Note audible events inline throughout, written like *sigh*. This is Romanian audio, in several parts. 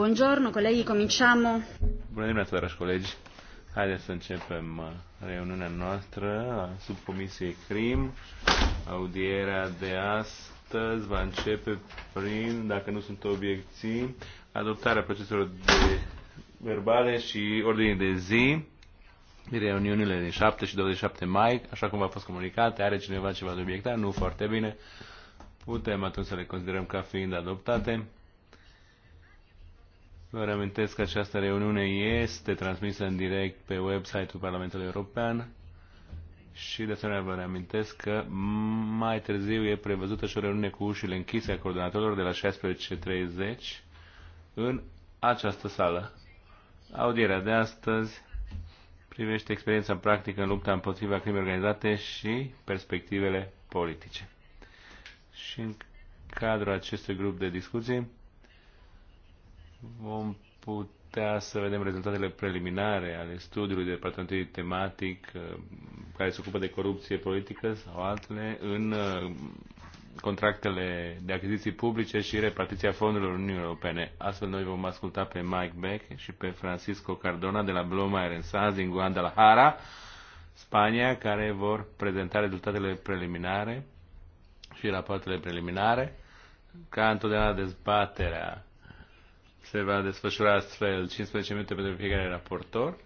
Buongiorno, colleghi, cominciamo. Bună dimineața, dragi colegi. Haideți să începem uh, reuniunea noastră a subcomisiei CRIM. Audierea de astăzi va începe prin, dacă nu sunt obiecții, adoptarea proceselor de verbale și ordine de zi reuniunile de 7 și 27 mai, așa cum v-a fost comunicate, are cineva ceva de obiectat? Nu, foarte bine. Putem atunci să le considerăm ca fiind adoptate. Vă reamintesc că această reuniune este transmisă în direct pe website-ul Parlamentului European și de asemenea vă reamintesc că mai târziu e prevăzută și o reuniune cu ușile închise a coordonatorilor de la 16.30 în această sală. Audierea de astăzi privește experiența practică în lupta împotriva crimei organizate și perspectivele politice. Și în cadrul acestui grup de discuții vom putea să vedem rezultatele preliminare ale studiului departamentului tematic uh, care se ocupă de corupție politică sau altele în uh, contractele de achiziții publice și repartiția fondurilor Uniunii Europene. Astfel noi vom asculta pe Mike Beck și pe Francisco Cardona de la Blomayer Sons din Guadalajara, Spania, care vor prezenta rezultatele preliminare și rapoartele preliminare. Ca întotdeauna dezbaterea se va desfășura astfel 15 minute pentru fiecare raportor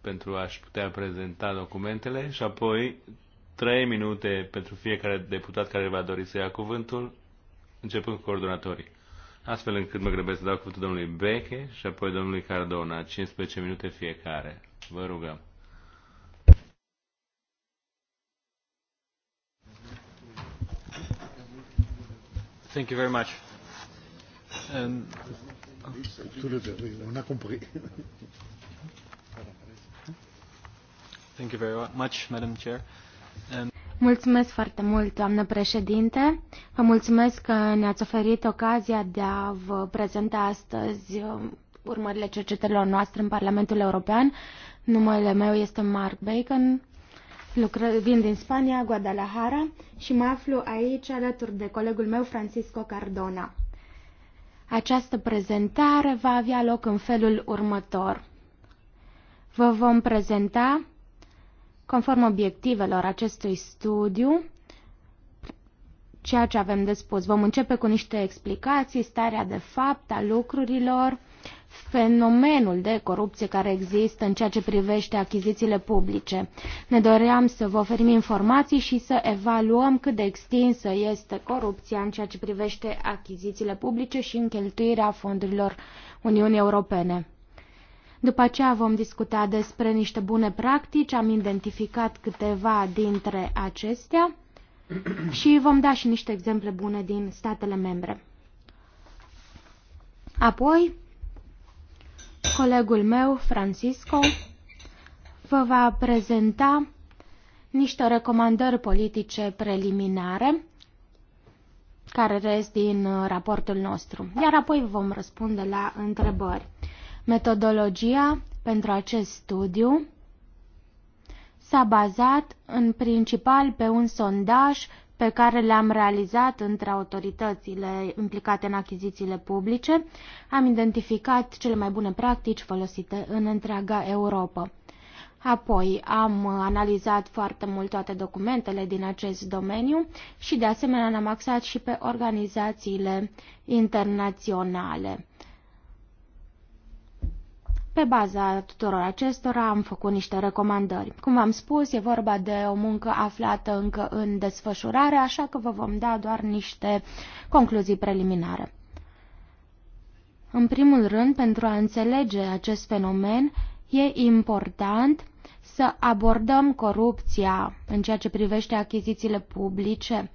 pentru a-și putea prezenta documentele și apoi 3 minute pentru fiecare deputat care va dori să ia cuvântul, începând cu coordonatorii. Astfel încât mă grăbesc să dau cuvântul domnului Beche și apoi domnului Cardona, 15 minute fiecare. Vă rugăm. Thank you very much. Mulțumesc foarte mult, doamnă președinte. Vă mulțumesc că ne-ați oferit ocazia de a vă prezenta astăzi um, urmările cercetărilor noastre în Parlamentul European. Numele meu este Mark Bacon, lucră, vin din Spania, Guadalajara și mă aflu aici alături de colegul meu Francisco Cardona. Această prezentare va avea loc în felul următor. Vă vom prezenta, conform obiectivelor acestui studiu, ceea ce avem de spus. Vom începe cu niște explicații, starea de fapt a lucrurilor, fenomenul de corupție care există în ceea ce privește achizițiile publice. Ne doream să vă oferim informații și să evaluăm cât de extinsă este corupția în ceea ce privește achizițiile publice și în cheltuirea fondurilor Uniunii Europene. După aceea vom discuta despre niște bune practici, am identificat câteva dintre acestea *clears throat* și vom da și niște exemple bune din statele membre. Apoi, Colegul meu, Francisco, vă va prezenta niște recomandări politice preliminare care rez din uh, raportul nostru, iar apoi vom răspunde la întrebări. Metodologia pentru acest studiu s-a bazat în principal pe un sondaj pe care le-am realizat între autoritățile implicate în achizițiile publice, am identificat cele mai bune practici folosite în întreaga Europa. Apoi am analizat foarte mult toate documentele din acest domeniu și de asemenea ne-am axat și pe organizațiile internaționale pe baza tuturor acestora am făcut niște recomandări. Cum v-am spus, e vorba de o muncă aflată încă în desfășurare, așa că vă vom da doar niște concluzii preliminare. În primul rând, pentru a înțelege acest fenomen, e important să abordăm corupția în ceea ce privește achizițiile publice.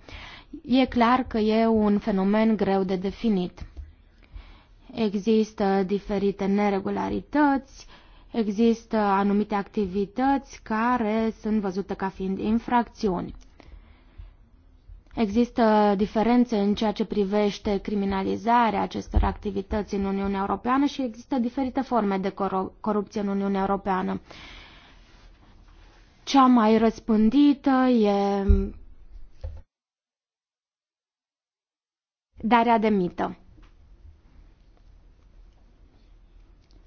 E clar că e un fenomen greu de definit există diferite neregularități, există anumite activități care sunt văzute ca fiind infracțiuni. Există diferențe în ceea ce privește criminalizarea acestor activități în Uniunea Europeană și există diferite forme de corupție în Uniunea Europeană. Cea mai răspândită e darea de mită.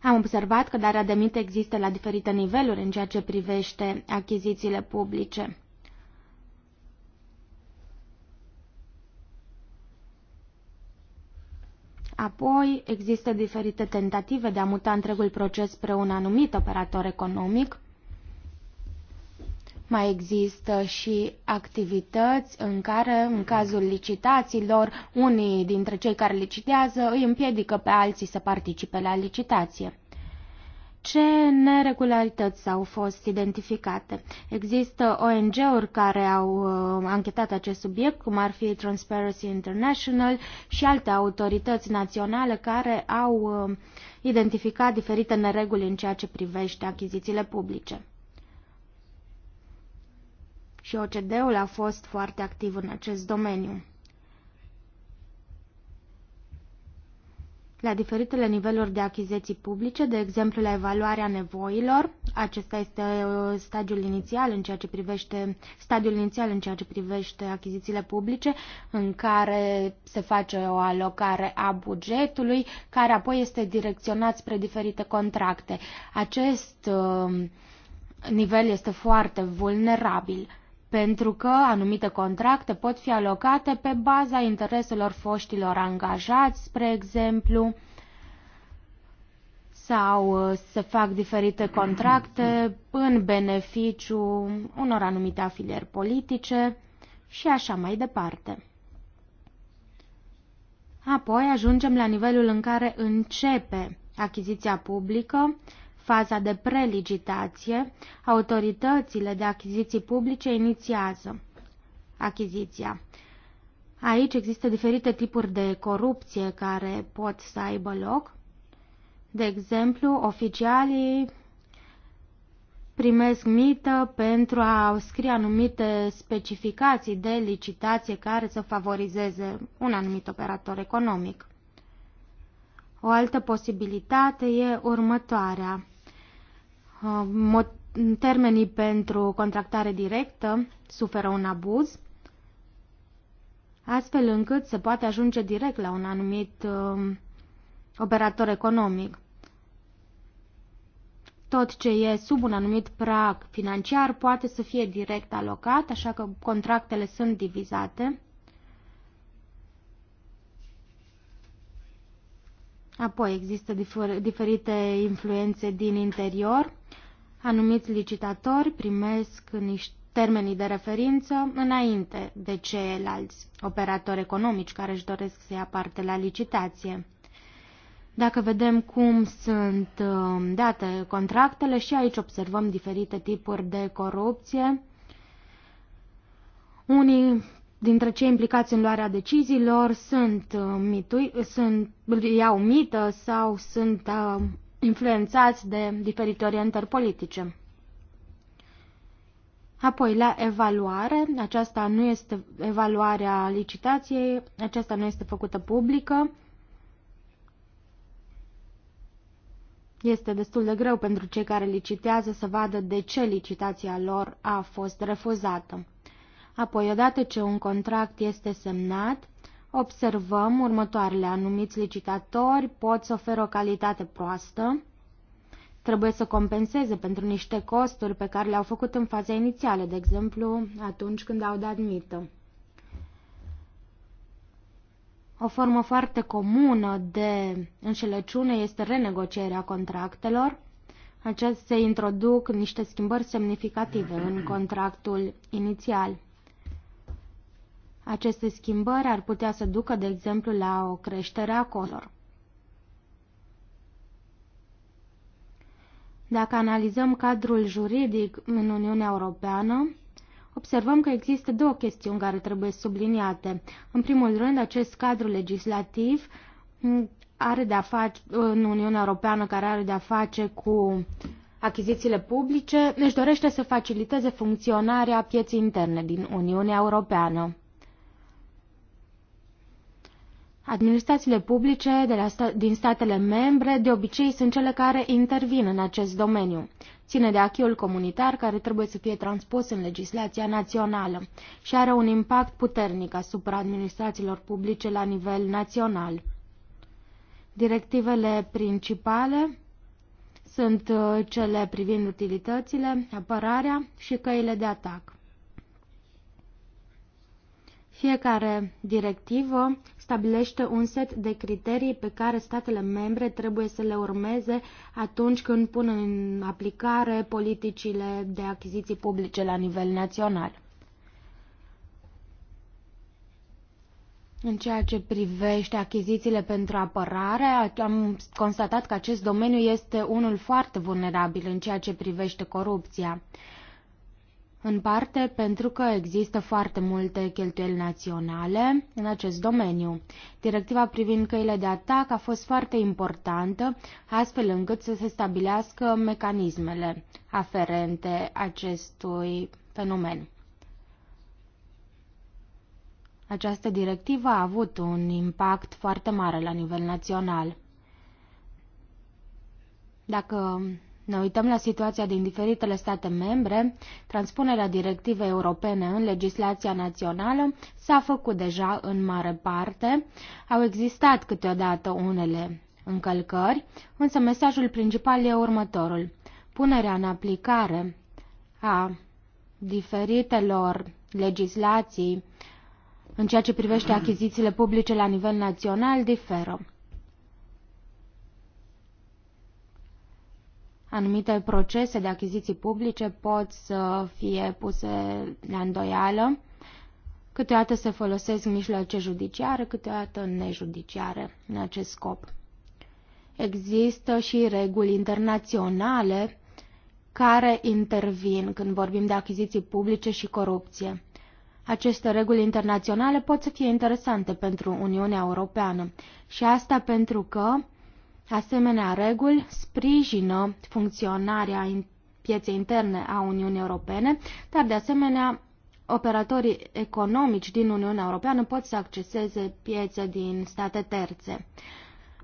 Am observat că darea de mit există la diferite niveluri în ceea ce privește achizițiile publice. Apoi există diferite tentative de a muta întregul proces spre un anumit operator economic, mai există și activități în care, în cazul licitațiilor, unii dintre cei care licitează îi împiedică pe alții să participe la licitație. Ce neregularități au fost identificate? Există ONG-uri care au uh, anchetat acest subiect, cum ar fi Transparency International și alte autorități naționale care au uh, identificat diferite nereguli în ceea ce privește achizițiile publice și OCD-ul a fost foarte activ în acest domeniu. La diferitele niveluri de achiziții publice, de exemplu la evaluarea nevoilor, acesta este uh, stadiul inițial în ceea ce privește stadiul inițial în ceea ce privește achizițiile publice, în care se face o alocare a bugetului, care apoi este direcționat spre diferite contracte. Acest uh, nivel este foarte vulnerabil pentru că anumite contracte pot fi alocate pe baza intereselor foștilor angajați, spre exemplu, sau uh, se fac diferite contracte în beneficiu unor anumite afilieri politice și așa mai departe. Apoi ajungem la nivelul în care începe achiziția publică, faza de preligitație, autoritățile de achiziții publice inițiază achiziția. Aici există diferite tipuri de corupție care pot să aibă loc. De exemplu, oficialii primesc mită pentru a scrie anumite specificații de licitație care să favorizeze un anumit operator economic. O altă posibilitate e următoarea. Uh, termenii pentru contractare directă suferă un abuz, astfel încât se poate ajunge direct la un anumit uh, operator economic. Tot ce e sub un anumit prag financiar poate să fie direct alocat, așa că contractele sunt divizate. Apoi există diferite influențe din interior Anumiți licitatori primesc niște termenii de referință înainte de ceilalți operatori economici care își doresc să ia parte la licitație. Dacă vedem cum sunt um, date contractele și aici observăm diferite tipuri de corupție, unii dintre cei implicați în luarea deciziilor sunt, uh, mitui, sunt iau mită sau sunt uh, influențați de diferite orientări politice. Apoi, la evaluare, aceasta nu este evaluarea licitației, aceasta nu este făcută publică. Este destul de greu pentru cei care licitează să vadă de ce licitația lor a fost refuzată. Apoi, odată ce un contract este semnat, observăm următoarele. Anumiți licitatori pot să oferă o calitate proastă, trebuie să compenseze pentru niște costuri pe care le-au făcut în faza inițială, de exemplu atunci când au dat mită. O formă foarte comună de înșelăciune este renegocierea contractelor. Acest se introduc niște schimbări semnificative în contractul inițial. Aceste schimbări ar putea să ducă, de exemplu, la o creștere a costurilor. Dacă analizăm cadrul juridic în Uniunea Europeană, observăm că există două chestiuni care trebuie subliniate. În primul rând, acest cadru legislativ are de-a face, în Uniunea Europeană care are de-a face cu achizițiile publice, își dorește să faciliteze funcționarea pieței interne din Uniunea Europeană. Administrațiile publice de la sta- din statele membre de obicei sunt cele care intervin în acest domeniu. Ține de achiul comunitar care trebuie să fie transpus în legislația națională și are un impact puternic asupra administrațiilor publice la nivel național. Directivele principale sunt uh, cele privind utilitățile, apărarea și căile de atac. Fiecare directivă stabilește un set de criterii pe care statele membre trebuie să le urmeze atunci când pun în aplicare politicile de achiziții publice la nivel național. În ceea ce privește achizițiile pentru apărare, am constatat că acest domeniu este unul foarte vulnerabil în ceea ce privește corupția în parte pentru că există foarte multe cheltuieli naționale în acest domeniu. Directiva privind căile de atac a fost foarte importantă, astfel încât să se stabilească mecanismele aferente acestui fenomen. Această directivă a avut un impact foarte mare la nivel național. Dacă ne uităm la situația din diferitele state membre, transpunerea directivei europene în legislația națională s-a făcut deja în mare parte. Au existat câteodată unele încălcări, însă mesajul principal e următorul. Punerea în aplicare a diferitelor legislații în ceea ce privește achizițiile publice la nivel național diferă. anumite procese de achiziții publice pot să fie puse la îndoială. Câteodată se folosesc mijloace judiciare, câteodată nejudiciare în acest scop. Există și reguli internaționale care intervin când vorbim de achiziții publice și corupție. Aceste reguli internaționale pot să fie interesante pentru Uniunea Europeană și asta pentru că Asemenea, reguli sprijină funcționarea pieței interne a Uniunii Europene, dar de asemenea operatorii economici din Uniunea Europeană pot să acceseze piețe din state terțe.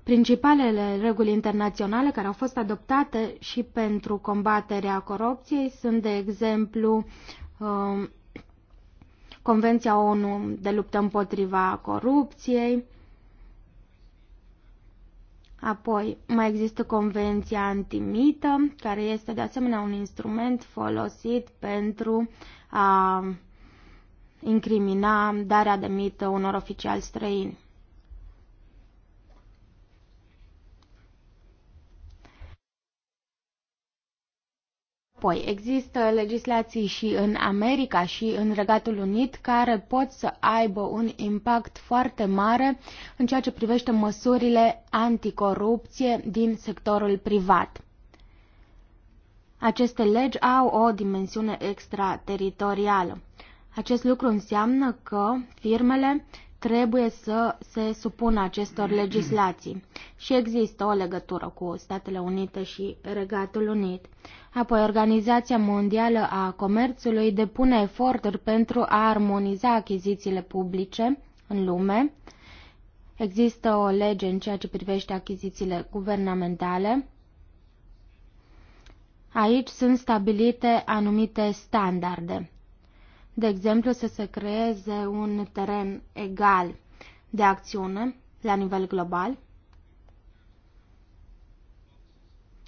Principalele reguli internaționale care au fost adoptate și pentru combaterea corupției sunt, de exemplu, um, Convenția ONU de luptă împotriva corupției, Apoi mai există convenția antimită, care este de asemenea un instrument folosit pentru a incrimina darea de mită unor oficiali străini. Poi există legislații și în America și în Regatul Unit care pot să aibă un impact foarte mare în ceea ce privește măsurile anticorupție din sectorul privat. Aceste legi au o dimensiune extrateritorială. Acest lucru înseamnă că firmele trebuie să se supună acestor legislații și există o legătură cu Statele Unite și Regatul Unit. Apoi, Organizația Mondială a Comerțului depune eforturi pentru a armoniza achizițiile publice în lume. Există o lege în ceea ce privește achizițiile guvernamentale. Aici sunt stabilite anumite standarde de exemplu, să se creeze un teren egal de acțiune la nivel global.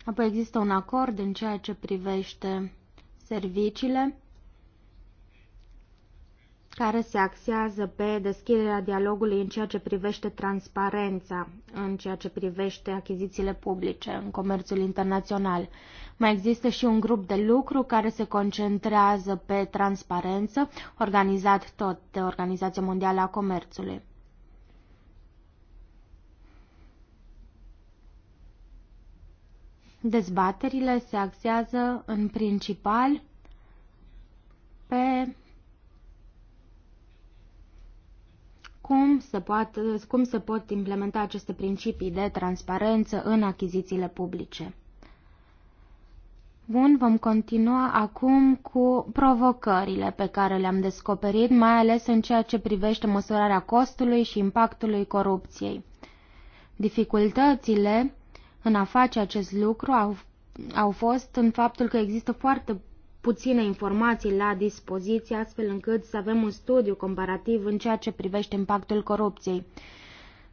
Apoi există un acord în ceea ce privește serviciile care se axează pe deschiderea dialogului în ceea ce privește transparența, în ceea ce privește achizițiile publice în comerțul internațional. Mai există și un grup de lucru care se concentrează pe transparență, organizat tot de Organizația Mondială a Comerțului. Dezbaterile se axează în principal pe cum se, poate, cum se pot implementa aceste principii de transparență în achizițiile publice. Bun, vom continua acum cu provocările pe care le-am descoperit, mai ales în ceea ce privește măsurarea costului și impactului corupției. Dificultățile în a face acest lucru au, au fost în faptul că există foarte puține informații la dispoziție, astfel încât să avem un studiu comparativ în ceea ce privește impactul corupției.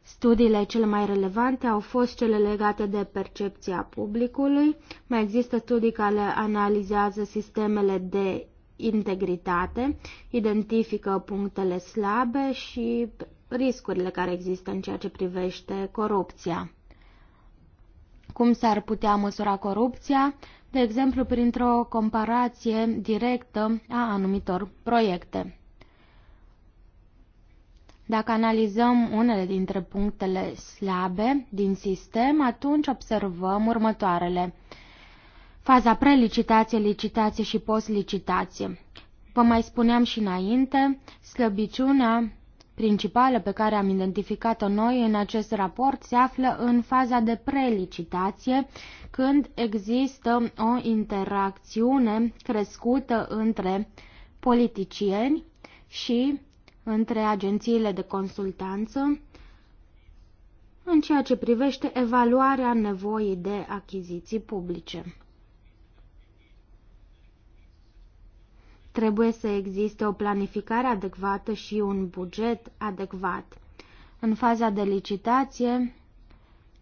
Studiile cele mai relevante au fost cele legate de percepția publicului. Mai există studii care analizează sistemele de integritate, identifică punctele slabe și riscurile care există în ceea ce privește corupția. Cum s-ar putea măsura corupția? De exemplu, printr-o comparație directă a anumitor proiecte. Dacă analizăm unele dintre punctele slabe din sistem, atunci observăm următoarele. Faza prelicitație, licitație și postlicitație. Vă mai spuneam și înainte, slăbiciunea principală pe care am identificat-o noi în acest raport se află în faza de prelicitație, când există o interacțiune crescută între politicieni și între agențiile de consultanță în ceea ce privește evaluarea nevoii de achiziții publice. Trebuie să existe o planificare adecvată și un buget adecvat. În faza de licitație,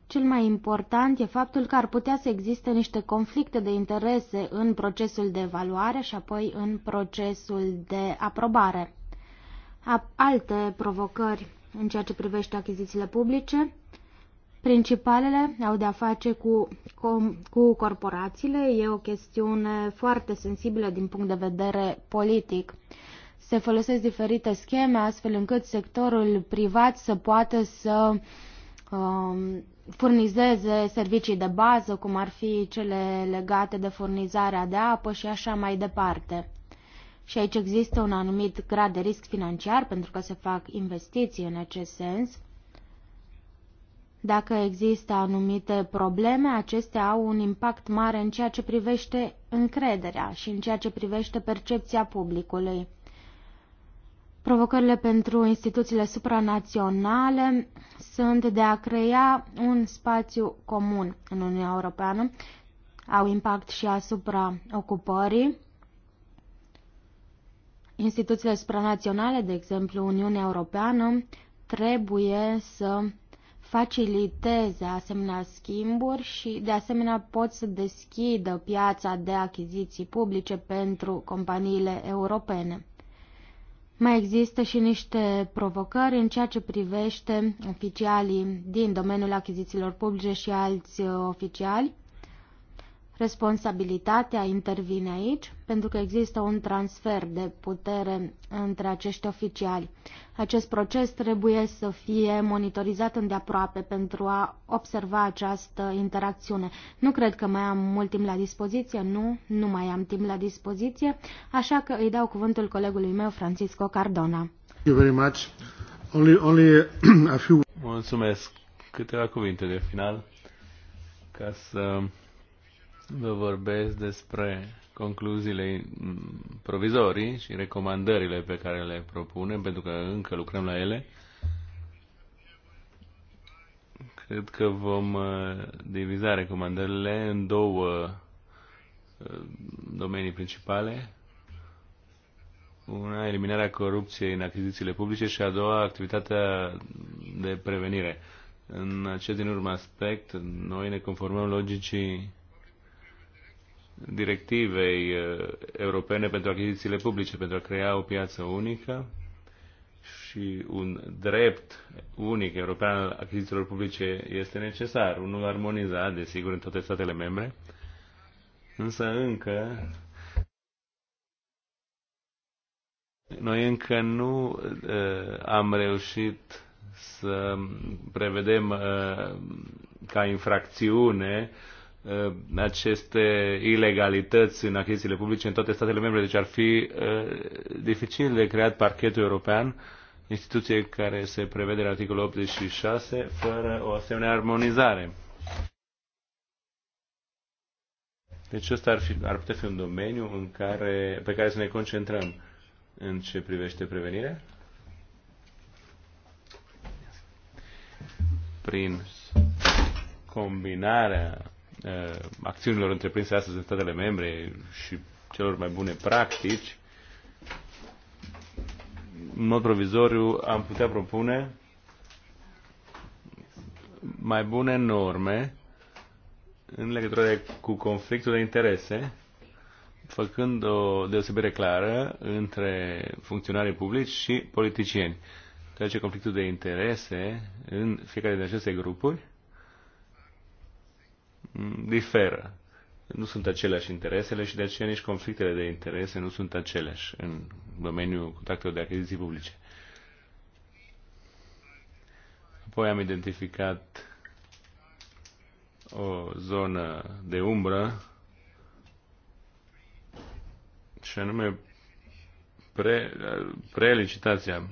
cel mai important e faptul că ar putea să existe niște conflicte de interese în procesul de evaluare și apoi în procesul de aprobare alte provocări în ceea ce privește achizițiile publice. Principalele au de-a face cu, cu, cu corporațiile. E o chestiune foarte sensibilă din punct de vedere politic. Se folosesc diferite scheme astfel încât sectorul privat să poată să um, furnizeze servicii de bază, cum ar fi cele legate de furnizarea de apă și așa mai departe și aici există un anumit grad de risc financiar pentru că se fac investiții în acest sens. Dacă există anumite probleme, acestea au un impact mare în ceea ce privește încrederea și în ceea ce privește percepția publicului. Provocările pentru instituțiile supranaționale sunt de a crea un spațiu comun în Uniunea Europeană, au impact și asupra ocupării Instituțiile supranaționale, de exemplu Uniunea Europeană, trebuie să faciliteze asemenea schimburi și de asemenea pot să deschidă piața de achiziții publice pentru companiile europene. Mai există și niște provocări în ceea ce privește oficialii din domeniul achizițiilor publice și alți uh, oficiali. Responsabilitatea intervine aici pentru că există un transfer de putere între acești oficiali. Acest proces trebuie să fie monitorizat îndeaproape pentru a observa această interacțiune. Nu cred că mai am mult timp la dispoziție, nu, nu mai am timp la dispoziție, așa că îi dau cuvântul colegului meu, Francisco Cardona. *clears throat* Mulțumesc. Câteva cuvinte de final ca să Vă vorbesc despre concluziile provizorii și recomandările pe care le propunem, pentru că încă lucrăm la ele. Cred că vom uh, diviza recomandările în două uh, domenii principale. Una, eliminarea corupției în achizițiile publice și a doua, activitatea de prevenire. În acest din urmă aspect, noi ne conformăm logicii directivei eh, europene pentru achizițiile publice, pentru a crea o piață unică și un drept unic european al achizițiilor publice este necesar, unul armonizat, desigur, în toate statele membre, însă încă noi încă nu uh, am reușit să prevedem uh, ca infracțiune uh, Uh, aceste ilegalități în achizițiile publice în toate statele membre. Deci ar fi uh, dificil de creat parchetul european, instituție care se prevede în articolul 86, fără o asemenea armonizare. Deci ăsta ar, fi, ar putea fi un domeniu în care, pe care să ne concentrăm în ce privește prevenirea. Prin combinarea Uh, acțiunilor întreprinse astăzi în statele membre și celor mai bune practici, în mod provizoriu am putea propune mai bune norme în legătură cu conflictul de interese, făcând o deosebire clară între funcționarii publici și politicieni. Ceea ce conflictul de interese în fiecare din aceste grupuri diferă. Nu sunt aceleași interesele și de aceea nici conflictele de interese nu sunt aceleași în domeniul contactelor de achiziții publice. Apoi am identificat o zonă de umbră și anume pre, prelicitația,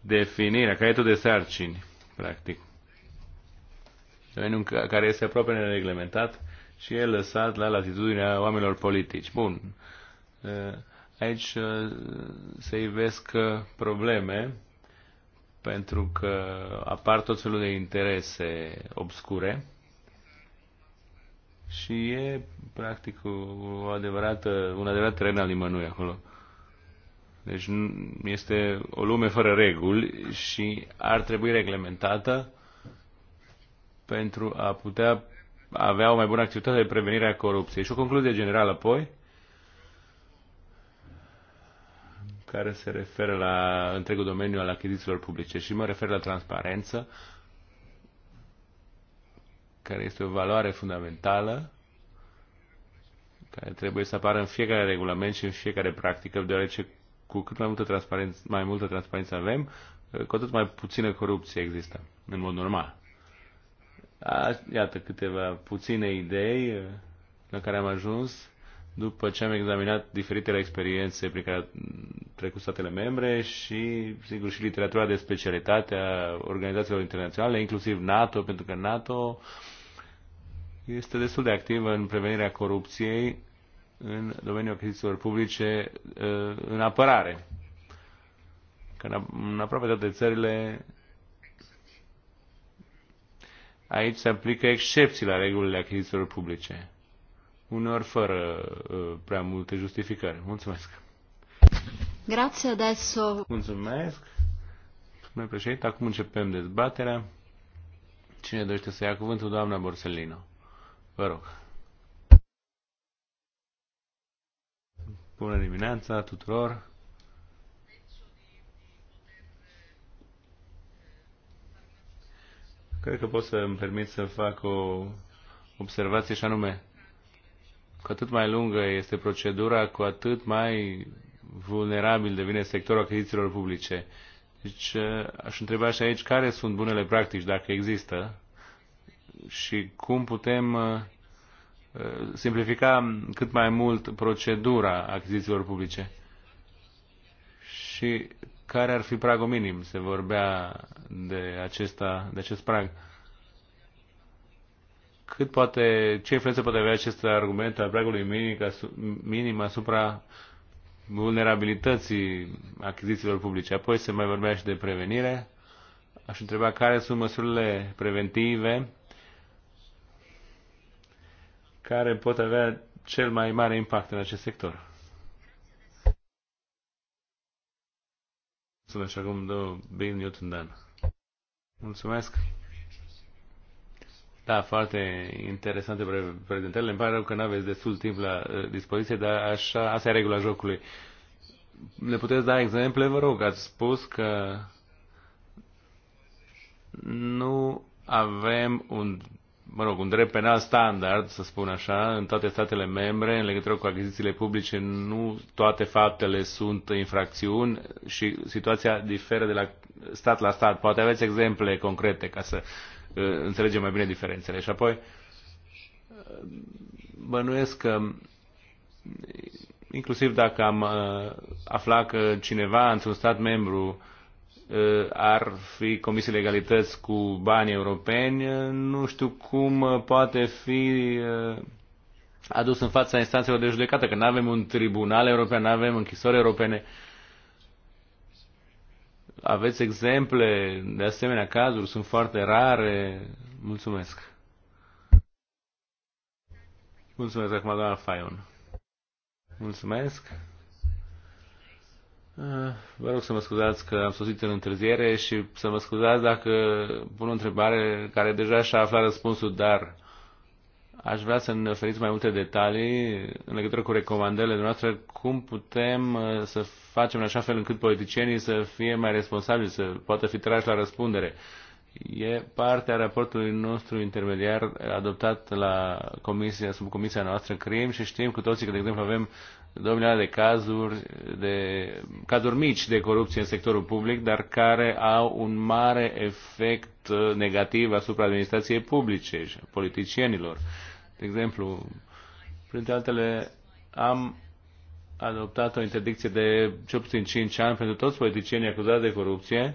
definirea, caietul de sarcini, practic domeniu care este aproape nereglementat și e lăsat la latitudinea oamenilor politici. Bun. Aici se ivesc probleme pentru că apar tot felul de interese obscure și e practic o adevărată, un adevărat teren al nimănui acolo. Deci este o lume fără reguli și ar trebui reglementată pentru a putea avea o mai bună activitate de prevenire a corupției. Și o concluzie generală apoi, care se referă la întregul domeniu al achizițiilor publice și mă refer la transparență, care este o valoare fundamentală care trebuie să apară în fiecare regulament și în fiecare practică, deoarece cu cât mai multă transparență, mai multă transparență avem, cu atât mai puțină corupție există, în mod normal. A, iată câteva puține idei uh, la care am ajuns după ce am examinat diferitele experiențe prin care trecut statele membre și, sigur, și literatura de specialitate a organizațiilor internaționale, inclusiv NATO, pentru că NATO este destul de activă în prevenirea corupției în domeniul achizițiilor publice uh, în apărare. Că în aproape toate țările aici se aplică excepții la regulile achizițiilor publice, uneori fără uh, prea multe justificări. Mulțumesc! Grazie adesso. Mulțumesc. Domnule președinte, acum începem dezbaterea. Cine dorește să ia cuvântul? Doamna Borsellino. Vă rog. Bună dimineața tuturor. Cred că pot să îmi permit să fac o observație și anume, cu atât mai lungă este procedura, cu atât mai vulnerabil devine sectorul achizițiilor publice. Deci eh, aș întreba și aici care sunt bunele practici, dacă există, și cum putem eh, eh, simplifica cât mai mult procedura achizițiilor publice. Și care ar fi pragul minim? Se vorbea de, acesta, de acest prag. Cât poate, ce influență poate avea acest argument al pragului minim, minim asupra vulnerabilității achizițiilor publice? Apoi se mai vorbea și de prevenire. Aș întreba care sunt măsurile preventive care pot avea cel mai mare impact în acest sector. Mulțumesc acum, dă Bill Newton Dan. Mulțumesc. Da, foarte interesante prezentările. Îmi pare rău că nu aveți destul timp la uh, dispoziție, dar așa, asta e regula jocului. Ne puteți da exemple, vă rog? Ați spus că nu avem un mă rog, un drept penal standard, să spun așa, în toate statele membre, în legătură cu achizițiile publice, nu toate faptele sunt infracțiuni și situația diferă de la stat la stat. Poate aveți exemple concrete ca să uh, înțelegem mai bine diferențele. Și apoi, uh, bănuiesc că inclusiv dacă am uh, aflat că cineva într-un stat membru Eh, ar fi comisie legalități cu bani europeni, eh, nu știu cum eh, poate fi adus în fața instanțelor de judecată, că nu avem un tribunal european, nu avem închisori europene. Aveți exemple de asemenea cazuri? Sunt foarte rare. Mulțumesc. Mulțumesc acum, doamna Faion. Mulțumesc. Eh, vă rog să mă scuzați că am sosit în întârziere și să mă scuzați dacă pun o întrebare care deja și-a aflat răspunsul, dar aș vrea să ne oferiți mai multe detalii în legătură cu recomandările noastre, cum putem eh, să facem în așa fel încât politicienii să fie mai responsabili, să poată fi trași la răspundere e parte a raportului nostru intermediar adoptat la comisia, sub comisia noastră CRIM și știm cu toții că, de exemplu, avem 2 milioane de cazuri, de cazuri mici de corupție în sectorul public, dar care au un mare efect uh, negativ asupra administrației publice și politicienilor. De exemplu, printre altele, am adoptat o interdicție de cel puțin 5 ani pentru toți politicienii acuzați de corupție,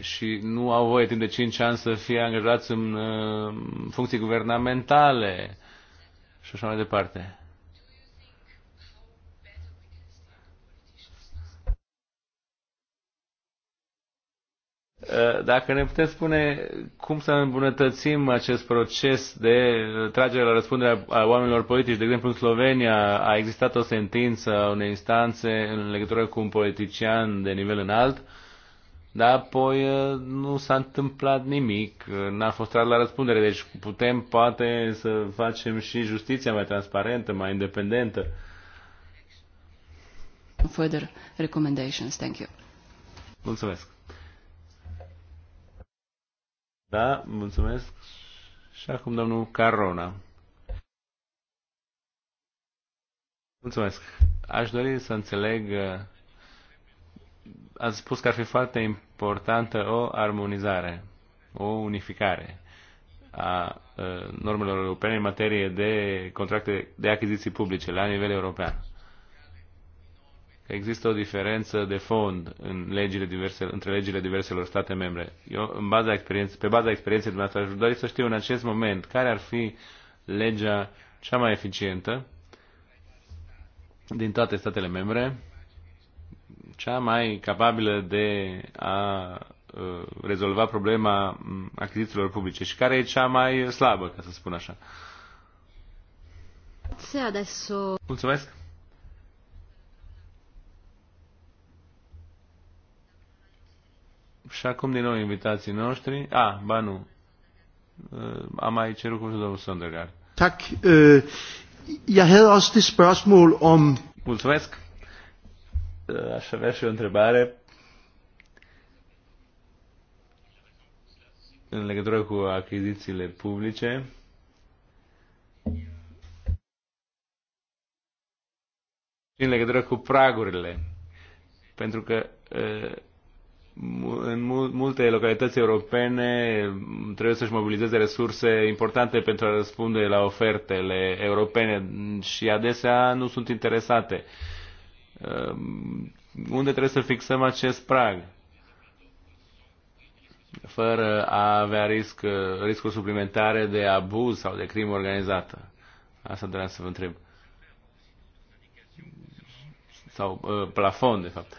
și nu au voie timp de 5 ani să fie angajați în uh, funcții guvernamentale și așa mai departe. Uh, dacă ne puteți spune cum să îmbunătățim acest proces de tragere la răspundere a oamenilor politici, de exemplu în Slovenia a existat o sentință a unei instanțe în legătură cu un politician de nivel înalt dar apoi uh, nu s-a întâmplat nimic, uh, n-a fost tras la răspundere, deci putem poate să facem și justiția mai transparentă, mai independentă. Further recommendations, thank you. Mulțumesc. Da, mulțumesc. Și acum domnul Carona. Mulțumesc. Aș dori să înțeleg uh, ați spus că ar fi foarte importantă o armonizare, o unificare a normelor europene în materie de contracte de achiziții publice la nivel european. există o diferență de fond în legile diverse, între legile diverselor state membre. Eu, în baza pe baza experienței dumneavoastră, aș dori să știu în acest moment care ar fi legea cea mai eficientă din toate statele membre cea mai capabilă de a uh, rezolva problema achizițiilor publice și care e cea mai slabă, ca să spun așa. Adesso... Mulțumesc! Și acum din nou invitații noștri. A, ah, ba nu. Uh, am mai cerut cuvântul domnul Sondergaard. Tak. Uh, jeg havde også det spørgsmål om... Mulțumesc. Uh, aș avea și o întrebare în legătură cu achizițiile publice. în legătură cu pragurile. Pentru că uh, în multe localități europene trebuie să-și mobilizeze resurse importante pentru a răspunde la ofertele europene și adesea nu sunt interesate. Ehm, unde trebuie să fixăm acest prag fără a avea risc, riscuri suplimentare de abuz sau de crimă organizată. Asta doream să vă întreb. Sau ă, plafon, de fapt.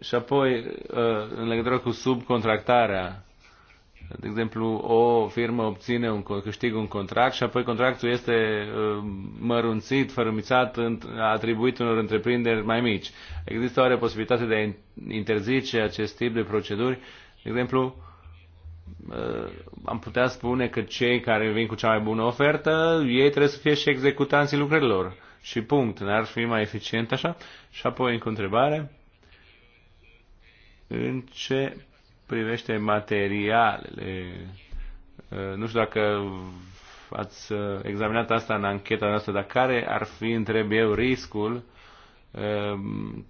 Și apoi, ă, în legătură cu subcontractarea, de exemplu, o firmă obține un câștig un contract și apoi contractul este uh, mărunțit, fărâmițat, atribuit unor întreprinderi mai mici. Există oare posibilitate de a interzice acest tip de proceduri? De exemplu, uh, am putea spune că cei care vin cu cea mai bună ofertă, ei trebuie să fie și executanții lucrărilor. Și punct. N-ar fi mai eficient așa? Și apoi, încă o întrebare. În ce privește materialele, uh, nu știu dacă ați uh, examinat asta în ancheta noastră, dar care ar fi, întreb eu, riscul uh,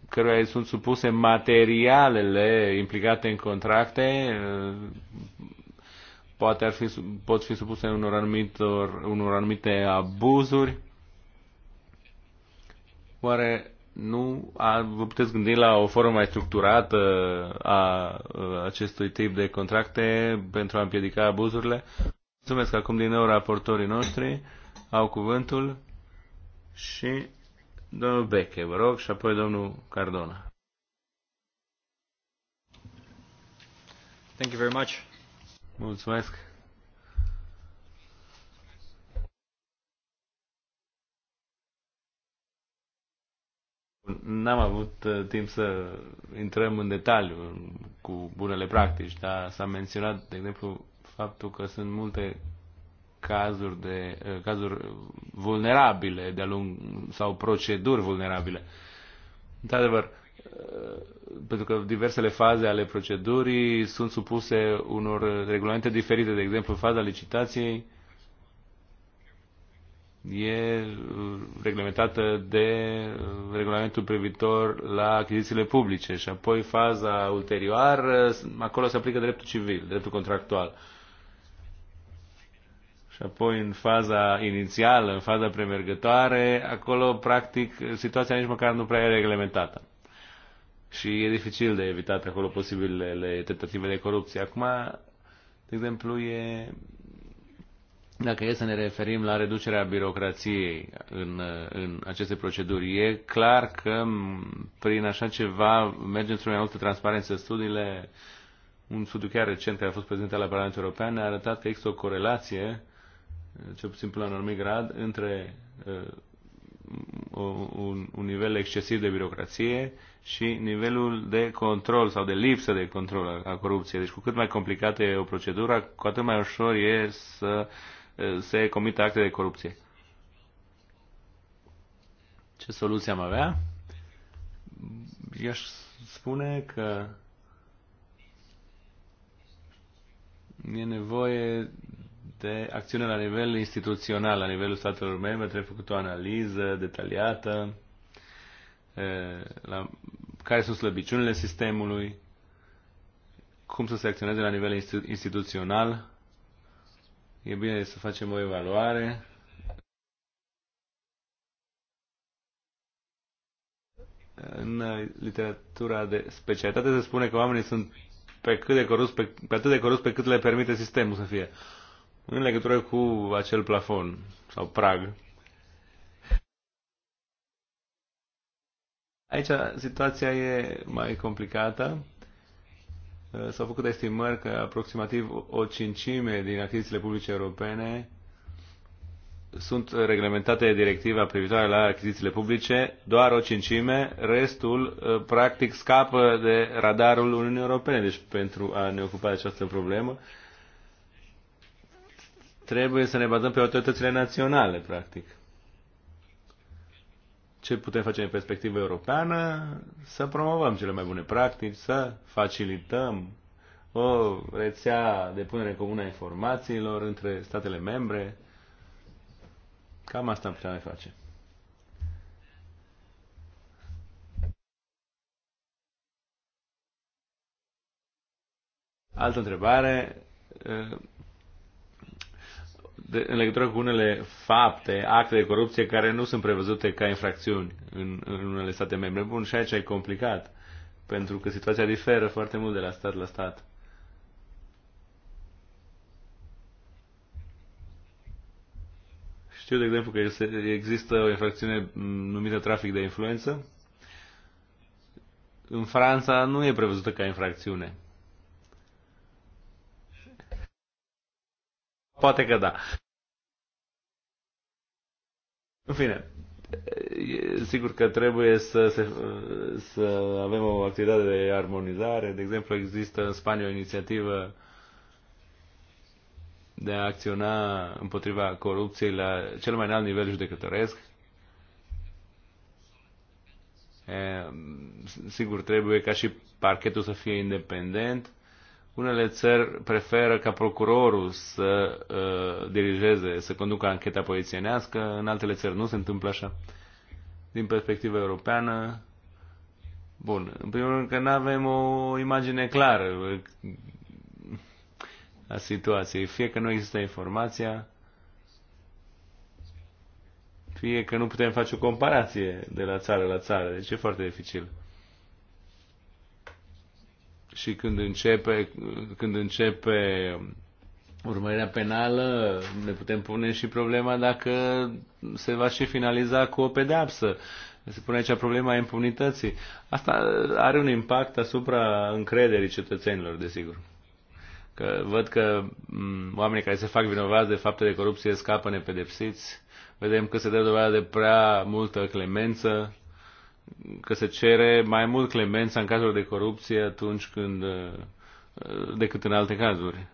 căruia sunt supuse materialele implicate în contracte, poate ar fi, pot fi supuse unor, anumitor, unor anumite abuzuri. Oare nu a, vă puteți gândi la o formă mai structurată a acestui tip de contracte pentru a împiedica abuzurile? Mulțumesc acum din nou raportorii noștri. Au cuvântul și domnul Beche, vă rog, și apoi domnul Cardona. Thank you very much. Mulțumesc. N-am avut uh, timp să intrăm în detaliu cu bunele practici, dar s-a menționat, de exemplu, faptul că sunt multe cazuri, de, uh, cazuri vulnerabile de-a lung, sau proceduri vulnerabile. Într-adevăr, uh, pentru că diversele faze ale procedurii sunt supuse unor regulamente diferite, de exemplu, faza licitației e uh, reglementată de uh, regulamentul privitor la achizițiile publice și apoi faza ulterioară, uh, acolo se aplică dreptul civil, dreptul contractual. Și apoi în faza inițială, în faza premergătoare, acolo practic situația nici măcar nu prea e reglementată. Și e dificil de evitat acolo posibilele tentative de corupție. Acum, de exemplu, e dacă e să ne referim la reducerea birocrației în, în aceste proceduri, e clar că prin așa ceva mergem o mai multă transparență. Studiile, un studiu chiar recent care a fost prezentat la Parlamentul European a arătat că există o corelație, cel puțin până la un anumit grad, între uh, un, un nivel excesiv de birocrație și nivelul de control sau de lipsă de control a, a corupției. Deci cu cât mai complicată e o procedură, cu atât mai ușor e să uh, se comită acte de corupție. Ce soluție am avea? I-aș spune că e nevoie de acțiune la nivel instituțional, la nivelul statelor membre, trebuie făcut o analiză detaliată, la care sunt slăbiciunile sistemului, cum să se acționeze la nivel instituțional E bine să facem o evaluare. În literatura de specialitate se spune că oamenii sunt pe, cât de corus, pe, pe atât de corupți pe cât le permite sistemul să fie. În legătură cu acel plafon sau prag, Aici situația e mai complicată. Eh, s-au făcut estimări că aproximativ o cincime din achizițiile publice europene sunt reglementate de directiva privitoare la achizițiile publice, doar o cincime, restul eh, practic scapă de radarul Uniunii Europene. Deci pentru a ne ocupa de această problemă trebuie să ne bazăm pe autoritățile naționale, practic ce putem face în perspectivă europeană, să promovăm cele mai bune practici, să facilităm o rețea de punere comună a informațiilor între statele membre. Cam asta am putea mai face. Altă întrebare de, în legătură cu unele fapte, acte de corupție care nu sunt prevăzute ca infracțiuni în, în unele state membre. Bun, și aici e complicat, pentru că situația diferă foarte mult de la stat la stat. Știu, de exemplu, că există o infracțiune numită trafic de influență. În Franța nu e prevăzută ca infracțiune. Poate că da. În fine, e sigur că trebuie să, se, să avem o activitate de armonizare. De exemplu, există în Spania o inițiativă de a acționa împotriva corupției la cel mai înalt nivel judecătoresc. E, sigur, trebuie ca și parchetul să fie independent unele țări preferă ca procurorul să uh, dirigeze, să conducă ancheta poliționească, în altele țări nu se întâmplă așa. Din perspectiva europeană, bun, în primul rând că nu avem o imagine clară uh, a situației. Fie că nu există informația, fie că nu putem face o comparație de la țară la țară. Deci e foarte dificil și când începe, când începe urmărirea penală, ne putem pune și problema dacă se va și finaliza cu o pedeapsă. Se pune aici problema impunității. Asta are un impact asupra încrederii cetățenilor, desigur. Că văd că mm, oamenii care se fac vinovați de fapte de corupție scapă nepedepsiți. Vedem că se dă dovadă de prea multă clemență că se cere mai mult clemență în cazuri de corupție atunci când uh, decât în alte cazuri.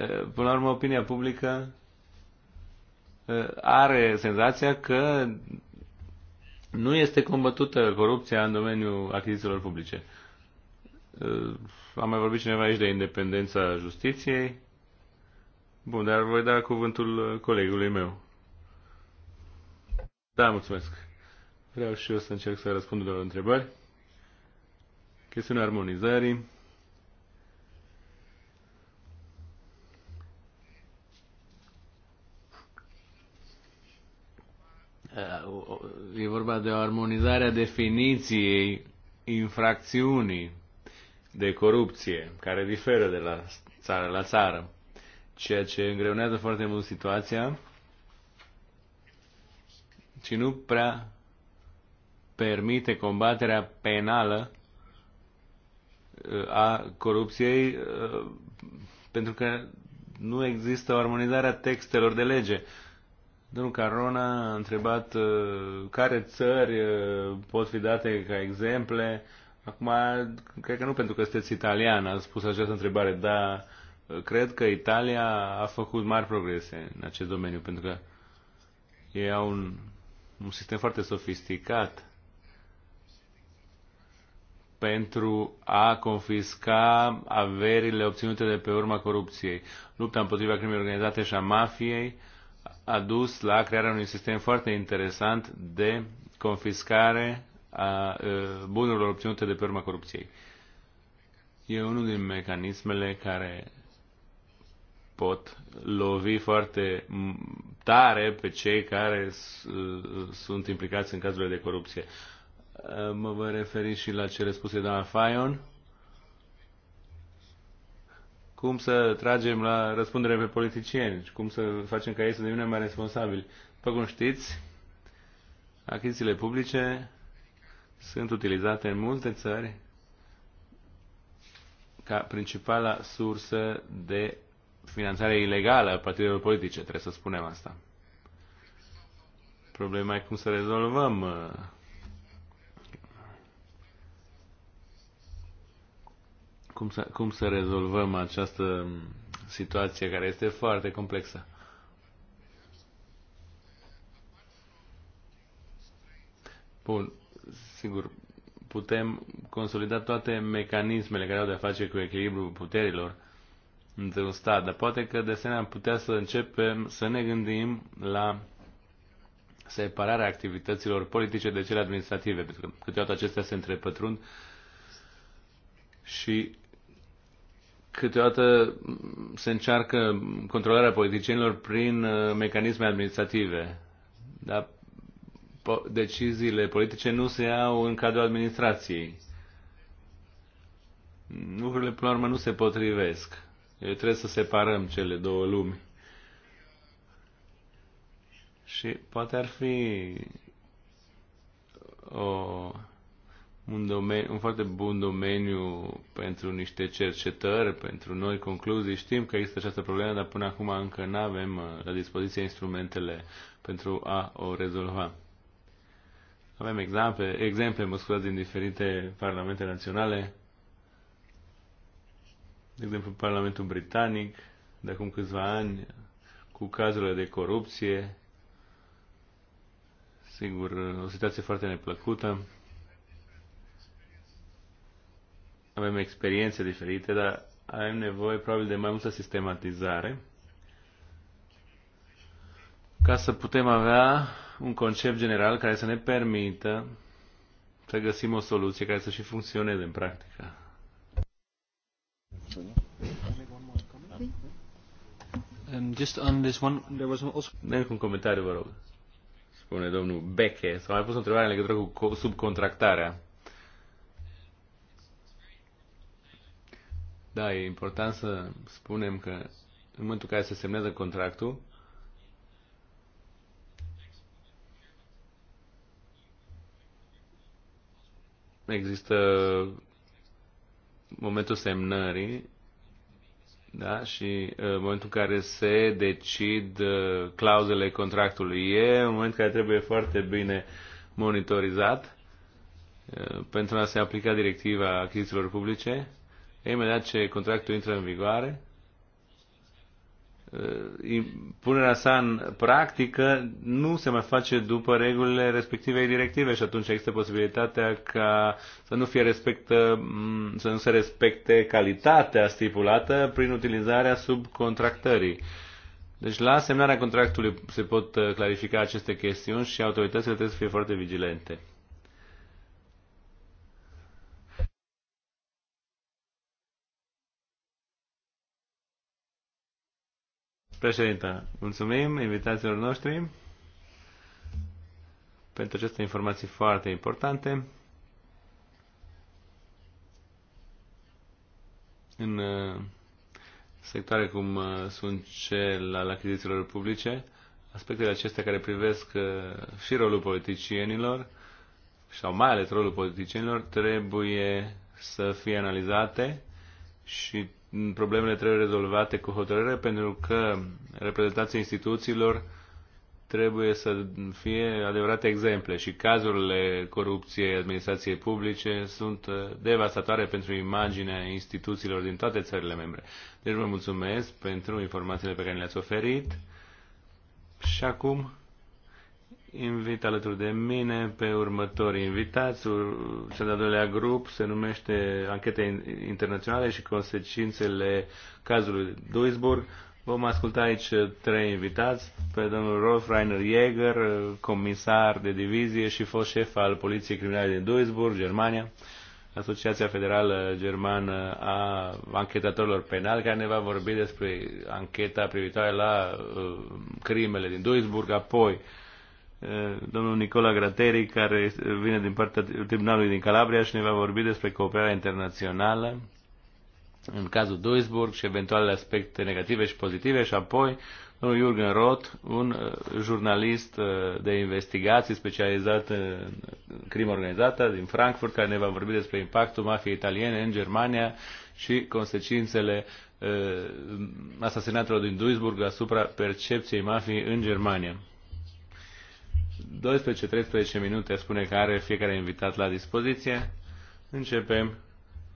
Uh, până la urmă, opinia publică uh, are senzația că nu este combătută corupția în domeniul achizițiilor publice. Am mai vorbit cineva aici de independența justiției. Bun, dar voi da cuvântul colegului meu. Da, mulțumesc. Vreau și eu să încerc să răspund la întrebări. Chestiunea armonizării. E vorba de o armonizare a definiției infracțiunii de corupție, care diferă de la țară la țară, ceea ce îngreunează foarte mult situația și nu prea permite combaterea penală uh, a corupției uh, pentru că nu există o armonizare a textelor de lege. Domnul Carona a întrebat uh, care țări pot fi date ca exemple. Acum, cred că nu pentru că sunteți italian, a spus această întrebare, dar cred că Italia a făcut mari progrese în acest domeniu, pentru că ei au un un sistem foarte sofisticat pentru a confisca averile obținute de pe urma corupției. Lupta împotriva crimei organizate și a mafiei a dus la crearea unui sistem foarte interesant de confiscare a bunurilor obținute de pe urma corupției. E unul din mecanismele care pot lovi foarte tare pe cei care uh, sunt implicați în cazurile de corupție. Uh, mă voi referi și la cele spuse doamna Fayon. Cum să tragem la răspundere pe politicieni? Cum să facem ca ei să devină mai responsabili? După cum știți, achizițiile publice sunt utilizate în multe țări ca principala sursă de finanțare ilegală a partidelor politice, trebuie să spunem asta. Problema e cum să rezolvăm uh, cum să, cum să rezolvăm această situație care este foarte complexă. Bun, sigur, putem consolida toate mecanismele care au de-a face cu echilibrul puterilor, într un stat, dar poate că de asemenea am putea să începem să ne gândim la separarea activităților politice de cele administrative, pentru că câteodată acestea se întrepătrund și câteodată se încearcă controlarea politicienilor prin uh, mecanisme administrative. Dar deciziile politice nu se iau în cadrul administrației. Lucrurile, până la urmă, nu se potrivesc. Trebuie să separăm cele două lumi. Și poate ar fi o, un, domeniu, un foarte bun domeniu pentru niște cercetări, pentru noi concluzii. Știm că există această problemă, dar până acum încă nu avem uh, la dispoziție instrumentele pentru a o rezolva. Avem exemple, exemple mă scuzați, din diferite parlamente naționale de exemplu, Parlamentul Britanic, de acum câțiva ani, cu cazurile de corupție, sigur, o situație foarte neplăcută. Avem experiențe diferite, dar avem nevoie probabil de mai multă sistematizare ca să putem avea un concept general care să ne permită să găsim o soluție care să și funcționeze în practică. Um, Merg un comentariu, vă rog. Spune domnul Beche. S-a mai pus o întrebare în legătură cu subcontractarea. Da, e important să spunem că în momentul în care se semnează contractul, există momentul semnării da? Și uh, în momentul în care se decid uh, clauzele contractului e un moment care trebuie foarte bine monitorizat uh, pentru a se aplica directiva achizițiilor publice. Imediat ce contractul intră în vigoare, Uh, punerea sa în practică nu se mai face după regulile respectivei directive și atunci există posibilitatea ca să nu fie respectă, să nu se respecte calitatea stipulată prin utilizarea subcontractării. Deci la semnarea contractului se pot uh, clarifica aceste chestiuni și autoritățile trebuie să fie foarte vigilente. Președinte, mulțumim invitațiilor noștri pentru aceste informații foarte importante. În uh, sectoare cum uh, sunt cel al achizițiilor publice, aspectele acestea care privesc uh, și rolul politicienilor, sau mai ales rolul politicienilor, trebuie să fie analizate și problemele trebuie rezolvate cu hotărâre pentru că reprezentanții instituțiilor trebuie să fie adevărate exemple și cazurile corupției administrației publice sunt uh, devastatoare pentru imaginea instituțiilor din toate țările membre. Deci vă mulțumesc pentru informațiile pe care le-ați oferit și acum invit alături de mine pe următorii invitați. Cel de-al doilea grup se numește Anchete internaționale și consecințele cazului Duisburg. Vom asculta aici trei invitați, pe domnul Rolf Reiner Jäger, comisar de divizie și fost șef al Poliției Criminale din Duisburg, Germania, Asociația Federală Germană a Anchetatorilor Penali, care ne va vorbi despre ancheta privitoare la uh, crimele din Duisburg, apoi uh, Eh, domnul Nicola Grateri, care vine din partea Tribunalului din Calabria și ne va vorbi despre cooperarea internațională în cazul Duisburg și eventualele aspecte negative și pozitive și apoi domnul Jürgen Roth, un eh, jurnalist eh, de investigații specializat în crimă organizată din Frankfurt, care ne va vorbi despre impactul mafiei italiene în Germania și consecințele asasinatelor din Duisburg asupra percepției mafiei în Germania. 12-13 minute spune că are fiecare invitat la dispoziție. Începem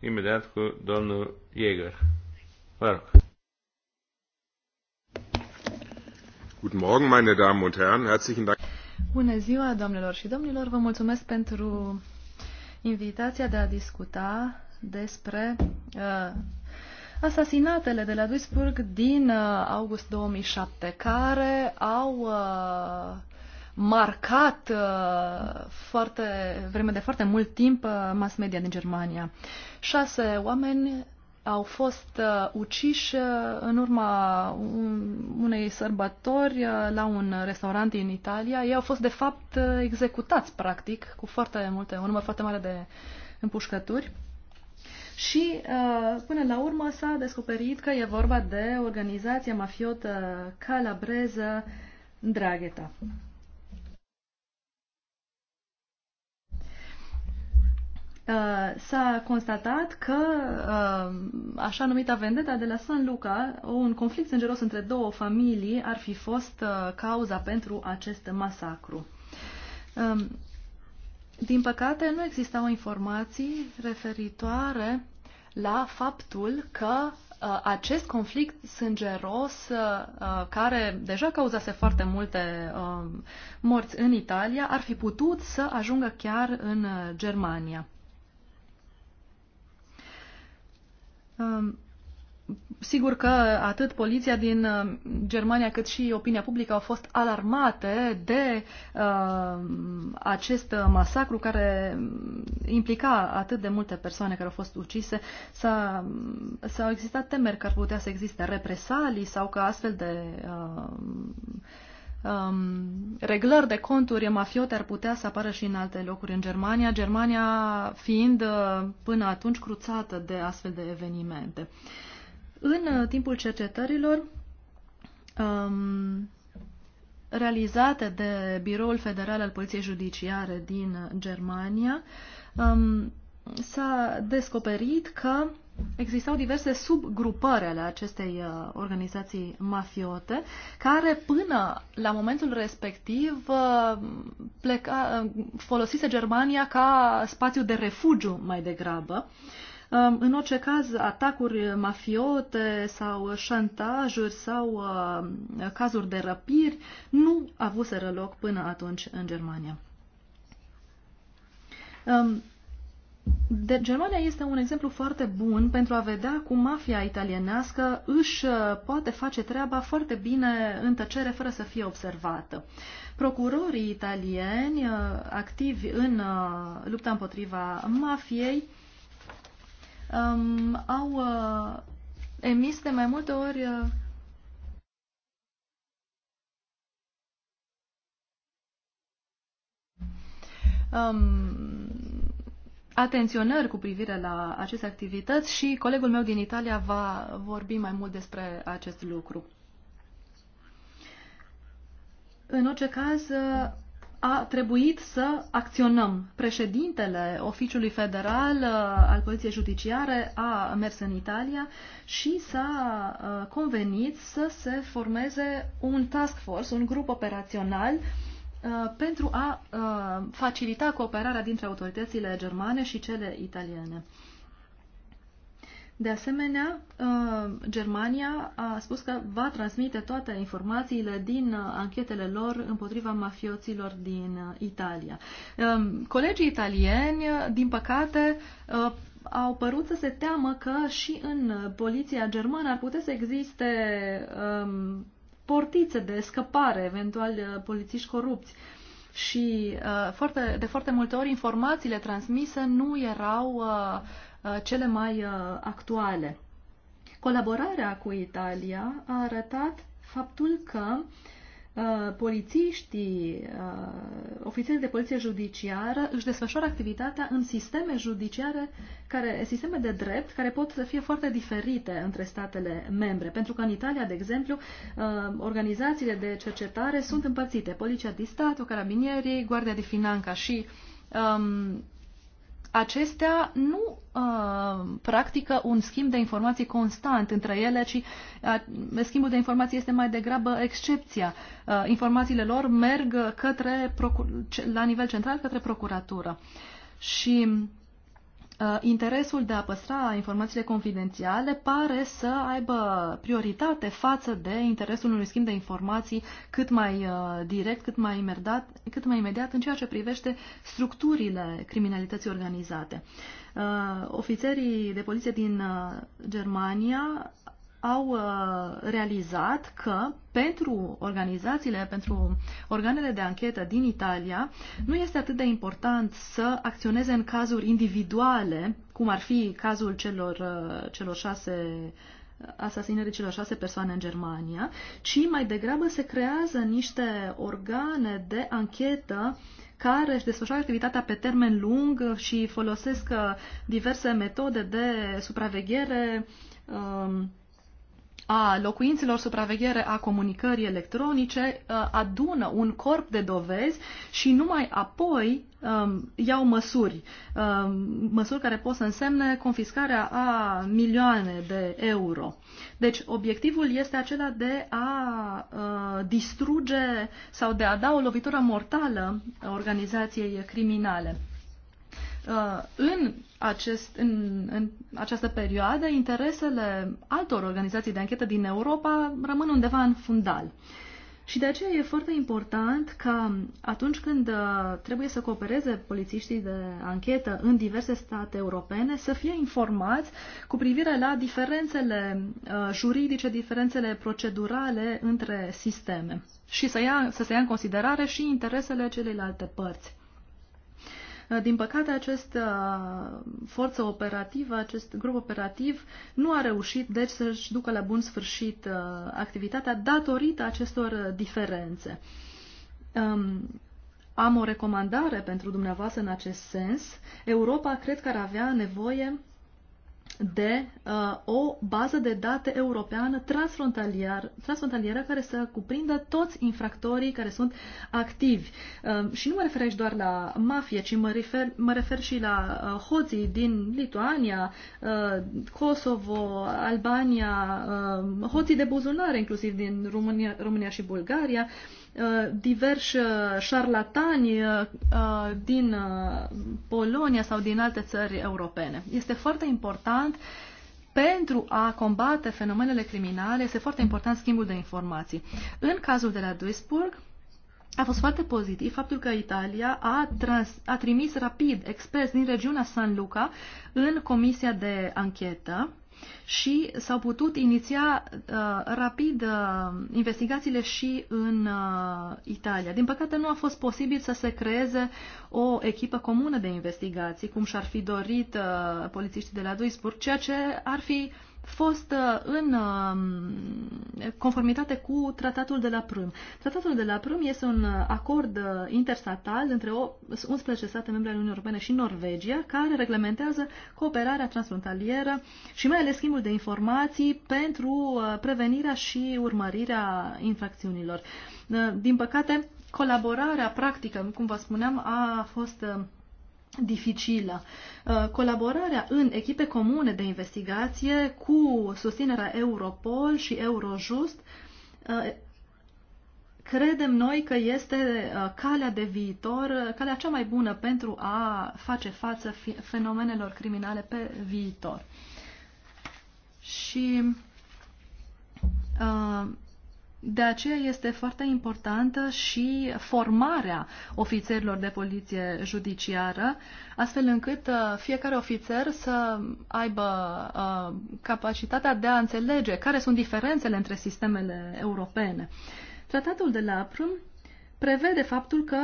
imediat cu domnul Jäger. Vă rog. Guten Morgen, meine Damen und Herren. Herzlichen Dank. Bună ziua, domnilor și domnilor. Vă mulțumesc pentru invitația de a discuta despre uh, asasinatele de la Duisburg din uh, august 2007, care au uh, marcat uh, foarte, vreme de foarte mult timp uh, mass media din Germania. Șase oameni au fost uh, uciși uh, în urma un, unei sărbători uh, la un restaurant din Italia. Ei au fost, de fapt, uh, executați, practic, cu foarte multe, un număr foarte mare de împușcături. Și uh, până la urmă s-a descoperit că e vorba de organizația mafiotă calabreză Dragheta. Uh, s-a constatat că uh, așa numita vendeta de la San Luca, un conflict sângeros între două familii, ar fi fost uh, cauza pentru acest masacru. Um, din păcate, nu existau informații referitoare la faptul că acest conflict sângeros, care deja cauzase foarte multe morți în Italia, ar fi putut să ajungă chiar în Germania. Um, sigur că atât poliția din um, Germania cât și opinia publică au fost alarmate de uh, acest masacru care implica atât de multe persoane care au fost ucise. S-au existat temeri că ar putea să existe represalii sau că astfel de uh, um, reglări de conturi mafiote ar putea să apară și în alte locuri în Germania, Germania fiind uh, până atunci cruțată de astfel de evenimente. În uh, timpul cercetărilor um, realizate de Biroul Federal al Poliției Judiciare din Germania, um, s-a descoperit că existau diverse subgrupări ale acestei uh, organizații mafiote, care până la momentul respectiv uh, pleca, uh, folosise Germania ca spațiu de refugiu mai degrabă. Um, în orice caz, atacuri mafiote sau șantajuri sau cazuri de răpiri nu avuseră loc până atunci în Germania. Um, de Germania este un exemplu foarte bun pentru a vedea cum mafia italienească își uh, poate face treaba foarte bine în tăcere fără să fie observată. Procurorii italieni uh, activi în uh, lupta împotriva mafiei um, au uh, emis de mai multe ori uh, um, atenționări cu privire la aceste activități și colegul meu din Italia va vorbi mai mult despre acest lucru. În orice caz, a trebuit să acționăm. Președintele Oficiului Federal uh, al Poliției Judiciare a mers în Italia și s-a uh, convenit să se formeze un task force, un grup operațional uh, Uh, pentru a uh, facilita cooperarea dintre autoritățile germane și cele italiene. De asemenea, uh, Germania a spus că va transmite toate informațiile din anchetele lor împotriva mafioților din Italia. Um, colegii italieni, din păcate, au părut să se teamă că și în poliția germană ar putea să existe um, portițe de scăpare, eventual uh, polițiști corupți. Și uh, foarte, de foarte multe ori informațiile transmise nu erau uh, cele mai actuale. Colaborarea cu Italia a arătat faptul că uh, Uh, polițiștii, uh, ofițerii de poliție judiciară își desfășoară activitatea în sisteme judiciare, care, sisteme de drept, care pot să fie foarte diferite între statele membre. Pentru că în Italia, de exemplu, uh, organizațiile de cercetare sunt împărțite. Poliția stat, o carabinierii, Guardia de Financa și um, acestea nu uh, practică un schimb de informații constant între ele, ci uh, schimbul de informații este mai degrabă excepția. Uh, informațiile lor merg către la nivel central către procuratură. Și Uh, interesul de a păstra informațiile confidențiale pare să aibă prioritate față de interesul unui schimb de informații cât mai uh, direct, cât mai, imerdat, cât mai imediat în ceea ce privește structurile criminalității organizate. Uh, ofițerii de poliție din Germania au uh, realizat că pentru organizațiile, pentru organele de anchetă din Italia, nu este atât de important să acționeze în cazuri individuale, cum ar fi cazul celor, uh, celor șase asasinării celor șase persoane în Germania, ci mai degrabă se creează niște organe de anchetă care își desfășoară activitatea pe termen lung și folosesc uh, diverse metode de supraveghere um, a locuințelor, supraveghere a comunicării electronice, uh, adună un corp de dovezi și numai apoi um, iau măsuri. Um, măsuri care pot să însemne confiscarea a milioane de euro. Deci obiectivul este acela de a uh, distruge sau de a da o lovitură mortală organizației criminale. Uh, în, acest, în, în această perioadă, interesele altor organizații de anchetă din Europa rămân undeva în fundal. Și de aceea e foarte important ca atunci când uh, trebuie să coopereze polițiștii de anchetă în diverse state europene să fie informați cu privire la diferențele uh, juridice, diferențele procedurale între sisteme și să, ia, să se ia în considerare și interesele celelalte părți. Uh, din păcate, acest uh, forță operativă, acest grup operativ nu a reușit, deci, să-și ducă la bun sfârșit uh, activitatea datorită acestor diferențe. Um, am o recomandare pentru dumneavoastră în acest sens. Europa cred că ar avea nevoie de uh, o bază de date europeană transfrontalier, transfrontalieră care să cuprindă toți infractorii care sunt activi. Uh, și nu mă refer aici doar la mafie, ci mă refer, mă refer și la uh, hoții din Lituania, uh, Kosovo, Albania, uh, hoții de buzunare inclusiv din România, România și Bulgaria. Uh, Uh, diversi uh, șarlatani uh, din Polonia sau din alte țări europene. Este foarte important pentru a combate fenomenele criminale, este foarte important schimbul de informații. În cazul de la Duisburg, a fost foarte pozitiv faptul că Italia a, trans, a trimis rapid expres, din regiunea San Luca în comisia de anchetă și s-au putut iniția uh, rapid uh, investigațiile și în uh, Italia. Din păcate nu a fost posibil să se creeze o echipă comună de investigații, cum și-ar fi dorit uh, polițiștii de la Duisburg, ceea ce ar fi fost uh, în uh, conformitate cu tratatul de la Prüm. Tratatul de la Prüm este un uh, acord interstatal între 11 state membre ale Uniunii Europene și Norvegia, care reglementează cooperarea transfrontalieră și mai ales schimbul de informații pentru uh, prevenirea și urmărirea infracțiunilor. Uh, din păcate, colaborarea practică, cum vă spuneam, a fost uh, dificilă. Colaborarea în echipe comune de investigație cu susținerea Europol și Eurojust credem noi că este calea de viitor, calea cea mai bună pentru a face față fenomenelor criminale pe viitor și uh, de aceea este foarte importantă și formarea ofițerilor de poliție judiciară, astfel încât uh, fiecare ofițer să aibă uh, capacitatea de a înțelege care sunt diferențele între sistemele europene. Tratatul de la Prum prevede faptul că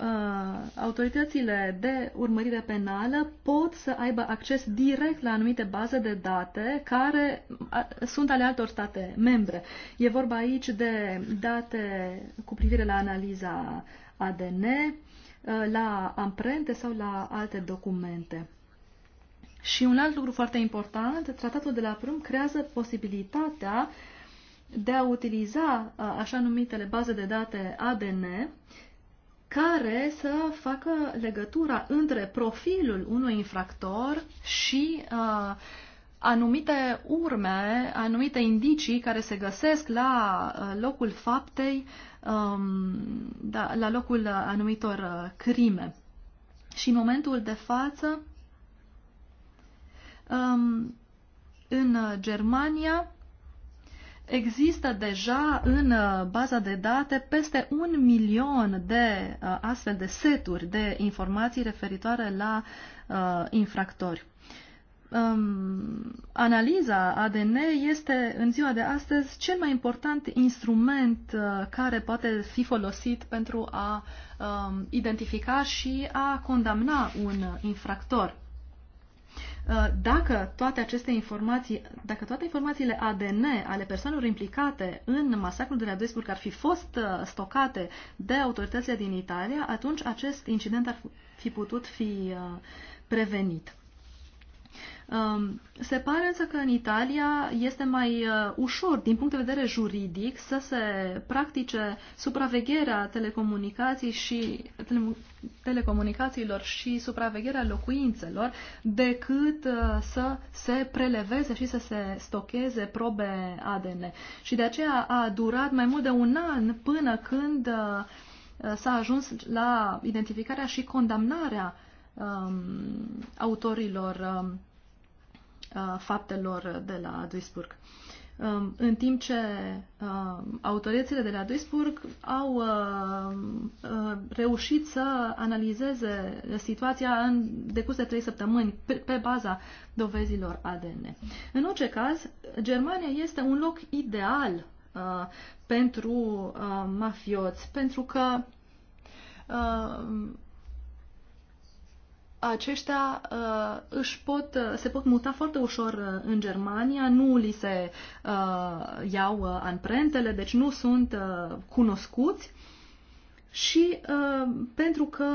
uh, autoritățile de urmărire penală pot să aibă acces direct la anumite baze de date care sunt ale altor state membre. E vorba aici de date cu privire la analiza ADN, uh, la amprente sau la alte documente. Și un alt lucru foarte important, tratatul de la Prüm creează posibilitatea uh, de a utiliza așa numitele baze de date ADN care să facă legătura între profilul unui infractor și uh, anumite urme, anumite indicii care se găsesc la uh, locul faptei, um, da, la locul anumitor uh, crime. Și în momentul de față, um, în Germania, Există deja în uh, baza de date peste un milion de uh, astfel de seturi de informații referitoare la uh, infractori. Um, analiza ADN este în ziua de astăzi cel mai important instrument uh, care poate fi folosit pentru a um, identifica și a condamna un infractor. Uh, dacă toate aceste informații, dacă toate informațiile ADN ale persoanelor implicate în masacrul de la Duisburg ar fi fost uh, stocate de autoritățile din Italia, atunci acest incident ar fi putut fi uh, prevenit. Um, se pare însă că în Italia este mai uh, ușor, din punct de vedere juridic, să se practice supravegherea telecomunicații și, tele, telecomunicațiilor și supravegherea locuințelor, decât uh, să se preleveze și să se stocheze probe ADN. Și de aceea a durat mai mult de un an până când uh, s-a ajuns la identificarea și condamnarea um, autorilor um, Uh, faptelor de la Duisburg. Um, în timp ce um, autoritățile de la Duisburg au uh, uh, reușit să analizeze situația în decurs de trei săptămâni pe baza dovezilor ADN. În orice caz, Germania este un loc ideal pentru mafioți, pentru că aceștia uh, își pot, uh, se pot muta foarte ușor uh, în Germania, nu li se uh, iau uh, anprentele, deci nu sunt uh, cunoscuți. Și uh, pentru că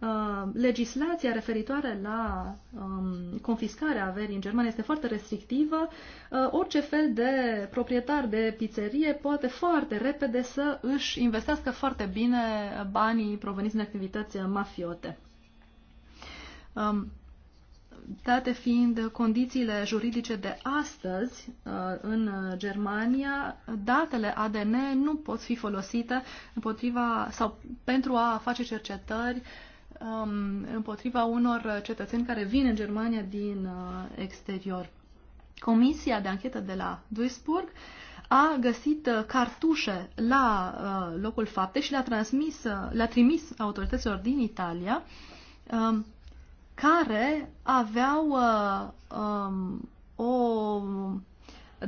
uh, legislația referitoare la um, confiscarea averii în Germania este foarte restrictivă, uh, orice fel de proprietar de pizzerie poate foarte repede să își investească foarte bine banii proveniți din activități uh, mafiote. Um, date fiind condițiile juridice de astăzi uh, în Germania, datele ADN nu pot fi folosite împotriva sau pentru a face cercetări um, împotriva unor cetățeni care vin în Germania din uh, exterior. Comisia de anchetă de la Duisburg a găsit uh, cartușe la locul faptei și le-a transmis, le-a trimis autorităților din Italia um, care aveau uh, um, o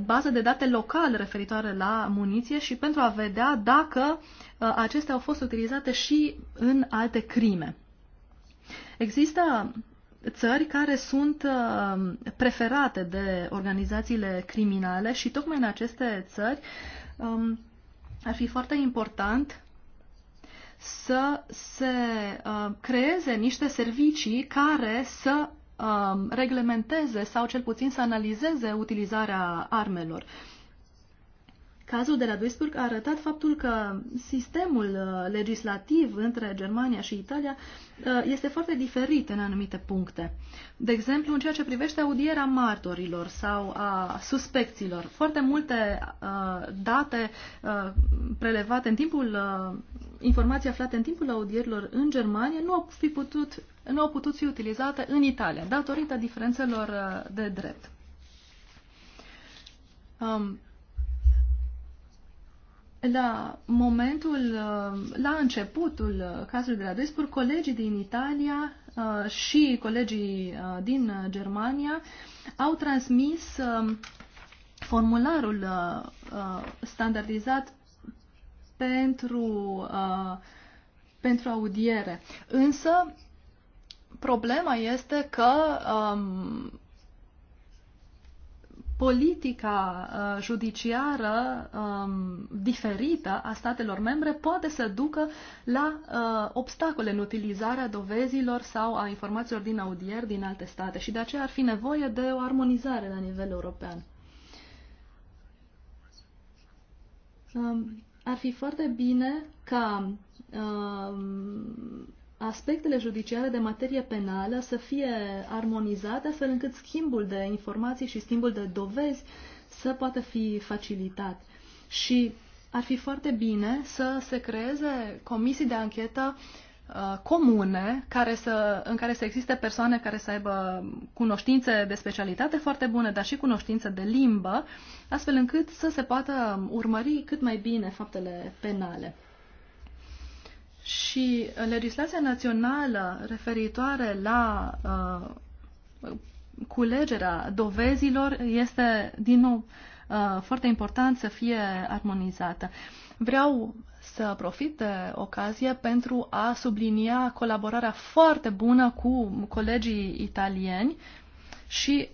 bază de date locală referitoare la muniție și pentru a vedea dacă uh, acestea au fost utilizate și în alte crime. Există țări care sunt uh, preferate de organizațiile criminale și tocmai în aceste țări um, ar fi foarte important să se uh, creeze niște servicii care să uh, reglementeze sau cel puțin să analizeze utilizarea armelor. Cazul de la Duisburg a arătat faptul că sistemul uh, legislativ între Germania și Italia uh, este foarte diferit în anumite puncte. De exemplu, în ceea ce privește audierea martorilor sau a suspecților, foarte multe uh, date prelevate în timpul informații aflate în timpul audierilor în Germania nu au, fi putut, nu au putut fi utilizate în Italia, datorită diferențelor uh, de drept. Um, la momentul, uh, la începutul uh, cazului de la Duisburg, colegii din Italia și colegii din Germania au transmis um, formularul standardizat pentru, uh, pentru audiere. Însă, problema este că um, politica uh, judiciară um, diferită a statelor membre poate să ducă la uh, obstacole în utilizarea dovezilor sau a informațiilor din audier din alte state și de aceea ar fi nevoie de o armonizare la nivel european. Um, ar fi foarte bine ca uh, aspectele judiciare de materie penală să fie armonizate, astfel încât schimbul de informații și schimbul de dovezi să poată fi facilitat. Și ar fi foarte bine să se creeze comisii de anchetă uh, Uh, comune care să, în care să existe persoane care să aibă cunoștințe de specialitate foarte bune, dar și cunoștințe de limbă, astfel încât să se poată um, urmări cât mai bine faptele penale. Și uh, legislația națională referitoare la uh, culegerea dovezilor este, din nou, uh, foarte important să fie armonizată. Vreau să profit de ocazie pentru a sublinia colaborarea foarte bună cu colegii italieni și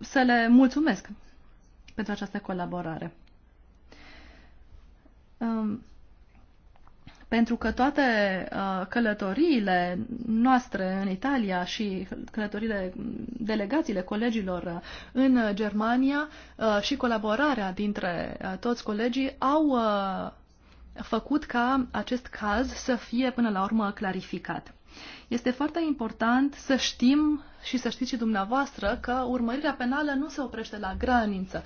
să le mulțumesc pentru această colaborare. Um, pentru că toate uh, călătoriile noastre în Italia și călătoriile, delegațiile colegilor în Germania uh, și colaborarea dintre uh, toți colegii au uh, făcut ca acest caz să fie până la urmă clarificat. Este foarte important să știm și să știți și dumneavoastră că urmărirea penală nu se oprește la graniță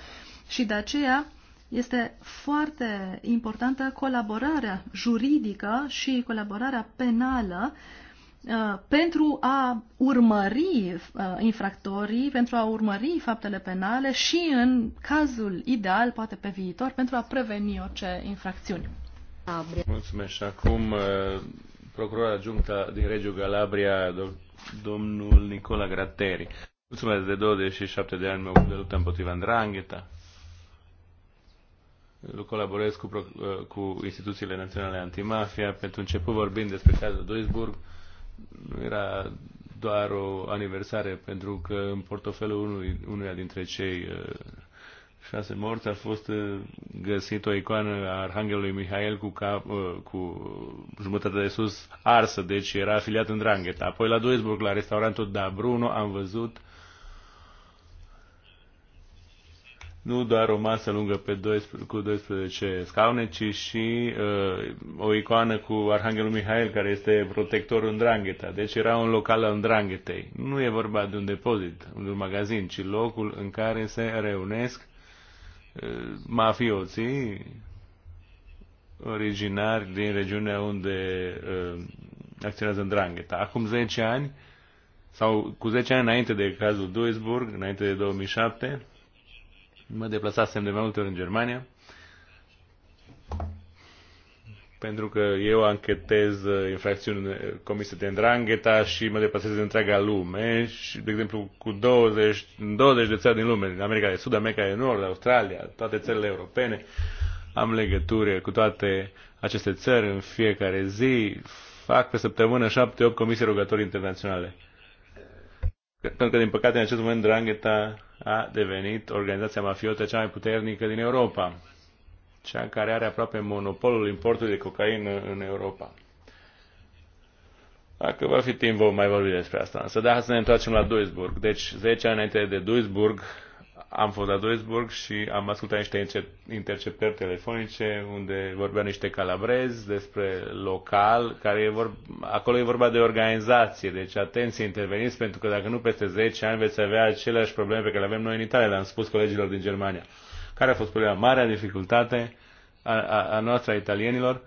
și de aceea este foarte importantă colaborarea juridică și colaborarea penală uh, pentru a urmări uh, infractorii, pentru a urmări faptele penale și, în cazul ideal, poate pe viitor, pentru a preveni orice infracțiuni. Mulțumesc. acum uh, procurorul adjunct din Regiu Calabria, domnul Nicola Gratteri. Mulțumesc de 27 de ani mă ocup de luptă împotriva îndrangheta. Colaborez cu, uh, cu instituțiile naționale antimafia. Pentru început vorbim despre cazul Duisburg. nu Era doar o aniversare pentru că în portofelul unui, unuia dintre cei uh, șase morți a fost uh, găsit o icoană a Arhanghelului Mihail cu, cap, uh, cu jumătate de sus arsă, deci era afiliat în Drangheta. Apoi la Duisburg, la restaurantul Da Bruno, am văzut nu doar o masă lungă pe 12, cu 12 scaune, ci și uh, o icoană cu Arhanghelul Mihail, care este protectorul îndrangheta. Deci era un local al îndranghetei. Nu e vorba de un depozit, de un magazin, ci locul în care se reunesc mafioții originari din regiunea unde uh, acționează în drangheta. Acum 10 ani, sau cu 10 ani înainte de cazul Duisburg, înainte de 2007, mă deplasasem de mai multe ori în Germania pentru că eu anchetez uh, infracțiuni comise de îndrangheta și mă deplasez în de întreaga lume și, de exemplu, cu 20, 20 de țări din lume, din America de Sud, America de Nord, Australia, toate țările europene, am legături cu toate aceste țări în fiecare zi, fac pe săptămână 7-8 comisii rugătorii internaționale. Pentru că, din păcate, în acest moment, Drangheta a devenit organizația mafiotă cea mai puternică din Europa cea care are aproape monopolul importului de cocaină în Europa. Dacă va fi timp, vom mai vorbi despre asta. Însă da, să ne întoarcem la Duisburg. Deci, 10 ani înainte de Duisburg, am fost la Duisburg și am ascultat niște interceptări telefonice unde vorbea niște calabrezi despre local, care e vor... acolo e vorba de organizație, deci atenție, interveniți, pentru că dacă nu peste 10 ani veți avea aceleași probleme pe care le avem noi în Italia, le-am spus colegilor din Germania. Care a fost problema? Marea dificultate a, a, a noastră a italienilor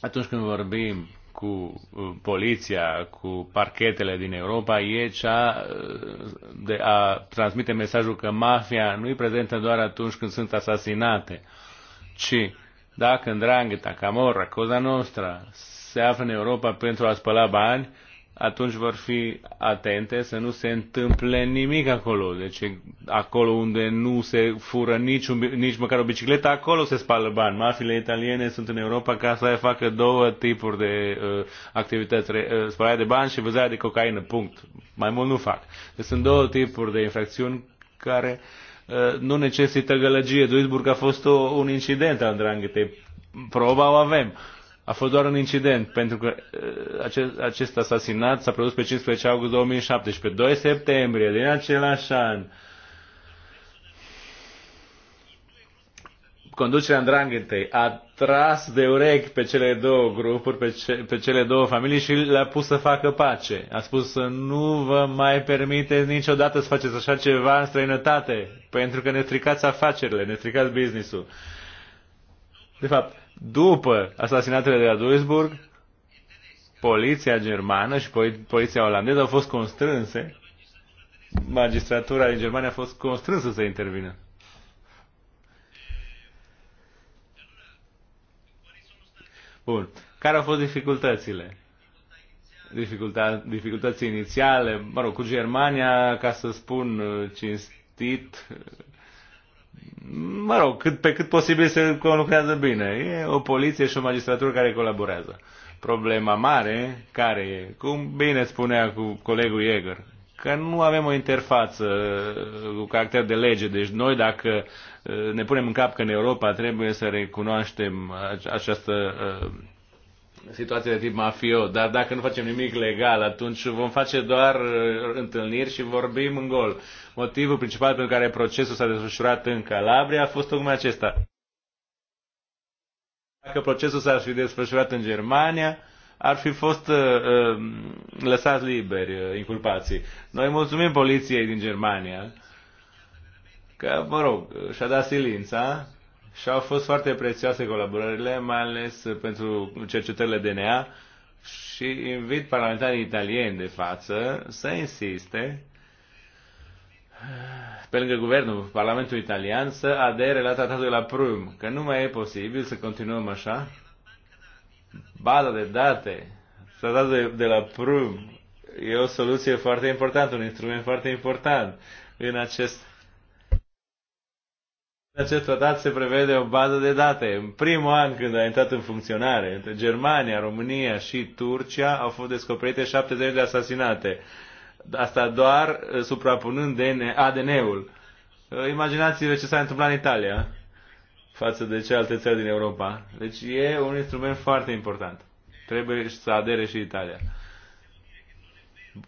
atunci când vorbim cu uh, poliția, cu parchetele din Europa, e cea uh, de a transmite mesajul că mafia nu e prezentă doar atunci când sunt asasinate, ci dacă Îndrangheta, Camorra, Cosa Nostra se află în Europa pentru a spăla bani, atunci vor fi atente să nu se întâmple nimic acolo. Deci acolo unde nu se fură nici, un, nici măcar o bicicletă, acolo se spală bani. Mafile italiene sunt în Europa ca să facă două tipuri de uh, activități, uh, spălarea de bani și vânzarea de cocaină, punct. Mai mult nu fac. Deci sunt două tipuri de infracțiuni care uh, nu necesită gălăgie. Duisburg a fost o, un incident al dranghetei. Proba o avem. Uh, a fost doar un incident, pentru că uh, acest, acest asasinat s-a produs pe 15 august 2017, 2 septembrie din același an. Conducerea Andranghetei a tras de urechi pe cele două grupuri, pe, ce, pe cele două familii și le-a pus să facă pace. A spus să nu vă mai permiteți niciodată să faceți așa ceva în străinătate, pentru că ne stricați afacerile, ne stricați business-ul. De fapt, după asasinatele de la Duisburg, poliția germană și poliția olandeză au fost constrânse, magistratura din Germania a fost constrânsă să intervină. Bun. Care au fost dificultățile? Dificulta, dificultăți inițiale, mă rog, cu Germania, ca să spun uh, cinstit, mă rog, cât, pe cât posibil se lucrează bine. E o poliție și o magistratură care colaborează. Problema mare, care e, cum bine spunea cu colegul Jäger, că nu avem o interfață uh, cu caracter de lege. Deci noi dacă uh, ne punem în cap că în Europa trebuie să recunoaștem această uh, situații de tip mafio, dar dacă nu facem nimic legal, atunci vom face doar uh, întâlniri și vorbim în gol. Motivul principal pentru care procesul s-a desfășurat în Calabria a fost tocmai acesta. Dacă procesul s-ar fi desfășurat în Germania, ar fi fost uh, uh lăsați liberi uh, inculpații. Noi mulțumim poliției din Germania că, mă rog, și-a dat silința și au fost foarte prețioase colaborările, mai ales pentru cercetările DNA și invit parlamentarii italieni de față să insiste pe lângă guvernul, Parlamentul Italian, să adere la tratatul de la Prüm, că nu mai e posibil să continuăm așa. Baza de date, tratatul de, la Prüm, e o soluție foarte importantă, un instrument foarte important în acest în acest tratat se prevede o bază de date. În primul an când a intrat în funcționare, între Germania, România și Turcia au fost descoperite 70 de asasinate. Asta doar eh, suprapunând ADN-ul. Eh, imaginați-vă ce s-a întâmplat în Italia eh, față de cealaltă țări din Europa. Deci e un instrument foarte important. Trebuie să adere și Italia.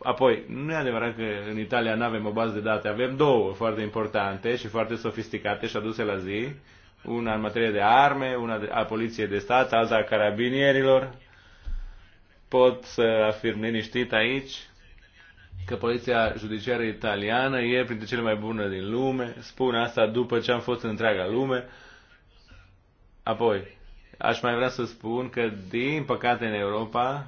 Apoi, nu e adevărat că în Italia nu avem o bază de date, avem două foarte importante și foarte sofisticate și aduse la zi, una în materie de arme, una a poliției de stat, alta a carabinierilor. Pot să afirm liniștit aici că poliția judiciară italiană e printre cele mai bune din lume. Spun asta după ce am fost în întreaga lume. Apoi, aș mai vrea să spun că, din păcate, în Europa,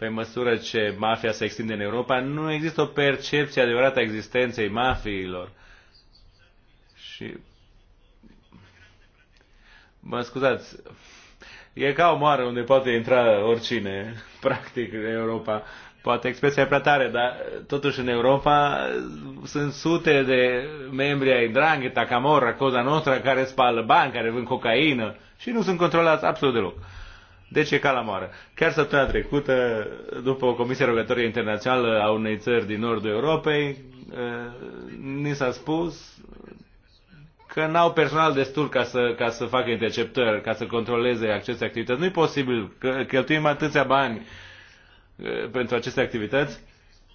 pe măsură ce mafia se extinde în Europa, nu există o percepție adevărată a existenței mafiilor. Și... Mă scuzați, e ca o moară unde poate intra oricine, *laughs* practic, în Europa. Poate expresia e prea tare, dar totuși în Europa sunt sute de membri ai Drangheta, Camorra, Cosa Nostra, care spală bani, care vând cocaină și nu sunt controlați absolut deloc. Uh, deci e ca la moară. Chiar săptămâna trecută, după o comisie rogătorie internațională a unei țări din nordul Europei, ni s-a spus că n-au personal destul ca să, ca să facă interceptări, ca să controleze aceste activități. Nu e posibil că cheltuim atâția bani pentru aceste activități,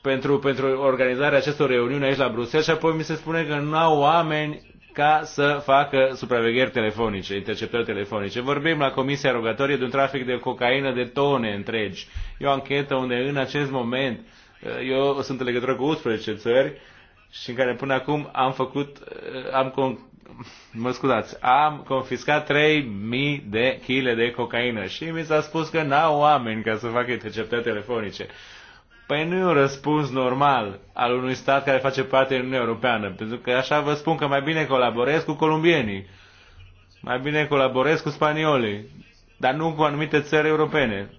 pentru, pentru organizarea acestor reuniuni aici la Bruxelles și apoi mi se spune că n-au oameni ca să facă supravegheri telefonice, interceptări telefonice. Vorbim la Comisia Rogatorie de un trafic de cocaină de tone întregi. E o anchetă unde în acest moment, eh, eu sunt în legătură cu 11 țări și în care până acum am făcut, eh, am con- mă scuzați, am confiscat 3.000 de kg de cocaină și mi s-a spus că n-au oameni ca să facă interceptări telefonice. Păi nu e un răspuns normal al unui stat care face parte din Uniunea Europeană, pentru că așa vă spun că mai bine colaborez cu columbienii, mai bine colaborez cu spaniolii, dar nu cu anumite țări europene.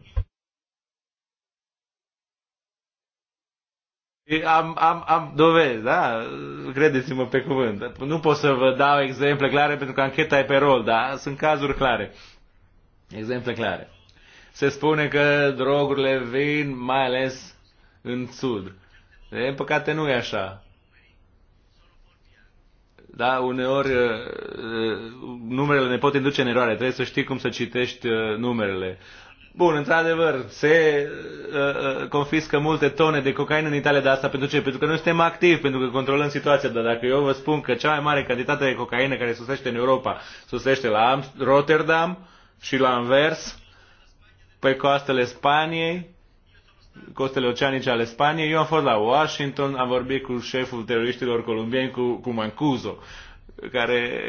Am, am, am dovezi, da? Credeți-mă pe cuvânt. Nu pot să vă dau exemple clare pentru că ancheta e pe rol, dar sunt cazuri clare. Exemple clare. Se spune că drogurile vin mai ales în sud. De păcate nu e așa. Da, uneori uh, uh, numerele ne pot induce în eroare. Trebuie să știi cum să citești uh, numerele. Bun, într-adevăr, se uh, confiscă multe tone de cocaină în Italia de asta pentru ce? Pentru că noi suntem activi, pentru că controlăm situația, dar dacă eu vă spun că cea mai mare cantitate de cocaină care susește în Europa susește la Rotterdam și la Anvers, pe coastele Spaniei, costele oceanice ale Spaniei. Eu am fost la Washington, am vorbit cu șeful teroriștilor colombieni, cu, cu Mancuso, care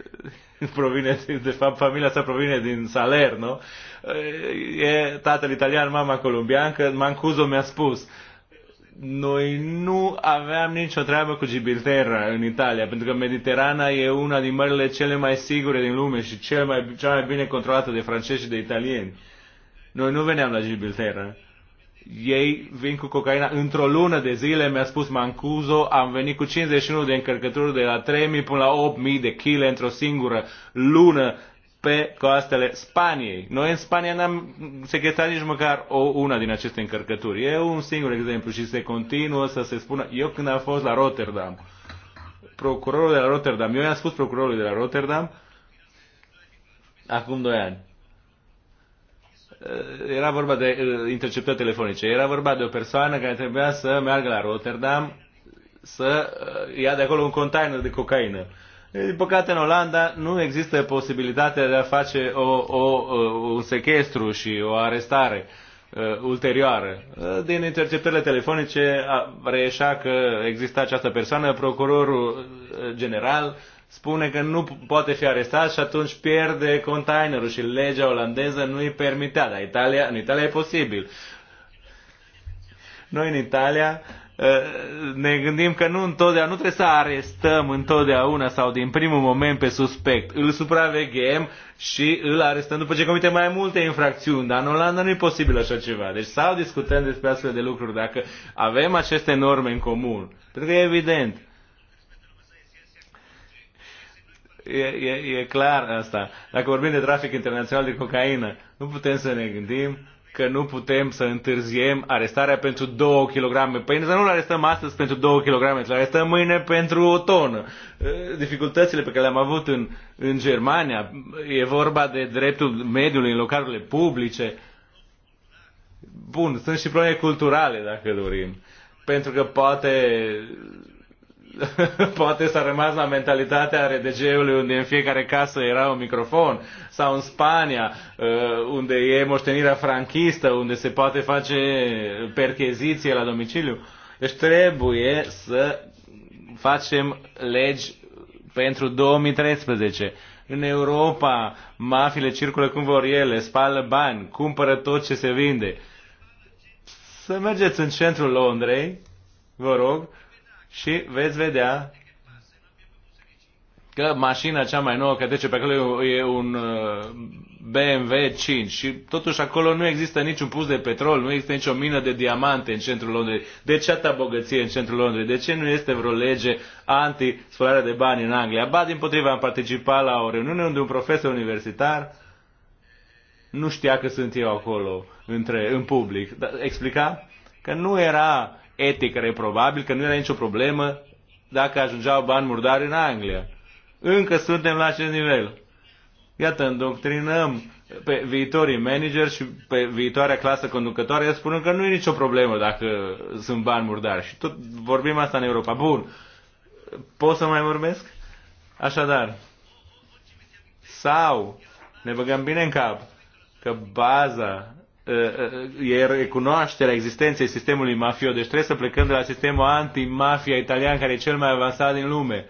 *laughs* provine, de fapt, familia sa provine din Salerno. E tatăl italian, mama colombiancă. Mancuso mi-a spus, noi nu aveam nicio treabă cu Gibraltar în Italia, pentru că Mediterana e una din mările cele mai sigure din lume și cel mai, cea mai bine controlată de francezi și de italieni. Noi nu veneam la Gibraltar ei vin cu cocaina într-o lună de zile, mi-a spus Mancuso, am venit cu 51 de încărcături de la 3.000 până la 8.000 de kg într-o singură lună pe coastele Spaniei. Noi în Spania n-am secretat nici măcar o, una din aceste încărcături. E un singur exemplu și se continuă să se spună. Eu când am fost la Rotterdam, procurorul de la Rotterdam, eu i-am spus procurorului de la Rotterdam acum doi ani Eh, era vorba de eh, interceptări telefonice, era vorba de o persoană care trebuia să meargă la Rotterdam să eh, ia de acolo un container de cocaină. Din păcate, în Olanda nu există posibilitatea de a face o, o, o, un sequestru și o arestare uh, ulterioară. Din interceptările telefonice reieșea că exista această persoană, procurorul general spune că nu poate fi arestat și atunci pierde containerul și legea olandeză nu îi permitea, dar Italia, în Italia e posibil. Noi în Italia ă, ne gândim că nu întotdeauna, nu trebuie să arestăm întotdeauna sau din primul moment pe suspect. Îl supraveghem și îl arestăm după ce comite mai multe infracțiuni, dar în Olanda nu e posibil așa ceva. Deci sau discutăm despre astfel de lucruri dacă avem aceste norme în comun. Pentru că e evident E, e, e clar asta. Dacă vorbim de trafic internațional de cocaină, nu putem să ne gândim că nu putem să întârziem arestarea pentru 2 kg. Păi să nu-l arestăm astăzi pentru 2 kg, îl arestăm mâine pentru o tonă. Dificultățile pe care le-am avut în, în Germania, e vorba de dreptul mediului în localurile publice. Bun, sunt și probleme culturale, dacă dorim. Pentru că poate *laughs* poate s-a rămas la mentalitatea RDG-ului unde în fiecare casă era un microfon sau în Spania uh, unde e moștenirea franchistă, unde se poate face percheziție la domiciliu. Deci trebuie să facem legi pentru 2013. În Europa, mafile circulă cum vor ele, spală bani, cumpără tot ce se vinde. Să mergeți în centrul Londrei, vă rog, și veți vedea că mașina cea mai nouă care trece pe acolo e un uh, BMW 5 și totuși acolo nu există niciun pus de petrol, nu există nicio mină de diamante în centrul Londrei. De ce atâta bogăție în centrul Londrei? De ce nu este vreo lege anti spălarea de bani în Anglia? Ba, din potriva, am participat la o reuniune unde un profesor universitar nu știa că sunt eu acolo între, în public. Dar explica că nu era e reprobabil că nu era nicio problemă dacă ajungeau bani murdari în Anglia. Încă suntem la acest nivel. Iată, îndoctrinăm pe viitorii manageri și pe viitoarea clasă conducătoare spun că nu e nicio problemă dacă sunt bani murdari. Și tot vorbim asta în Europa. Bun. Pot să mai vorbesc? Așadar. Sau ne băgăm bine în cap că baza Uh, uh, e recunoașterea existenței sistemului mafio. Deci trebuie să plecăm de la sistemul anti-mafia italian, care e cel mai avansat din lume.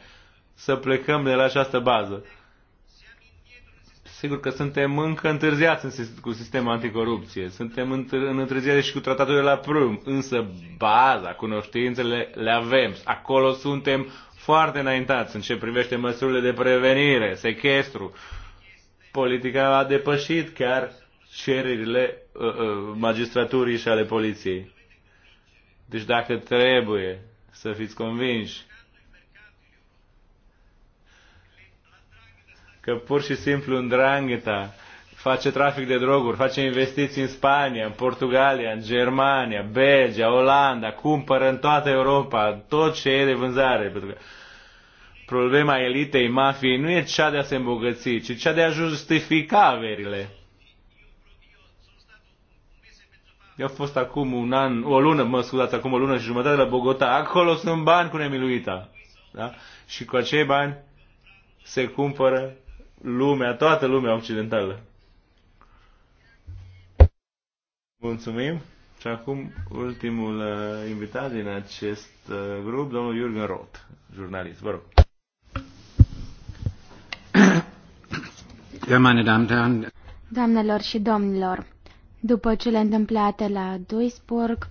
Să plecăm de la această bază. Sigur că suntem încă întârziați cu sistemul anticorupție. Suntem în întârziați și cu tratatul de la Prum. Însă baza, cunoștințele le avem. Acolo suntem foarte înaintați în ce privește măsurile de prevenire, sequestru, Politica a depășit chiar cererile uh, uh, magistraturii și ale poliției. Deci dacă trebuie să fiți convinși că pur și simplu îndrangheta face trafic de droguri, face investiții în Spania, în Portugalia, în Germania, Belgia, Olanda, cumpără în toată Europa tot ce e de vânzare. Pentru că problema elitei mafiei nu e cea de a se îmbogăți, ci cea de a justifica averile. Eu am fost acum un an, o lună, mă scuzați, acum o lună și jumătate la Bogota. Acolo sunt bani cu nemiluita. Da? Și cu acei bani se cumpără lumea, toată lumea occidentală. Mulțumim. Și acum ultimul uh, invitat din acest uh, grup, domnul Jürgen Roth, jurnalist. Vă rog. Doamnelor și domnilor, după cele întâmplate la Duisburg,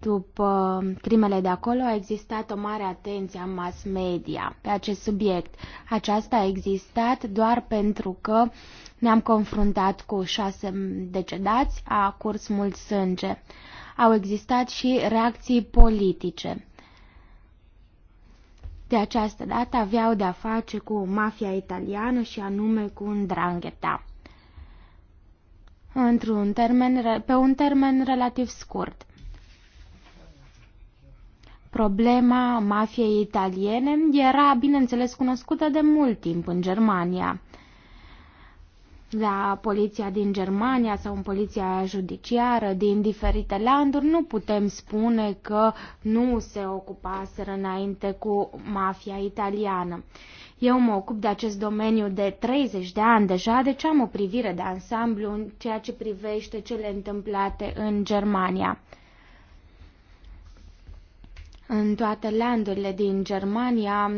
după crimele de acolo, a existat o mare atenție a mass media pe acest subiect. Aceasta a existat doar pentru că ne-am confruntat cu șase decedați, a curs mult sânge. Au existat și reacții politice. De această dată aveau de-a face cu mafia italiană și anume cu drangheta într-un termen, pe un termen relativ scurt. Problema mafiei italiene era, bineînțeles, cunoscută de mult timp în Germania. La da, poliția din Germania sau în poliția judiciară din diferite landuri nu putem spune că nu se ocupaseră înainte cu mafia italiană. Uh, eu mă ocup de acest domeniu de 30 de ani deja, deci am o privire de ansamblu în ceea ce privește cele întâmplate în Germania. În toate landurile din Germania,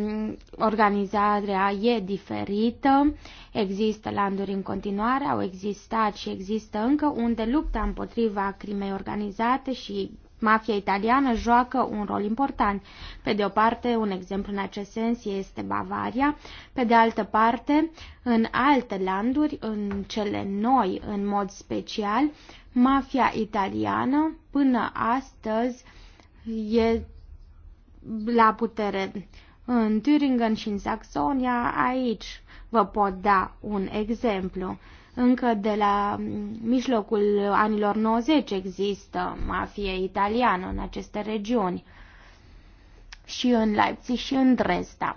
organizarea e diferită. Există landuri în continuare, au existat și există încă unde lupta împotriva crimei organizate și Mafia italiană joacă un rol important. Pe de o parte, un exemplu în acest sens este Bavaria, pe de altă parte, în alte landuri, în cele noi în mod special, mafia italiană până astăzi e la putere. În Thüringen și în Saxonia, aici vă pot da un exemplu. Încă de la mijlocul anilor 90 există mafie italiană în aceste regiuni. Și în Leipzig și în Dresda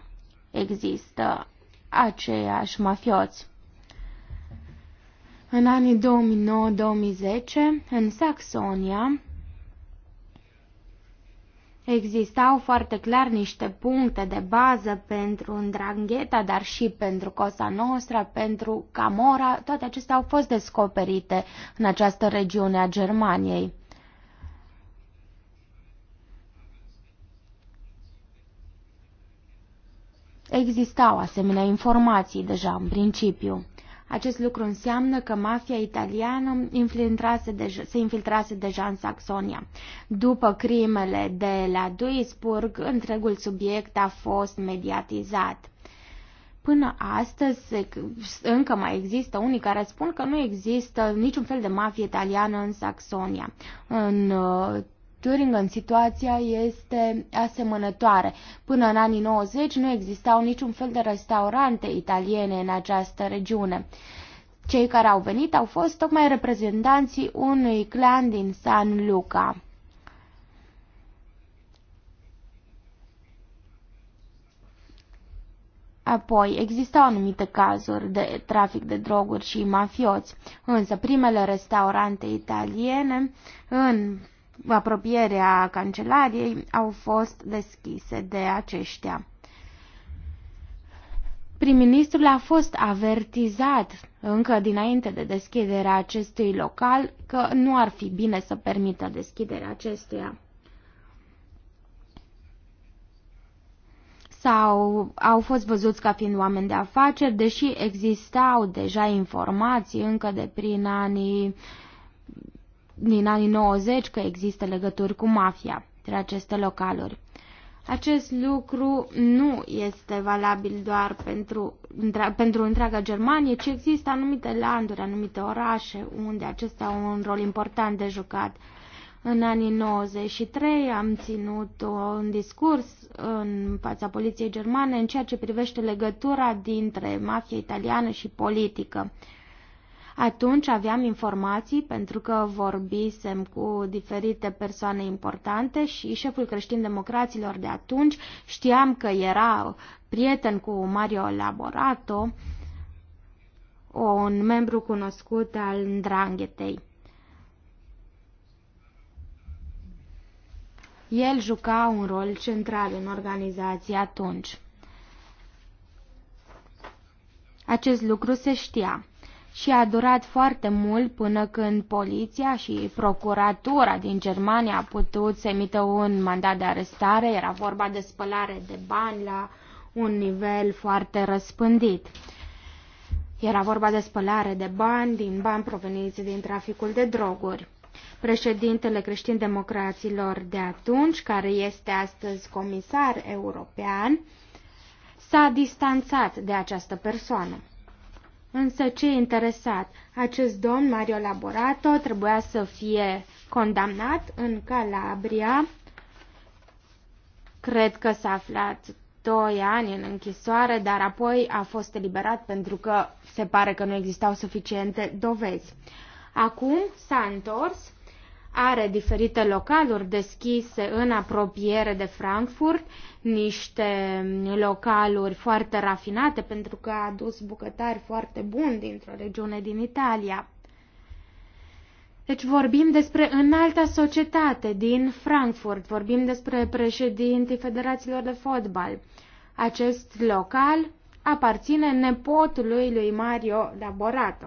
există aceiași mafioți. În anii 2009-2010, în Saxonia, Existau foarte clar niște puncte de bază pentru Ndrangheta, dar și pentru Cosa Nostra, pentru Camora. Toate acestea au fost descoperite în această regiune a Germaniei. Existau asemenea informații deja în principiu. Acest lucru înseamnă că mafia italiană infiltrase deja, se infiltrase deja în Saxonia. După crimele de la Duisburg, întregul subiect a fost mediatizat. Până astăzi încă mai există unii care spun că nu există niciun fel de mafie italiană în Saxonia. În uh, Thüringen situația este asemănătoare. Până în anii 90 nu existau niciun fel de restaurante italiene în această regiune. Cei care au venit au fost tocmai reprezentanții unui clan din San Luca. Apoi, existau anumite cazuri de trafic de droguri și mafioți, însă primele restaurante italiene în apropierea cancelariei au fost deschise de aceștia. Prim-ministrul a fost avertizat încă dinainte de deschiderea acestui local că nu ar fi bine să permită deschiderea acestuia. sau au fost văzuți ca fiind oameni de afaceri, deși existau deja informații încă de prin anii din anii 90 că există legături cu mafia între aceste localuri. Acest lucru nu este valabil doar pentru, între, pentru întreaga Germanie, ci există anumite landuri, anumite orașe unde acestea au un rol important de jucat. În anii 93 am ținut un discurs în fața poliției germane în ceea ce privește legătura dintre mafia italiană și politică. Atunci aveam informații pentru că vorbisem cu diferite persoane importante și șeful creștin-democraților de atunci știam că era prieten cu Mario Laborato, un membru cunoscut al Ndranghetei. El juca un rol central în organizație atunci. Acest lucru se știa și a durat foarte mult până când poliția și procuratura din Germania a putut să emită un mandat de arestare. Era vorba de spălare de bani la un nivel foarte răspândit. Era vorba de spălare de bani din bani proveniți din traficul de droguri. Președintele creștin-democraților de atunci, care este astăzi comisar european, s-a distanțat de această persoană. Însă ce interesat? Acest domn, Mario Laborato, trebuia să fie condamnat în Calabria. Cred că s-a aflat doi ani în închisoare, dar apoi a fost eliberat pentru că se pare că nu existau suficiente dovezi. Acum s-a întors are diferite localuri deschise în apropiere de Frankfurt, niște localuri foarte rafinate pentru că a adus bucătari foarte buni dintr-o regiune din Italia. Deci vorbim despre înalta societate din Frankfurt, vorbim despre președintii federațiilor de fotbal. Acest local aparține nepotului lui Mario Laborato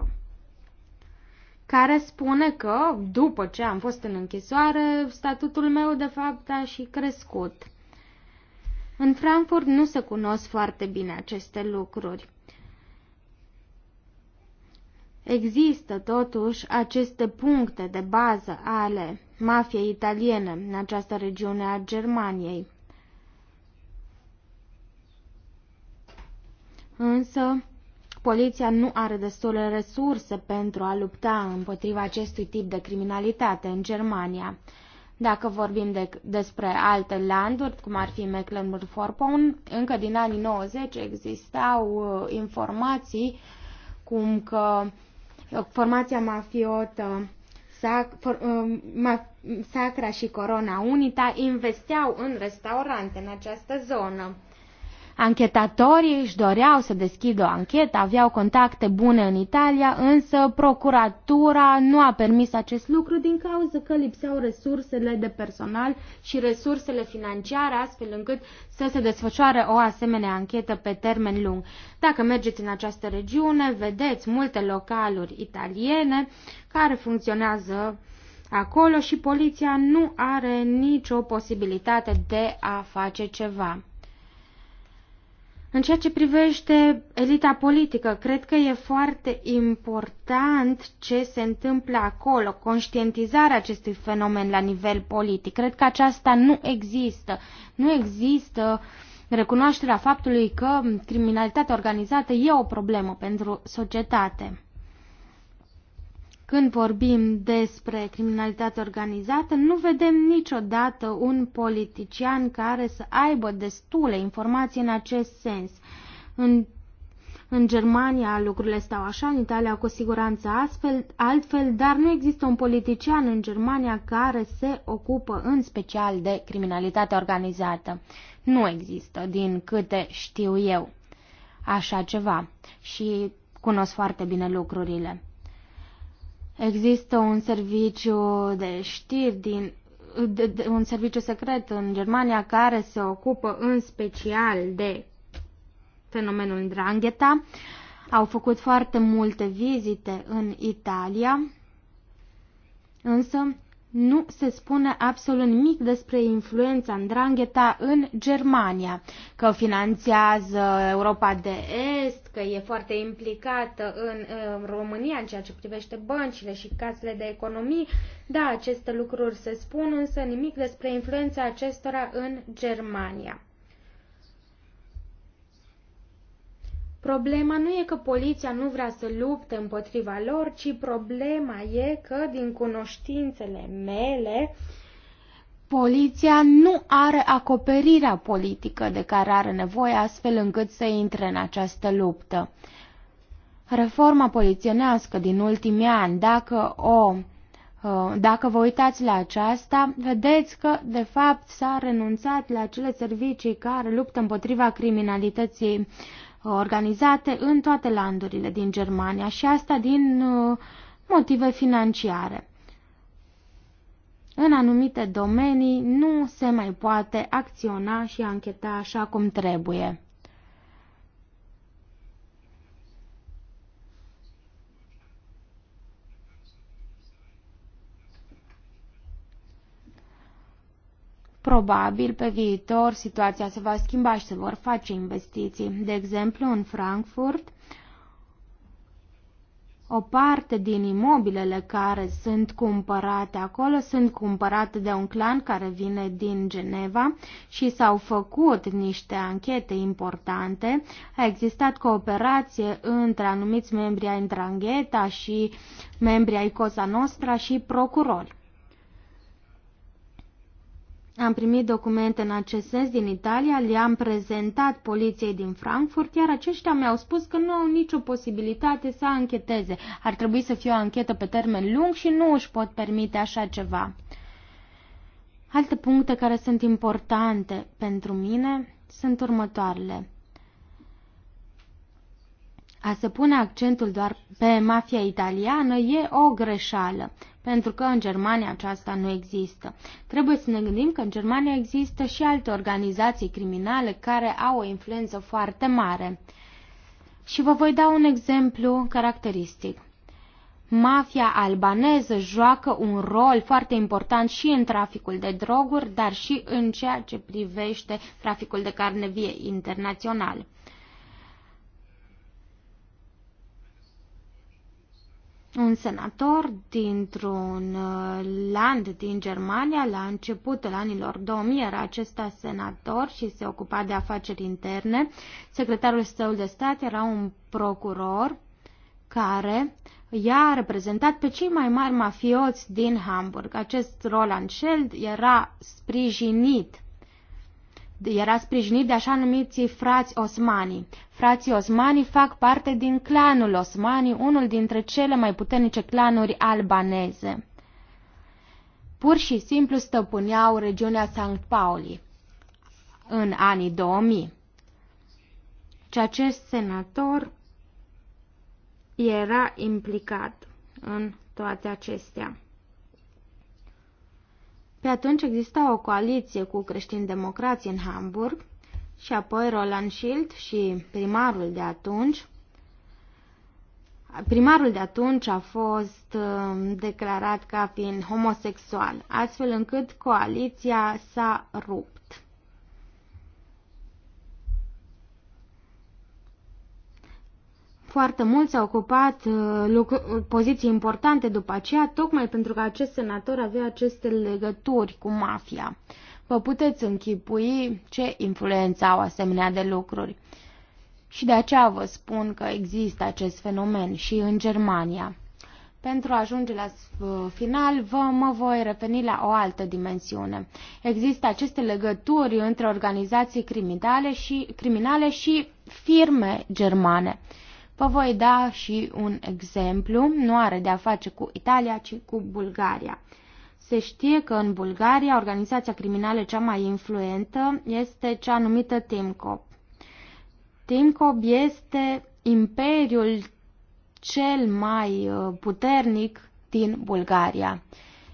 care spune că, după ce am fost în închisoare, statutul meu de fapt a și crescut. În Frankfurt nu se cunosc foarte bine aceste lucruri. Există totuși aceste puncte de bază ale mafiei italiene în această regiune a Germaniei. Însă, Poliția nu are destule resurse pentru a lupta împotriva acestui tip de criminalitate în Germania. Dacă vorbim de, despre alte landuri, cum ar fi Mecklenburg-Vorpommern, încă din anii 90 existau uh, informații cum că uh, formația mafiotă Sac, for, uh, ma, Sacra și Corona Unita investeau în restaurante în această zonă. Anchetatorii își doreau să deschidă o anchetă, aveau contacte bune în Italia, însă procuratura nu a permis acest lucru din cauza că lipseau resursele de personal și resursele financiare, astfel încât să se desfășoare o asemenea anchetă pe termen lung. Dacă mergeți în această regiune, vedeți multe localuri italiene care funcționează acolo și poliția nu are nicio posibilitate de a face ceva. În ceea ce privește elita politică, cred că e foarte important ce se întâmplă acolo, conștientizarea acestui fenomen la nivel politic. Cred că aceasta nu există. Nu există recunoașterea faptului că criminalitatea organizată e o problemă pentru societate. Când vorbim despre criminalitate organizată, nu vedem niciodată un politician care să aibă destule informații în acest sens. În în Germania lucrurile stau așa, în Italia cu siguranță astfel, altfel, dar nu există un politician în Germania care se ocupă în special de criminalitatea organizată. Nu există, din câte știu eu, așa ceva și cunosc foarte bine lucrurile. Există un serviciu de știri din de, de, un serviciu secret în Germania care se ocupă în special de fenomenul Drangheta. Au făcut foarte multe vizite în Italia, însă nu se spune absolut nimic despre influența Andrangheta în Germania, că finanțează Europa de Est, că e foarte implicată în, în România în ceea ce privește băncile și casele de economii. Da, aceste lucruri se spun, însă nimic despre influența acestora în Germania. Problema nu e că poliția nu vrea să lupte împotriva lor, ci problema e că, din cunoștințele mele, poliția nu are acoperirea politică de care are nevoie astfel încât să intre în această luptă. Reforma polițienească din ultimii ani, dacă o uh, dacă vă uitați la aceasta, vedeți că, de fapt, s-a renunțat la acele servicii care luptă împotriva criminalității Uh, organizate în toate landurile din Germania și asta din uh, motive financiare. În anumite domenii nu se mai poate acționa și ancheta așa cum trebuie. Probabil pe viitor situația se va schimba și se vor face investiții. De exemplu, în Frankfurt, o parte din imobilele care sunt cumpărate acolo sunt cumpărate de un clan care vine din Geneva și s-au făcut niște anchete importante. A existat cooperație între anumiți membri ai Ndrangheta și membri ai Cosa Nostra și procurori. Am primit documente în acest sens din Italia, le-am prezentat poliției din Frankfurt, iar aceștia mi-au spus că nu au nicio posibilitate să ancheteze. Ar trebui să fie o anchetă pe termen lung și nu își pot permite așa ceva. Alte puncte care sunt importante pentru mine sunt următoarele. A se pune accentul doar pe mafia italiană e o greșeală, pentru că în Germania aceasta nu există. Trebuie să ne gândim că în Germania există și alte organizații criminale care au o influență foarte mare. Și vă voi da un exemplu caracteristic. Mafia albaneză joacă un rol foarte important și în traficul de droguri, dar și în ceea ce privește traficul de carne vie internațional. un senator dintr-un uh, land din Germania, la începutul anilor 2000, era acesta senator și se ocupa de afaceri interne. Secretarul său de stat era un procuror care i-a reprezentat pe cei mai mari mafioți din Hamburg. Acest Roland Scheld era sprijinit era sprijinit de așa numiții frați osmani. Frații osmani fac parte din clanul osmani, unul dintre cele mai puternice clanuri albaneze. Pur și simplu stăpâneau regiunea Sankt Pauli în anii 2000. Și acest senator era implicat în toate acestea. Pe atunci exista o coaliție cu creștini democrați în Hamburg și apoi Roland Schild și primarul de atunci. Primarul de atunci a fost uh, declarat ca fiind homosexual, astfel încât coaliția s-a rupt. Foarte mulți au ocupat uh, uh, poziții importante după aceea, tocmai pentru că acest senator avea aceste legături cu mafia. Vă puteți închipui ce influență au asemenea de lucruri. Și de aceea vă spun că există acest fenomen și în Germania. Pentru a ajunge la uh, final, vă, mă voi referi la o altă dimensiune. Există aceste legături între organizații criminale și, criminale și firme germane. Vă voi da și un exemplu, nu are de a face cu Italia, ci cu Bulgaria. Se știe că în Bulgaria organizația criminală cea mai influentă este cea numită Timcop. Timcop este imperiul cel mai uh, puternic din Bulgaria.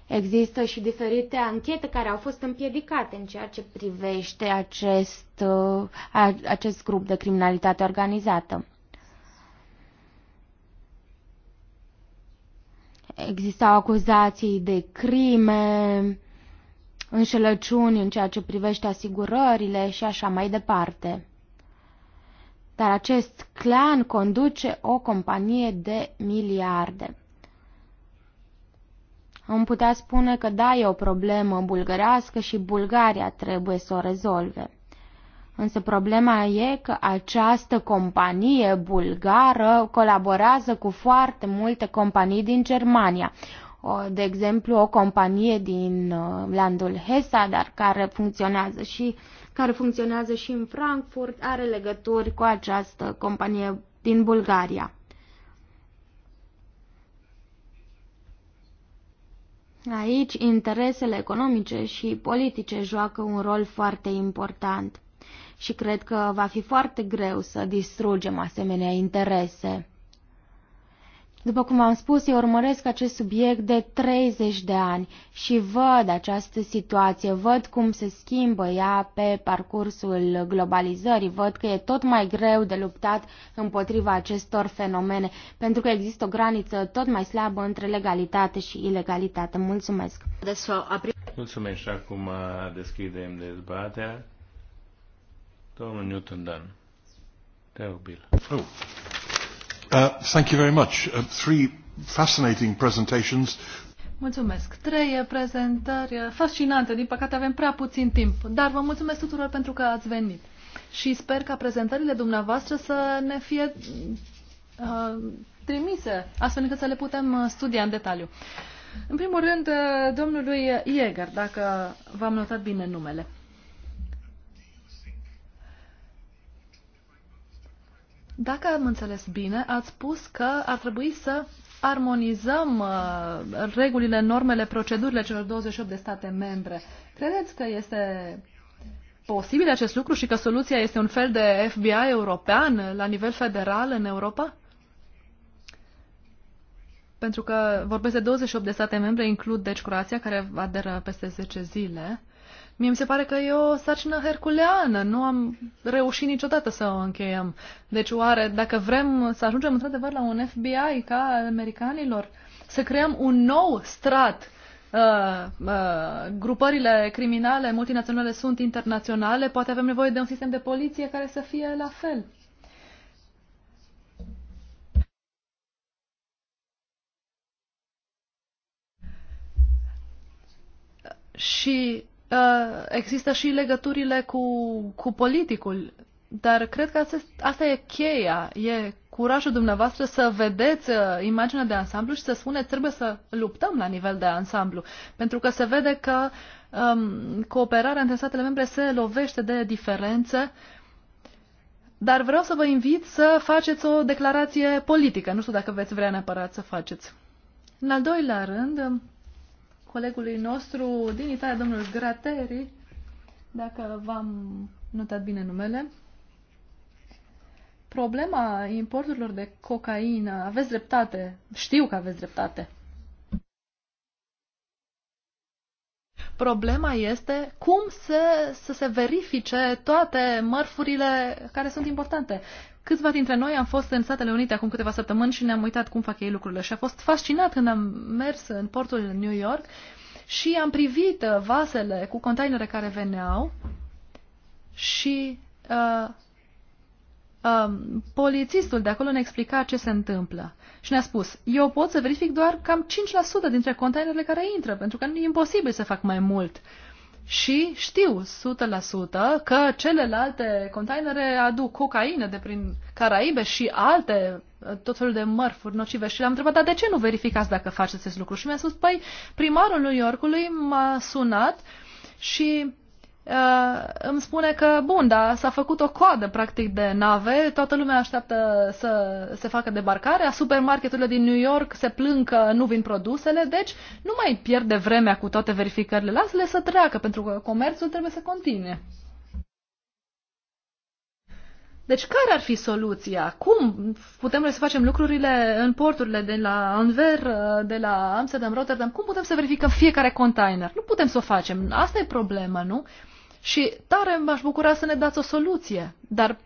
Există și diferite anchete care au fost împiedicate în ceea ce privește acest, uh, acest grup de criminalitate organizată. existau acuzații de crime, înșelăciuni în ceea ce privește asigurările și așa mai departe. Dar acest clan conduce o companie de miliarde. Am putea spune că da, e o problemă bulgărească și Bulgaria trebuie să o rezolve. Însă problema e că această companie bulgară colaborează cu foarte multe companii din Germania. De exemplu, o companie din uh, landul Hesa, dar care funcționează și care funcționează și în Frankfurt, are legături cu această companie din Bulgaria. Aici interesele economice și politice joacă un rol foarte important și cred că va fi foarte greu să distrugem asemenea interese. După cum am spus, eu urmăresc acest subiect de 30 de ani și văd această situație, văd cum se schimbă ea pe parcursul globalizării, văd că e tot mai greu de luptat împotriva acestor fenomene, pentru că există o graniță tot mai slabă între legalitate și ilegalitate. Mulțumesc! Mulțumesc și acum uh, deschidem dezbaterea. Domnul Newton Dan. Teobil. Oh. Uh, thank you very much. Uh, three fascinating presentations. Mulțumesc. Trei prezentări uh, fascinante. Din păcate avem prea puțin timp, dar vă mulțumesc tuturor pentru că ați venit. Și sper ca prezentările dumneavoastră să ne fie uh, trimise, astfel încât să le putem uh, studia în detaliu. În primul rând, uh, domnului Ieger, dacă v-am notat bine numele. Dacă am înțeles bine, ați spus că ar trebui să armonizăm uh, regulile, normele, procedurile celor 28 de state membre. Credeți că este posibil acest lucru și că soluția este un fel de FBI european la nivel federal în Europa? Pentru că vorbesc de 28 de state membre, includ deci Croația, care aderă peste 10 zile. Mie mi se pare că e o sarcină herculeană, nu am reușit niciodată să o încheiem. Deci oare dacă vrem să ajungem într-adevăr la un FBI ca americanilor, să creăm un nou strat Uh, uh, grupările criminale multinaționale sunt internaționale, poate avem nevoie de un sistem de poliție care să fie la fel. Și Uh, există și legăturile cu, cu politicul, dar cred că asta e cheia, e curajul dumneavoastră să vedeți uh, imaginea de ansamblu și să spuneți trebuie să luptăm la nivel de ansamblu, pentru că se vede că um, cooperarea între statele membre se lovește de diferențe dar vreau să vă invit să faceți o declarație politică. Nu știu dacă veți vrea neapărat să faceți. În al doilea rând, colegului nostru din Italia, domnul Grateri, dacă v-am notat bine numele. Problema importurilor de cocaină, aveți dreptate, știu că aveți dreptate. Problema este cum să, să se verifice toate mărfurile care sunt importante. Câțiva dintre noi am fost în Statele Unite acum câteva săptămâni și ne-am uitat cum fac ei lucrurile și a fost fascinat când am mers în portul New York și am privit uh, vasele cu containere care veneau și uh, uh, polițistul de acolo ne explica ce se întâmplă și ne-a spus, eu pot să verific doar cam 5% dintre containerele care intră, pentru că nu e imposibil să fac mai mult. Uh, și știu 100% că celelalte containere aduc cocaină de prin Caraibe și alte tot felul de mărfuri nocive și l-am întrebat, dar de ce nu verificați dacă faceți acest lucru? Și mi-a spus, păi primarul New Yorkului m-a sunat și Uh, îmi spune că, bun, dar s-a făcut o coadă, practic, de nave, toată lumea așteaptă să se facă debarcarea, supermarketurile din New York se plâng că nu vin produsele, deci nu mai pierde vremea cu toate verificările, lasă-le să treacă, pentru că comerțul trebuie să continue. Deci care ar fi soluția? Cum putem noi să facem lucrurile în porturile de la Anver, uh, de la Amsterdam, Rotterdam? Cum putem să verificăm fiecare container? Nu putem să o facem. Asta e problema, nu? Și tare m-aș bucura să ne dați o soluție, dar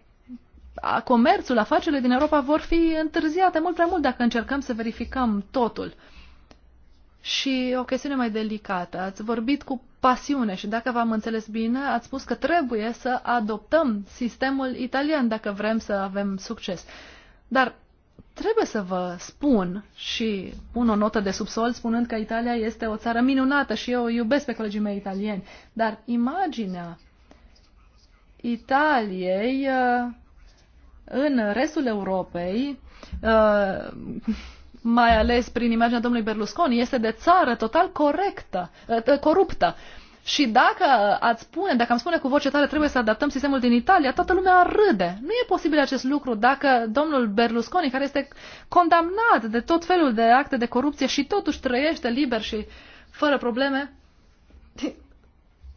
comerțul, afacerile din Europa vor fi întârziate mult prea mult dacă încercăm să verificăm totul. Și o chestiune mai delicată. Ați vorbit cu pasiune și dacă v-am înțeles bine, ați spus că trebuie să adoptăm sistemul italian dacă vrem să avem succes. Dar trebuie să vă spun și pun o notă de subsol spunând că Italia este o țară minunată și eu iubesc pe colegii mei italieni, dar imaginea Italiei uh, în restul Europei, uh, mai ales prin imaginea domnului Berlusconi, este de țară total corectă, uh, coruptă. Și dacă ați spune, dacă am spune cu voce tare trebuie să adaptăm sistemul din Italia, toată lumea râde. Nu e posibil acest lucru dacă domnul Berlusconi, care este condamnat de tot felul de acte de corupție și totuși trăiește liber și fără probleme,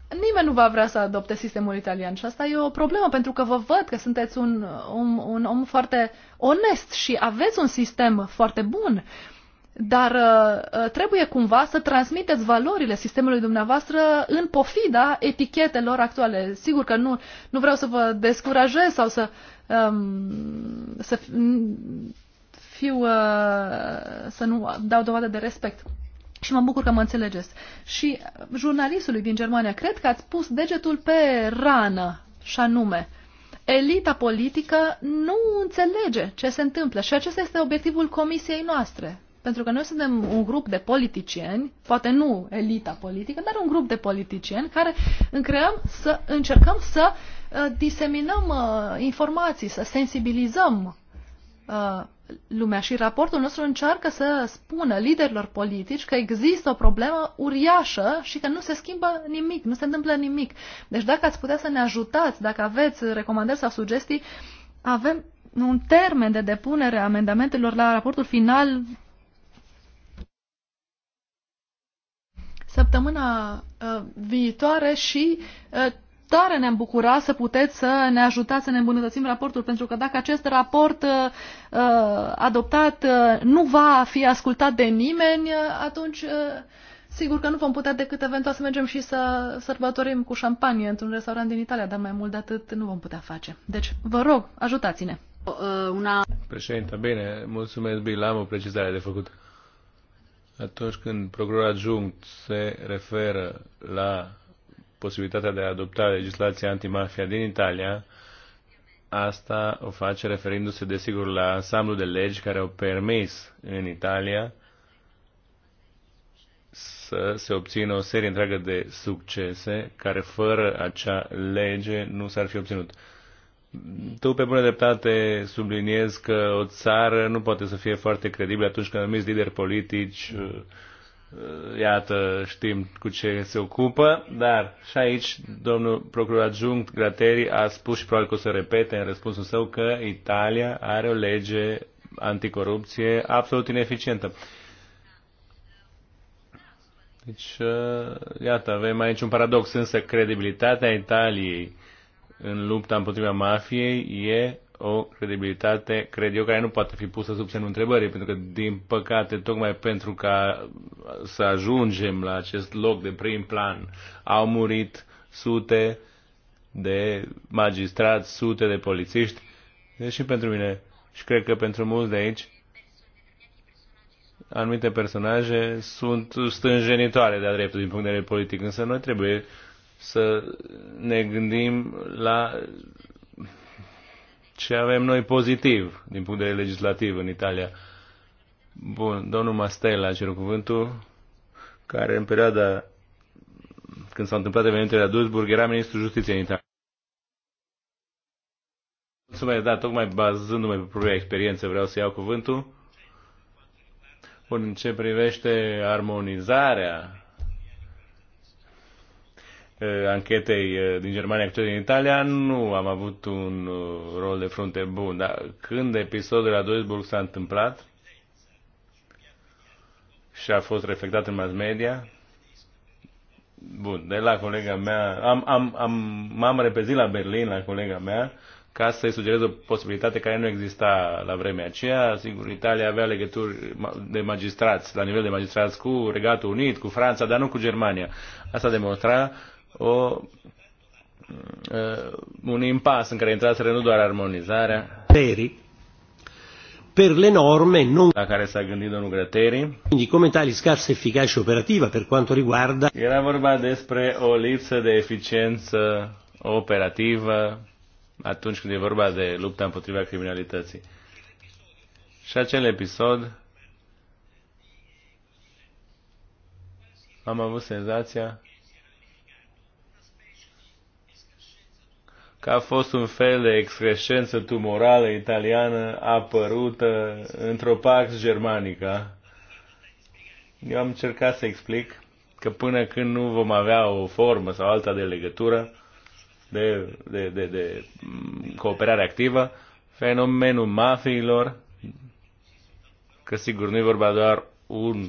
nimeni nu va vrea să adopte sistemul italian și asta e o problemă pentru că vă văd că sunteți un, un, un om foarte onest și aveți un sistem foarte bun. Uh, dar uh, uh, trebuie cumva să transmiteți valorile sistemului dumneavoastră în pofida etichetelor actuale. Sigur că nu, nu vreau să vă descurajez sau să, um, să fiu, uh, să nu dau dovadă de respect. Și mă bucur că mă înțelegeți. Și jurnalistului din Germania, cred că ați pus degetul pe rană, și anume, elita politică nu înțelege ce se întâmplă și acesta este obiectivul comisiei noastre pentru că noi suntem un grup de politicieni, poate nu elita politică, dar un grup de politicieni care încreăm să încercăm să uh, diseminăm uh, informații, să sensibilizăm uh, lumea și raportul nostru încearcă să spună liderilor politici că există o problemă uriașă și că nu se schimbă nimic, nu se întâmplă nimic. Deci dacă ați putea să ne ajutați, dacă aveți recomandări sau sugestii, avem un termen de depunere a amendamentelor la raportul final săptămâna uh, viitoare și uh, tare ne-am bucurat să puteți să ne ajutați să ne îmbunătățim raportul, pentru că dacă acest raport uh, uh, adoptat uh, nu va fi ascultat de nimeni, uh, atunci uh, sigur că nu vom putea decât eventual să mergem și să sărbătorim cu șampanie într-un restaurant din Italia, dar mai mult de atât nu vom putea face. Deci, vă rog, ajutați-ne! Uh, una... Președinte, bine, mulțumesc, Bill, am o precizare de făcut atunci când procurorul adjunct se referă la posibilitatea de a adopta legislația antimafia din Italia, asta o face referindu-se desigur la ansamblu de legi care au permis în Italia să se obțină o serie întreagă de succese care fără acea lege nu s-ar fi obținut tu pe bună dreptate subliniezi că o țară nu poate să fie foarte credibilă atunci când numiți lideri politici, uh, uh, iată, știm cu ce se ocupă, dar și aici domnul procuror adjunct Grateri a spus și probabil că o să repete în răspunsul său că Italia are o lege anticorupție absolut ineficientă. Deci, uh, iată, avem aici un paradox, însă credibilitatea Italiei în lupta împotriva mafiei e o credibilitate, cred eu, care nu poate fi pusă sub semnul întrebării, pentru că, din păcate, tocmai pentru ca să ajungem la acest loc de prim plan, au murit sute de magistrați, sute de polițiști, deci și pentru mine, și cred că pentru mulți de aici, anumite personaje sunt stânjenitoare de-a dreptul din punct de vedere politic, însă noi trebuie să ne gândim la ce avem noi pozitiv din punct de vedere legislativ în Italia. Bun, domnul Mastella a cerut cuvântul, care în perioada când s-au întâmplat evenimentele la Duisburg era ministrul justiției în Italia. Mulțumesc, da, tocmai bazându-mă pe propria experiență vreau să iau cuvântul. Bun, în ce privește armonizarea Eh, anchetei eh, din Germania cu cea din Italia, nu am avut un uh, rol de frunte bun. Dar când episodul la Duisburg s-a întâmplat și a fost reflectat în mass media, bun, de la colega mea, am, am, am, m-am repezit la Berlin la colega mea ca să-i sugerez o posibilitate care nu exista la vremea aceea. Sigur, Italia avea legături de magistrați, la nivel de magistrați cu Regatul Unit, cu Franța, dar nu cu Germania. Asta demonstra uh, o, un impas în care intraseră nu doar armonizarea. Peri. Per le norme non... La care s-a gândit domnul Grăteri. Quindi come tali scarsa efficacia operativa per quanto riguarda... Era vorba despre o lipsă de eficiență operativă atunci când e vorba de lupta împotriva criminalității. Și acel episod am avut senzația că a fost un fel de excrescență tumorală italiană apărută într-o pax germanică. Eu am încercat să explic că până când nu vom avea o formă sau alta de legătură, de, de, de, de mm, cooperare activă, fenomenul mafiilor, că sigur nu e vorba doar un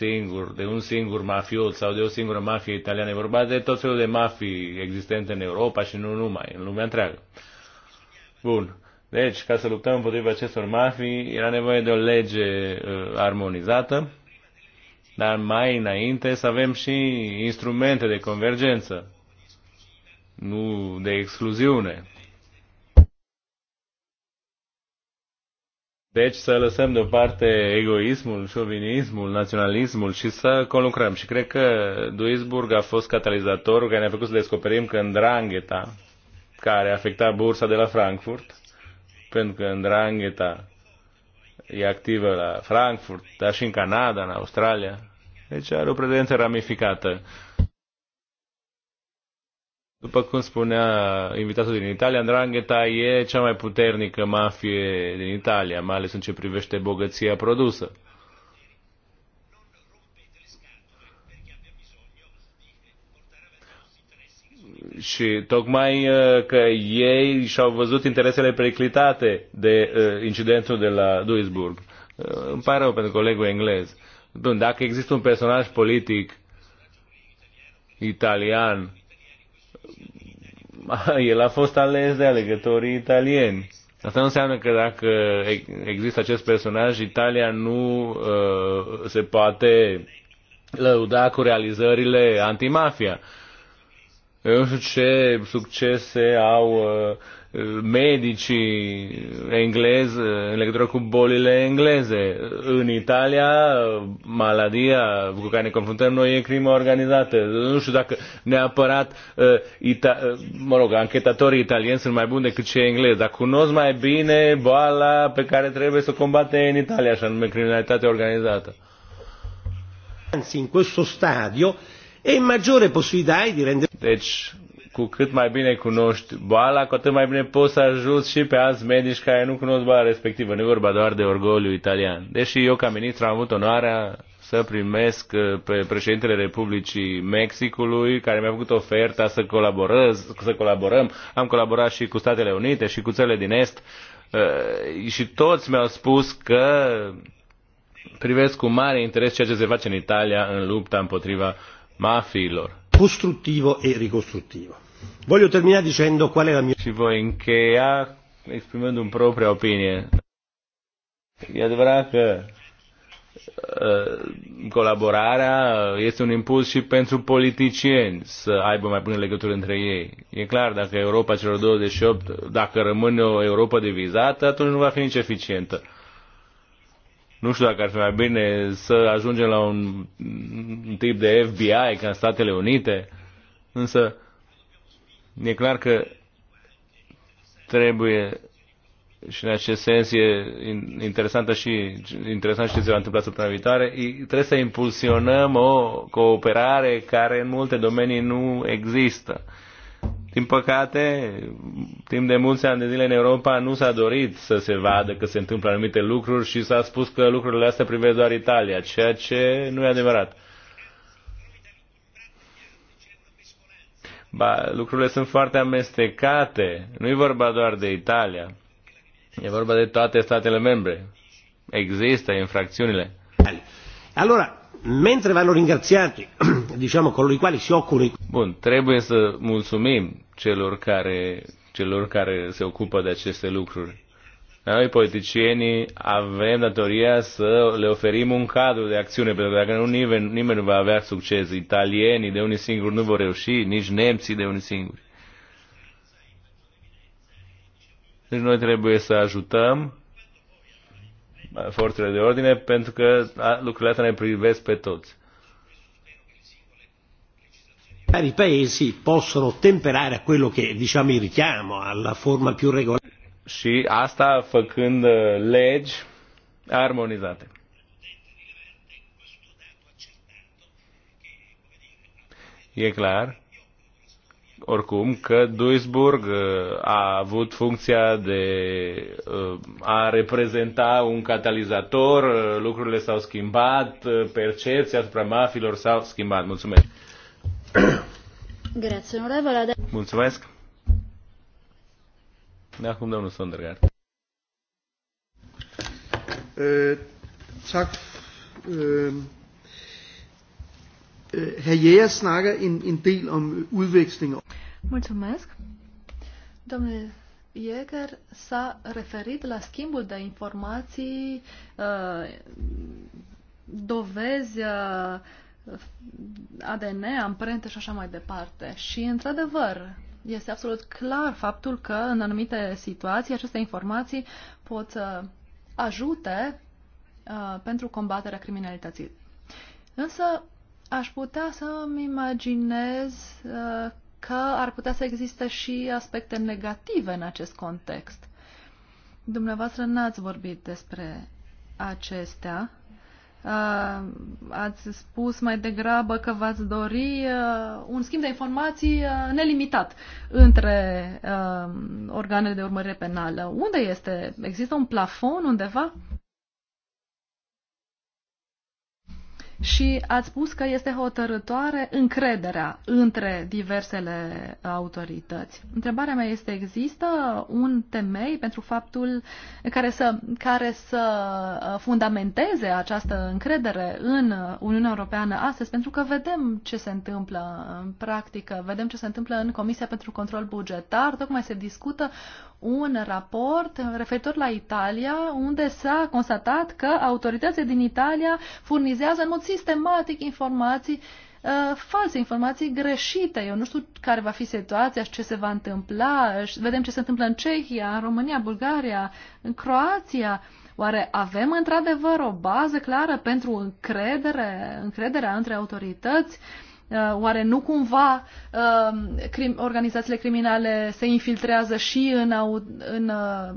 singur, de un singur mafiot sau de o singură mafie italiană. E vorba de tot felul de mafii existente în Europa și nu numai, în lumea întreagă. Bun. Deci, ca să luptăm împotriva acestor mafii, era nevoie de o lege uh, armonizată, dar mai înainte să avem și instrumente de convergență, nu de excluziune. Deci să lăsăm deoparte egoismul, șovinismul, naționalismul și să conlucrăm. Și cred că Duisburg a fost catalizatorul care ne-a făcut să descoperim că îndrangheta, care afecta bursa de la Frankfurt, pentru că îndrangheta e activă la Frankfurt, dar și în Canada, în Australia, deci are o prezență ramificată. După cum spunea invitatul din Italia, Andrangheta e cea mai puternică mafie din Italia, mai ales în ce privește bogăția produsă. și tocmai uh, că ei și-au văzut interesele periclitate de uh, incidentul de la Duisburg. Uh, îmi pare rău pentru colegul englez. Bun, dacă există un personaj politic italian *laughs* el a fost ales de alegătorii italieni. Asta nu înseamnă că dacă există acest personaj, Italia nu uh, se poate lăuda cu realizările antimafia. Eu știu ce succese au uh, medicii englezi uh, în legătură cu bolile engleze. În Italia, maladia cu care ne confruntăm noi e crimă organizată. Nu știu dacă neapărat, uh, ita- mă rog, anchetatorii italieni sunt mai buni decât cei englezi, dar cunosc mai bine boala pe care trebuie să o combate în Italia, așa nume criminalitatea organizată. Anzi, în questo stadio e maggiore possibilità hai eh, di rendere... Deci, cu cât mai bine cunoști boala, cu atât mai bine poți să ajuți și pe alți medici care nu cunosc boala respectivă. Nu e vorba doar de orgoliu italian. Deși eu, ca ministru, am avut onoarea să primesc eh, pe președintele Republicii Mexicului, care mi-a făcut oferta să, colaborez, să colaborăm. Am colaborat și cu Statele Unite și cu țările din Est eh, și toți mi-au spus că privesc cu mare interes ceea ce se face în Italia în lupta împotriva mafiilor. Costruttivo e ricostruttivo. Voglio terminare dicendo qual è la mia... in che ha, exprimând un propria opinie. E adevărat că uh, colaborarea este un impuls și pentru politicieni să aibă mai bună legătură între ei. E clar, dacă Europa celor 28, dacă rămâne o Europa divizată, atunci nu va fi nici eficientă. Nu știu dacă ar fi mai bine să ajungem la un tip de FBI ca în Statele Unite, însă e clar că trebuie și în acest sens e interesantă și interesant și ce se va întâmpla săptămâna viitoare, trebuie să impulsionăm o cooperare care în multe domenii nu există. Din păcate, timp de mulți ani de zile în Europa nu s-a dorit să se vadă că se întâmplă anumite lucruri și s-a spus că lucrurile astea privesc doar Italia, ceea ce nu e adevărat. Ba, lucrurile sunt foarte amestecate. Nu e vorba doar de Italia. E vorba de toate statele membre. Există infracțiunile. Allora, mentre vanno ringraziati *clears throat* diciamo, coloro i quali si occupano. Bun, trebuie să mulțumim celor care, celor care se ocupă de aceste lucruri. Noi, politicienii, avem datoria să le oferim un cadru de acțiune, pentru că dacă nu, nimeni, nimeni nu va avea succes. Italienii de unii singuri nu vor reuși, nici nemții de unii singuri. Deci noi trebuie să ajutăm forțele de ordine, pentru că lucrurile astea ne privesc pe toți. Vari paesi possono temperare a quello che diciamo il richiamo alla forma più regolare. Și asta făcând uh, legi armonizate. E clar oricum că Duisburg uh, a avut funcția de uh, a reprezenta un catalizator, lucrurile s-au schimbat, percepția asupra mafilor s-au schimbat. Mulțumesc! Mulțumesc. Da, acum domnul Sondergaard. Uh, tak. Uh, Herr Jæger snakker en, en del om Mulțumesc. Jäger s-a referit la schimbul de informații, uh, dovezi, uh, ADN, amprente și așa mai departe. Și, într-adevăr, este absolut clar faptul că, în anumite situații, aceste informații pot să ajute uh, pentru combaterea criminalității. Însă, aș putea să-mi imaginez uh, că ar putea să existe și aspecte negative în acest context. Dumneavoastră n-ați vorbit despre acestea, Uh, ați spus mai degrabă că v-ați dori uh, un schimb de informații uh, nelimitat între organele de urmărire penală. Unde este? Există un plafon undeva? și ați spus că este hotărătoare încrederea între diversele autorități. Întrebarea mea este, există un temei pentru faptul care să, care să uh, fundamenteze această încredere în Uniunea Europeană astăzi? Pentru că vedem ce se întâmplă în practică, vedem ce se întâmplă în Comisia pentru Control Bugetar, tocmai se discută un raport referitor la Italia, unde s-a constatat că autoritățile din Italia furnizează în mod sistematic informații uh, false informații greșite. Eu nu știu care va fi situația și ce se va întâmpla. Vedem ce se întâmplă în Cehia, în România, Bulgaria, în Croația. Oare avem într-adevăr o bază clară pentru încredere, încrederea între autorități? Uh, Uh, oare nu cumva uh, organizațiile criminale se infiltrează și în, în, uh,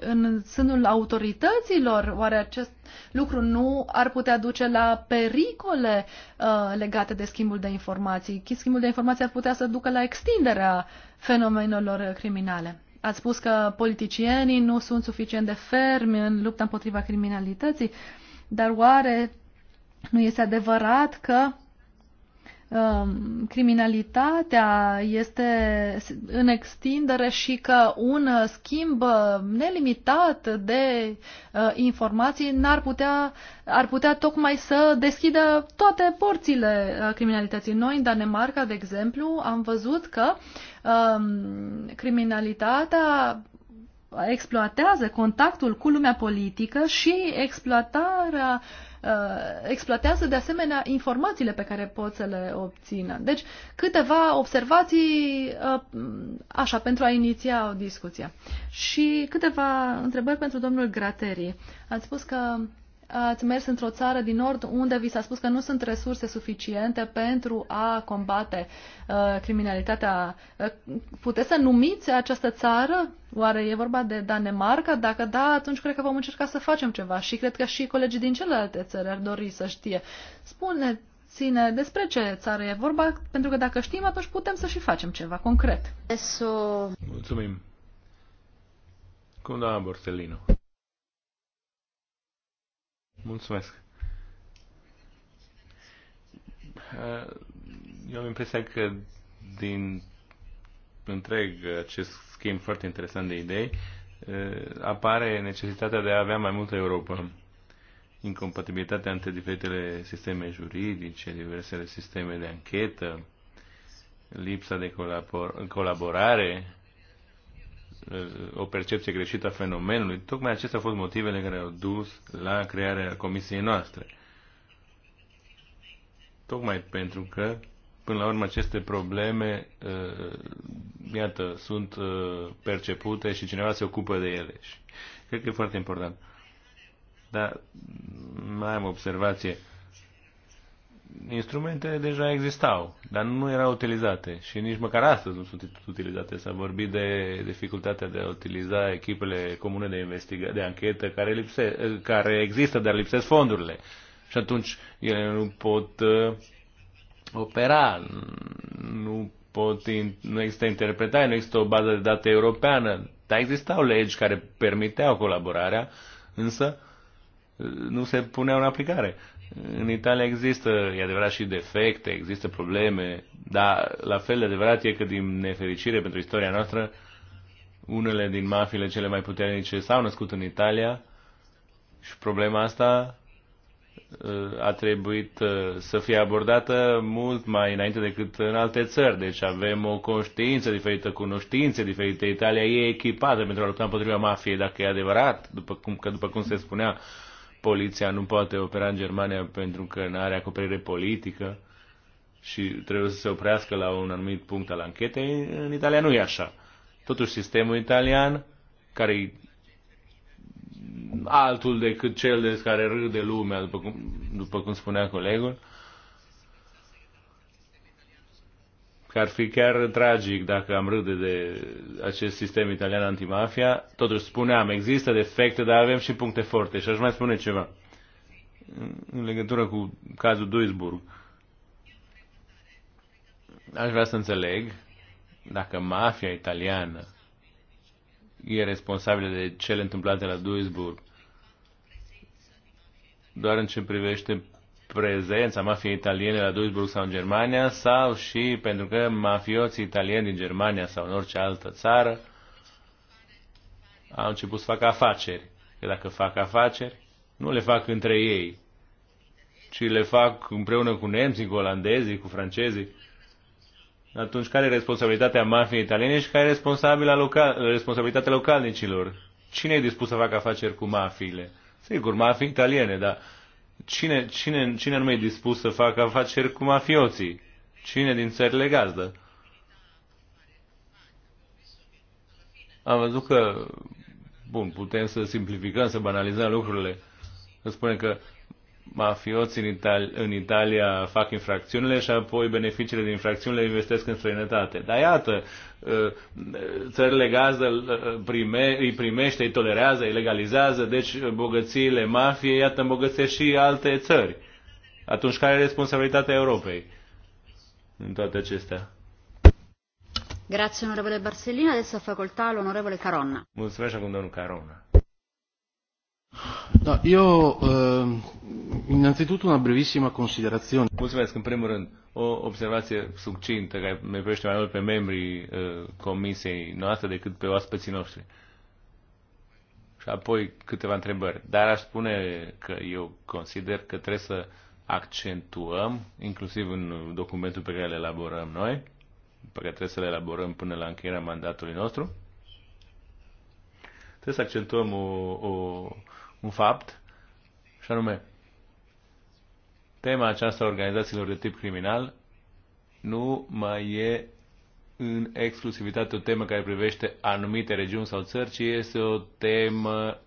în sânul autorităților? Oare acest lucru nu ar putea duce la pericole legate de schimbul de informații? Schimbul de informații ar putea să ducă la extinderea fenomenelor criminale. Ați spus că politicienii nu sunt suficient de fermi în lupta împotriva criminalității, dar oare nu este adevărat că Um, criminalitatea este în extindere și că un schimb nelimitat de uh, informații n-ar putea, ar putea tocmai să deschidă toate porțile uh, criminalității. Noi, în Danemarca, de exemplu, am văzut că um, criminalitatea exploatează contactul cu lumea politică și exploatarea Uh, exploatează de asemenea informațiile pe care pot să le obțină. Deci, câteva observații uh, așa pentru a iniția o discuție. Și câteva întrebări pentru domnul Grateri. Ați spus că ați mers într-o țară din nord unde vi s-a spus că nu sunt resurse suficiente pentru a combate uh, criminalitatea. Uh, puteți să numiți această țară? Oare e vorba de Danemarca? Dacă da, atunci cred că vom încerca să facem ceva și cred că și colegii din celelalte țări ar dori să știe. Spune ține despre ce țară e vorba, pentru că dacă știm, atunci putem să și facem ceva concret. Mulțumim. Cum da, Borsellino? Mulțumesc. Eu am impresia că din întreg acest schimb foarte interesant de idei eh, apare necesitatea de a avea mai multă Europa. Incompatibilitatea între diferitele sisteme juridice, diversele sisteme de anchetă, lipsa de colaborare Uh, o percepție greșită a fenomenului. Tocmai acestea au fost motivele care au dus la crearea comisiei noastre. Tocmai pentru că, până la urmă, aceste probleme, uh, iată, sunt uh, percepute și cineva se ocupă de ele. Și cred că e foarte important. Dar mai am observație instrumentele deja existau, dar nu erau utilizate și nici măcar astăzi nu sunt utilizate. S-a vorbit de dificultatea de a utiliza echipele comune de, investiga- de anchetă care, lipse- care există, dar lipsesc fondurile. Și atunci ele nu pot uh, opera, nu, pot nu există interpretare, nu există o bază de date europeană, dar existau legi care permiteau colaborarea, însă uh, nu se puneau în aplicare. În Italia există, e adevărat, și defecte, există probleme, dar la fel de adevărat e că, din nefericire pentru istoria noastră, unele din mafiile cele mai puternice s-au născut în Italia și problema asta uh, a trebuit uh, să fie abordată mult mai înainte decât în alte țări. Deci avem o conștiință diferită, cunoștințe diferite. Italia e echipată pentru a lupta împotriva mafiei, dacă e adevărat, după cum, că după cum se spunea, poliția nu poate opera în Germania pentru că nu are acoperire politică și trebuie să se oprească la un anumit punct al anchetei, în Italia nu e așa. Totuși, sistemul italian, care e altul decât cel de care râde lumea, după cum, după cum spunea colegul, că ar fi chiar tragic dacă am râde de acest sistem italian antimafia. Totuși spuneam, există defecte, dar avem și puncte forte. Și aș mai spune ceva în legătură cu cazul Duisburg. Aș vrea să înțeleg dacă mafia italiană e responsabilă de cele întâmplate la Duisburg doar în ce privește prezența mafiei italiene la Duisburg sau în Germania sau și pentru că mafioții italieni din Germania sau în orice altă țară au început să facă afaceri. Că dacă fac afaceri, nu le fac între ei, ci le fac împreună cu nemții, cu olandezii, cu francezii. Atunci, care e responsabilitatea mafiei italiene și care e local, responsabilitatea localnicilor? Cine e dispus să facă afaceri cu mafiile? Sigur, mafii italiene, dar Cine, cine, cine nu e dispus să facă afaceri cu mafioții? Cine din țările gazdă? Am văzut că, bun, putem să simplificăm, să banalizăm lucrurile. Să spunem că mafioții în, Itali- în Italia fac infracțiunile și apoi beneficiile din infracțiuni le investesc în străinătate. Dar iată, uh, țările gazdă uh, prime, îi primește, îi tolerează, îi legalizează, deci bogățiile mafiei, iată, îmbogățesc și alte țări. Atunci care e responsabilitatea Europei în toate acestea? Grazie onorevole Barcellina, adesso a facoltà l'onorevole Caronna. Mulțumesc acum domnul Caronna. Da, eu, ehm, uh, una brevissima considerazione. Mulțumesc, în primul rând, o observație succintă care mi privește mai mult pe membrii uh, comisiei noastre decât pe oaspeții noștri. Și apoi câteva întrebări. Dar aș spune că eu consider că trebuie să accentuăm, inclusiv în documentul pe care îl elaborăm noi, pe care trebuie să le elaborăm până la încheierea mandatului nostru, trebuie să accentuăm o, o un fapt, și anume, tema aceasta organizațiilor de tip criminal nu mai e în exclusivitate o temă care privește anumite regiuni sau țări, ci este o temă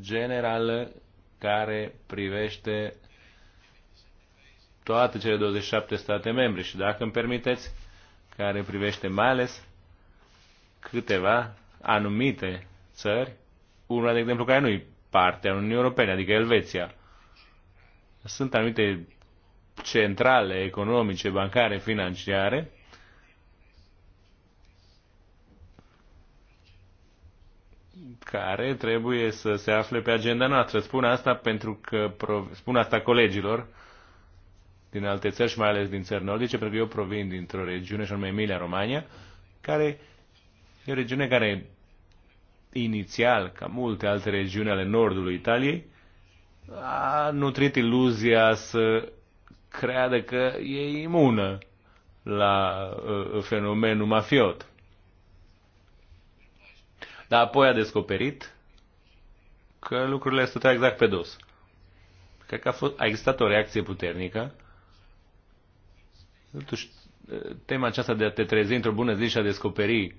generală care privește toate cele 27 state membre și, dacă îmi permiteți, care privește mai ales câteva anumite țări, una, de exemplu, care nu-i parte a Uniunii Europene, adică Elveția. Sunt anumite centrale economice, bancare, financiare, care trebuie să se afle pe agenda noastră. Spun asta pentru că spun asta colegilor din alte țări și mai ales din țări nordice, pentru că eu provin dintr-o regiune, și anume Emilia Romagna, care e o regiune care inițial, ca multe alte regiuni ale nordului Italiei, a nutrit iluzia să creadă că e imună la uh, fenomenul mafiot. Dar apoi a descoperit că lucrurile stăteau exact pe dos. Cred că a, fost, a existat o reacție puternică. Totuși, uh, tema aceasta de a te trezi într-o bună zi și a descoperi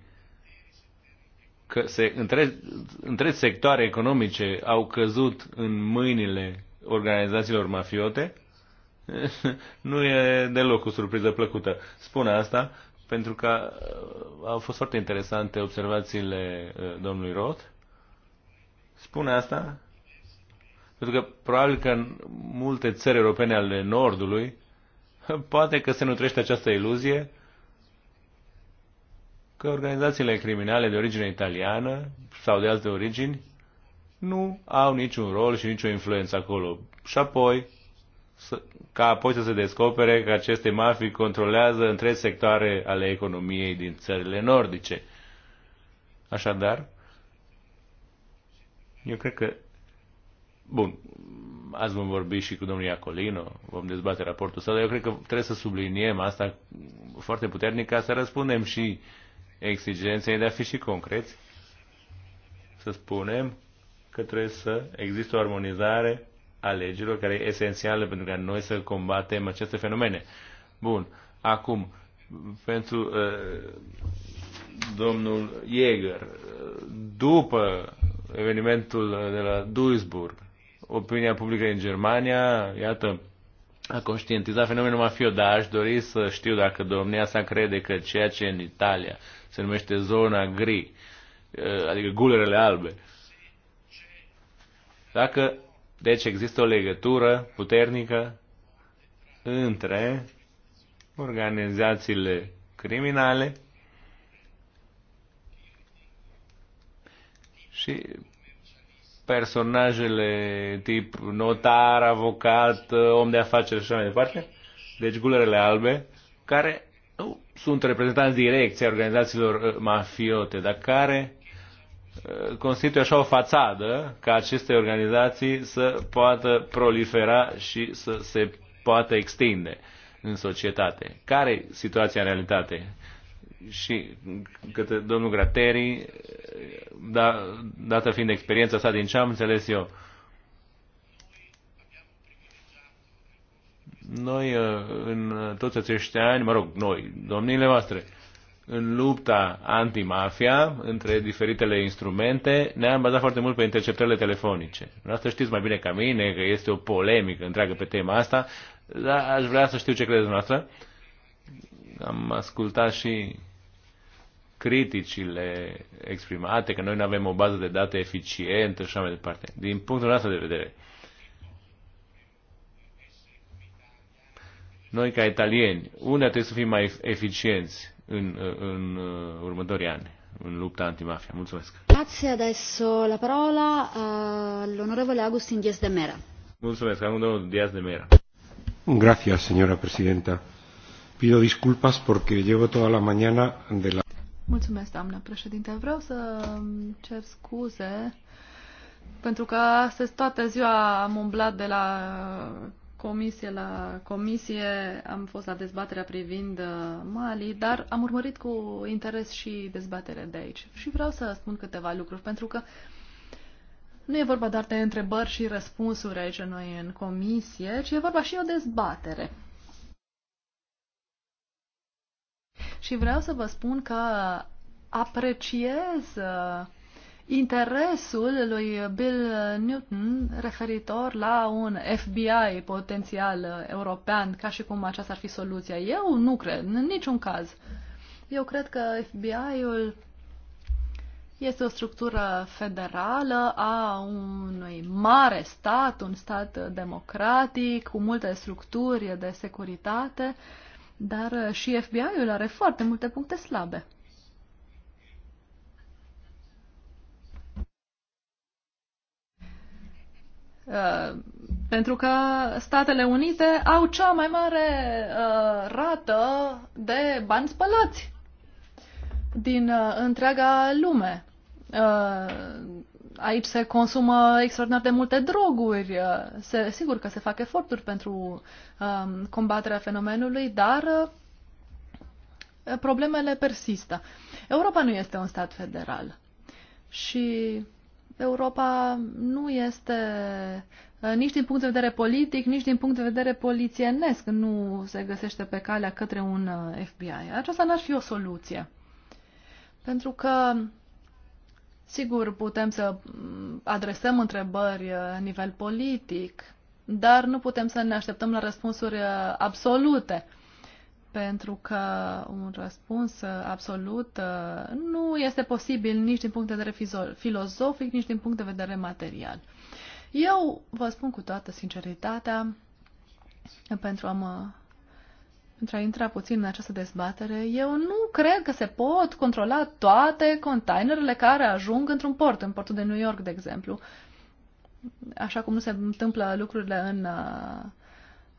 că se, între, întregi sectoare economice au căzut în mâinile organizațiilor mafiote, *laughs* nu e deloc o surpriză plăcută. Spun asta pentru că uh, au fost foarte interesante observațiile uh, domnului Roth. Spun asta pentru că probabil că în multe țări europene ale Nordului *laughs* poate că se nutrește această iluzie că organizațiile criminale de origine italiană sau de alte origini nu au niciun rol și nicio influență acolo. Și apoi, să, ca apoi să se descopere că aceste mafii controlează întregi sectoare ale economiei din țările nordice. Așadar, eu cred că, bun, azi vom vorbi și cu domnul Iacolino, vom dezbate raportul său, dar eu cred că trebuie să subliniem asta foarte puternic ca să răspundem și uh, exigenței de a fi și concreți, să spunem că trebuie să există o armonizare a legilor care e esențială pentru ca noi să combatem aceste fenomene. Bun. Acum, pentru uh, domnul Jäger, după evenimentul de la Duisburg, opinia publică în Germania, iată, a conștientiza fenomenul mafio, dar aș dori să știu dacă domnia sa crede că ceea ce în Italia se numește zona gri, eh, adică gulerele albe, dacă, deci, există o legătură puternică între organizațiile criminale și personajele tip notar, avocat, om de afaceri și așa mai departe, deci gulerele albe, care nu sunt reprezentanți direcți organizațiilor uh, mafiote, dar care uh, constituie așa o fațadă ca aceste organizații să poată prolifera și să se poată extinde în societate. Care e situația în realitate? Și către domnul Grateri da, dată fiind experiența sa, din ce am înțeles eu, noi uh, în toți acești ani, mă rog, noi, domniile voastre, în lupta antimafia, între diferitele instrumente, ne-am bazat foarte mult pe interceptările telefonice. Asta știți mai bine ca mine, că este o polemică întreagă pe tema asta, dar aș vrea să știu ce credeți noastră. Am ascultat și criticile exprimate, că noi nu avem o bază de date eficientă și așa mai departe. Din punctul nostru de vedere, noi ca italieni, unde trebuie să fim mai eficienți în, în în următorii ani în lupta antimafia? Mulțumesc! Grazie, adesso la parola uh, all'onorevole Agustin Dias de Mera. Mulțumesc, am domnul Diaz de Mera. Gracias, señora presidenta. Pido disculpas porque llevo toda la mañana de la... Mulțumesc, doamnă președinte. Vreau să cer scuze pentru că astăzi toată ziua am umblat de la comisie la comisie, am fost la dezbaterea privind uh, Mali, dar am urmărit cu interes și dezbaterea de aici. Și vreau să spun câteva lucruri, pentru că nu e vorba doar de întrebări și răspunsuri aici noi în comisie, ci e vorba și o dezbatere. Și vreau să vă spun că apreciez uh, interesul lui Bill Newton referitor la un FBI potențial uh, european, ca și cum aceasta ar fi soluția. Eu nu cred, în niciun caz. Eu cred că FBI-ul este o structură federală a unui mare stat, un stat democratic, cu multe structuri de securitate dar uh, și FBI-ul are foarte multe puncte slabe. Uh, pentru că Statele Unite au cea mai mare uh, rată de bani spălați din uh, întreaga lume. Uh, aici se consumă extraordinar de multe droguri. Uh, se, sigur că se fac eforturi pentru um, combaterea fenomenului, dar uh, problemele persistă. Europa nu este un stat federal și Europa nu este uh, nici din punct de vedere politic, nici din punct de vedere polițienesc nu se găsește pe calea către un FBI. Aceasta n-ar fi o soluție. Pentru că Sigur, putem să mm, adresăm întrebări uh, la nivel politic, dar nu putem să ne așteptăm la răspunsuri uh, absolute, pentru că un răspuns uh, absolut nu este posibil nici din punct de vedere filozofic, nici din punct de vedere material. Eu vă spun cu toată sinceritatea, pentru a mă pentru a intra puțin în această dezbatere, eu nu cred că se pot controla toate containerele care ajung într-un port, în portul de New York, de exemplu. Așa cum nu se întâmplă lucrurile în uh,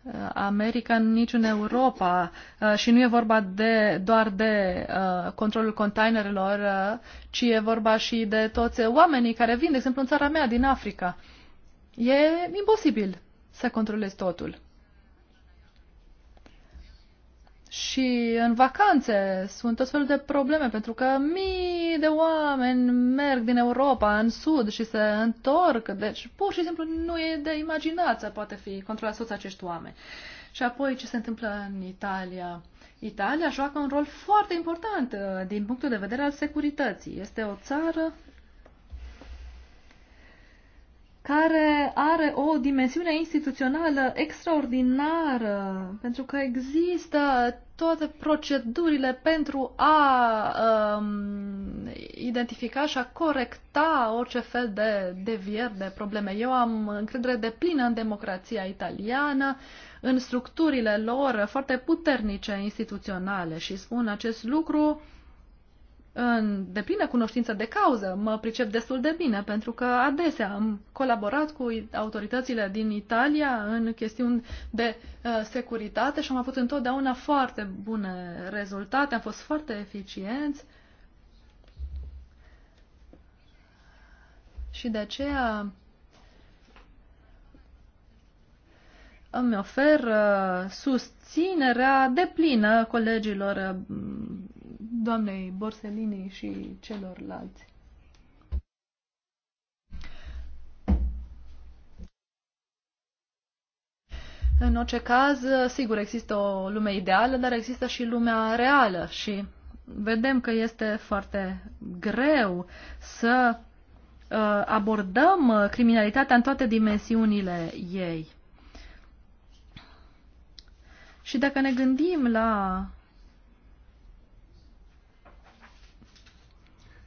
uh, America, nici în Europa. Uh, și nu e vorba de, doar de controlul containerelor, ci e vorba și de toți oamenii care vin, de exemplu, în țara mea, din Africa. E imposibil să controlezi totul. și în vacanțe sunt tot felul de probleme, pentru că mii de oameni merg din Europa în sud și se întorc, deci pur și simplu nu e de imaginat să poate fi controlați toți acești oameni. Și apoi ce se întâmplă în Italia? Italia joacă un rol foarte important uh, din punctul de vedere al securității. Este o țară care are o dimensiune instituțională extraordinară, pentru că există toate procedurile pentru a um, identifica și a corecta orice fel de devieri, de probleme. Eu am încredere de plină în democrația italiană, în structurile lor foarte puternice instituționale și spun acest lucru uh, în deplină cunoștință de cauză, mă pricep destul de bine, pentru că adesea am colaborat cu autoritățile din Italia în chestiuni de uh, securitate și am avut întotdeauna foarte bune rezultate, am fost foarte eficienți. Și de aceea îmi ofer uh, susținerea deplină colegilor uh, doamnei Borsellini și celorlalți. În orice caz, sigur, există o lume ideală, dar există și lumea reală și vedem că este foarte greu să uh, abordăm criminalitatea în toate dimensiunile ei. Și dacă ne gândim la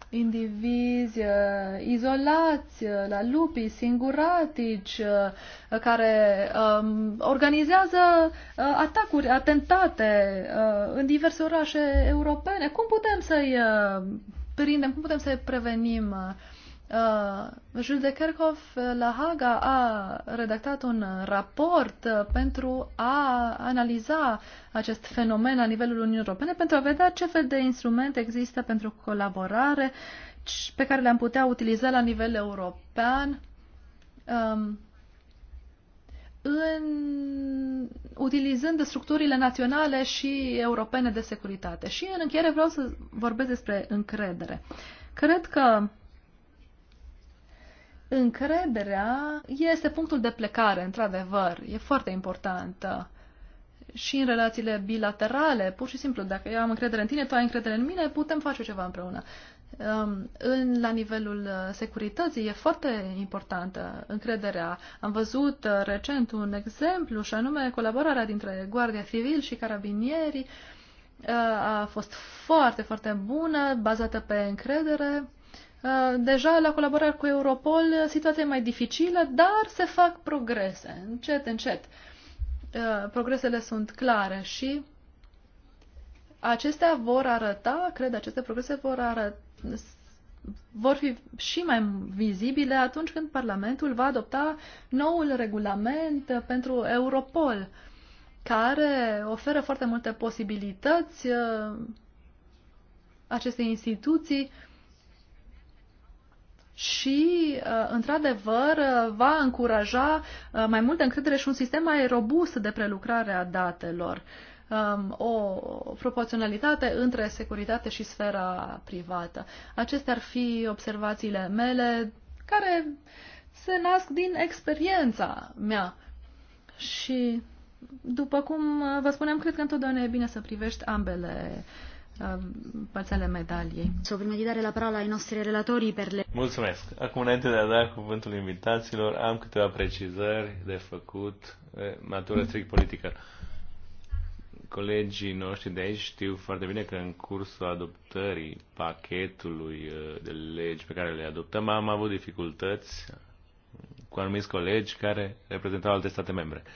indivizi uh, izolați, uh, la lupi, singuratici, uh, care um, organizează atacuri, atentate în diverse orașe europene. Cum putem să-i prindem, cum putem să-i prevenim? Uh, Jules de Kerkhoff uh, la Haga a redactat un raport uh, pentru a analiza acest fenomen la nivelul Uniunii Europene pentru a vedea ce fel de instrumente există pentru colaborare pe care le-am putea utiliza la nivel european um, în, utilizând structurile naționale și europene de securitate. Și în încheiere vreau să vorbesc despre încredere. Cred că încrederea este punctul de plecare, într-adevăr. E foarte importantă și în relațiile bilaterale, pur și simplu, dacă eu am încredere în tine, tu ai încredere în mine, putem face ceva împreună. Um, în, la nivelul uh, securității e foarte importantă încrederea. Am văzut uh, recent un exemplu și anume colaborarea dintre Guardia Civil și carabinieri uh, a fost foarte, foarte bună, bazată pe încredere Uh, deja la colaborare cu Europol uh, situația e mai dificilă, dar se fac progrese, încet, încet. Uh, progresele sunt clare și acestea vor arăta, cred, aceste progrese vor arăta, vor fi și mai vizibile atunci când Parlamentul va adopta noul regulament pentru Europol, care oferă foarte multe posibilități acestei instituții și, uh, într-adevăr, uh, va încuraja uh, mai multă încredere și un sistem mai robust de prelucrare a datelor. Um, o proporționalitate între securitate și sfera privată. Acestea ar fi observațiile mele care se nasc din experiența mea. Și, după cum vă spuneam, cred că întotdeauna e bine să privești ambele uh, Uh, părțile medaliei. So, prima di dare la parola ai noștri relatori per le... Mulțumesc. Acum, înainte de a da cuvântul invitaților, am câteva precizări de făcut, Matură strict politică. Colegii noștri de aici știu foarte bine că în cursul adoptării pachetului de legi pe care le adoptăm am avut dificultăți cu anumiți colegi care reprezentau alte state membre. Uh,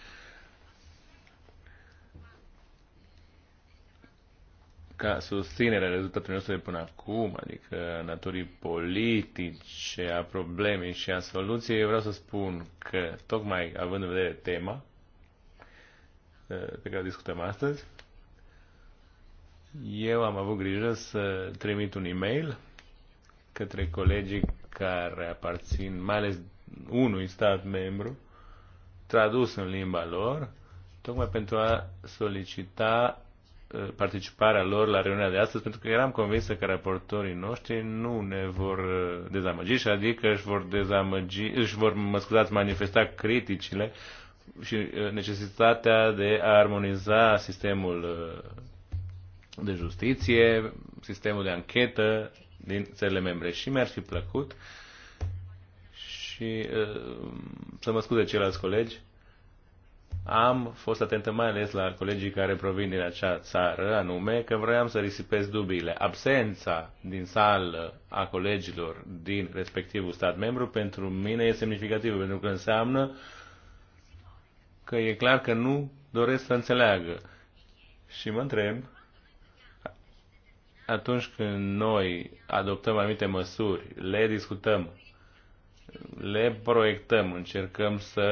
ca susținerea rezultatului nostru de până acum, adică naturii politice, a problemei și a soluției, eu vreau să spun că, tocmai având în vedere tema eh, pe care o discutăm astăzi, eu am avut grijă să trimit un e-mail către colegii care aparțin mai ales unui stat membru, tradus în limba lor, tocmai pentru a solicita Uh, participarea lor la reuniunea de astăzi, pentru că eram convinsă că raportorii noștri nu ne vor uh, dezamăgi și adică își vor dezamăgi, își vor, mă scuzați, manifesta criticile și uh, necesitatea de a armoniza sistemul de justiție, sistemul de anchetă din țările membre. Și mi-ar fi plăcut și să mă scuze ceilalți colegi am fost atentă mai ales la colegii care provin din acea țară, anume că vroiam să risipez dubiile. Absența din sală a colegilor din respectivul stat membru pentru mine e semnificativă, pentru că înseamnă că e clar că nu doresc să înțeleagă. Și mă întreb, atunci când noi adoptăm anumite măsuri, le discutăm le proiectăm, încercăm să,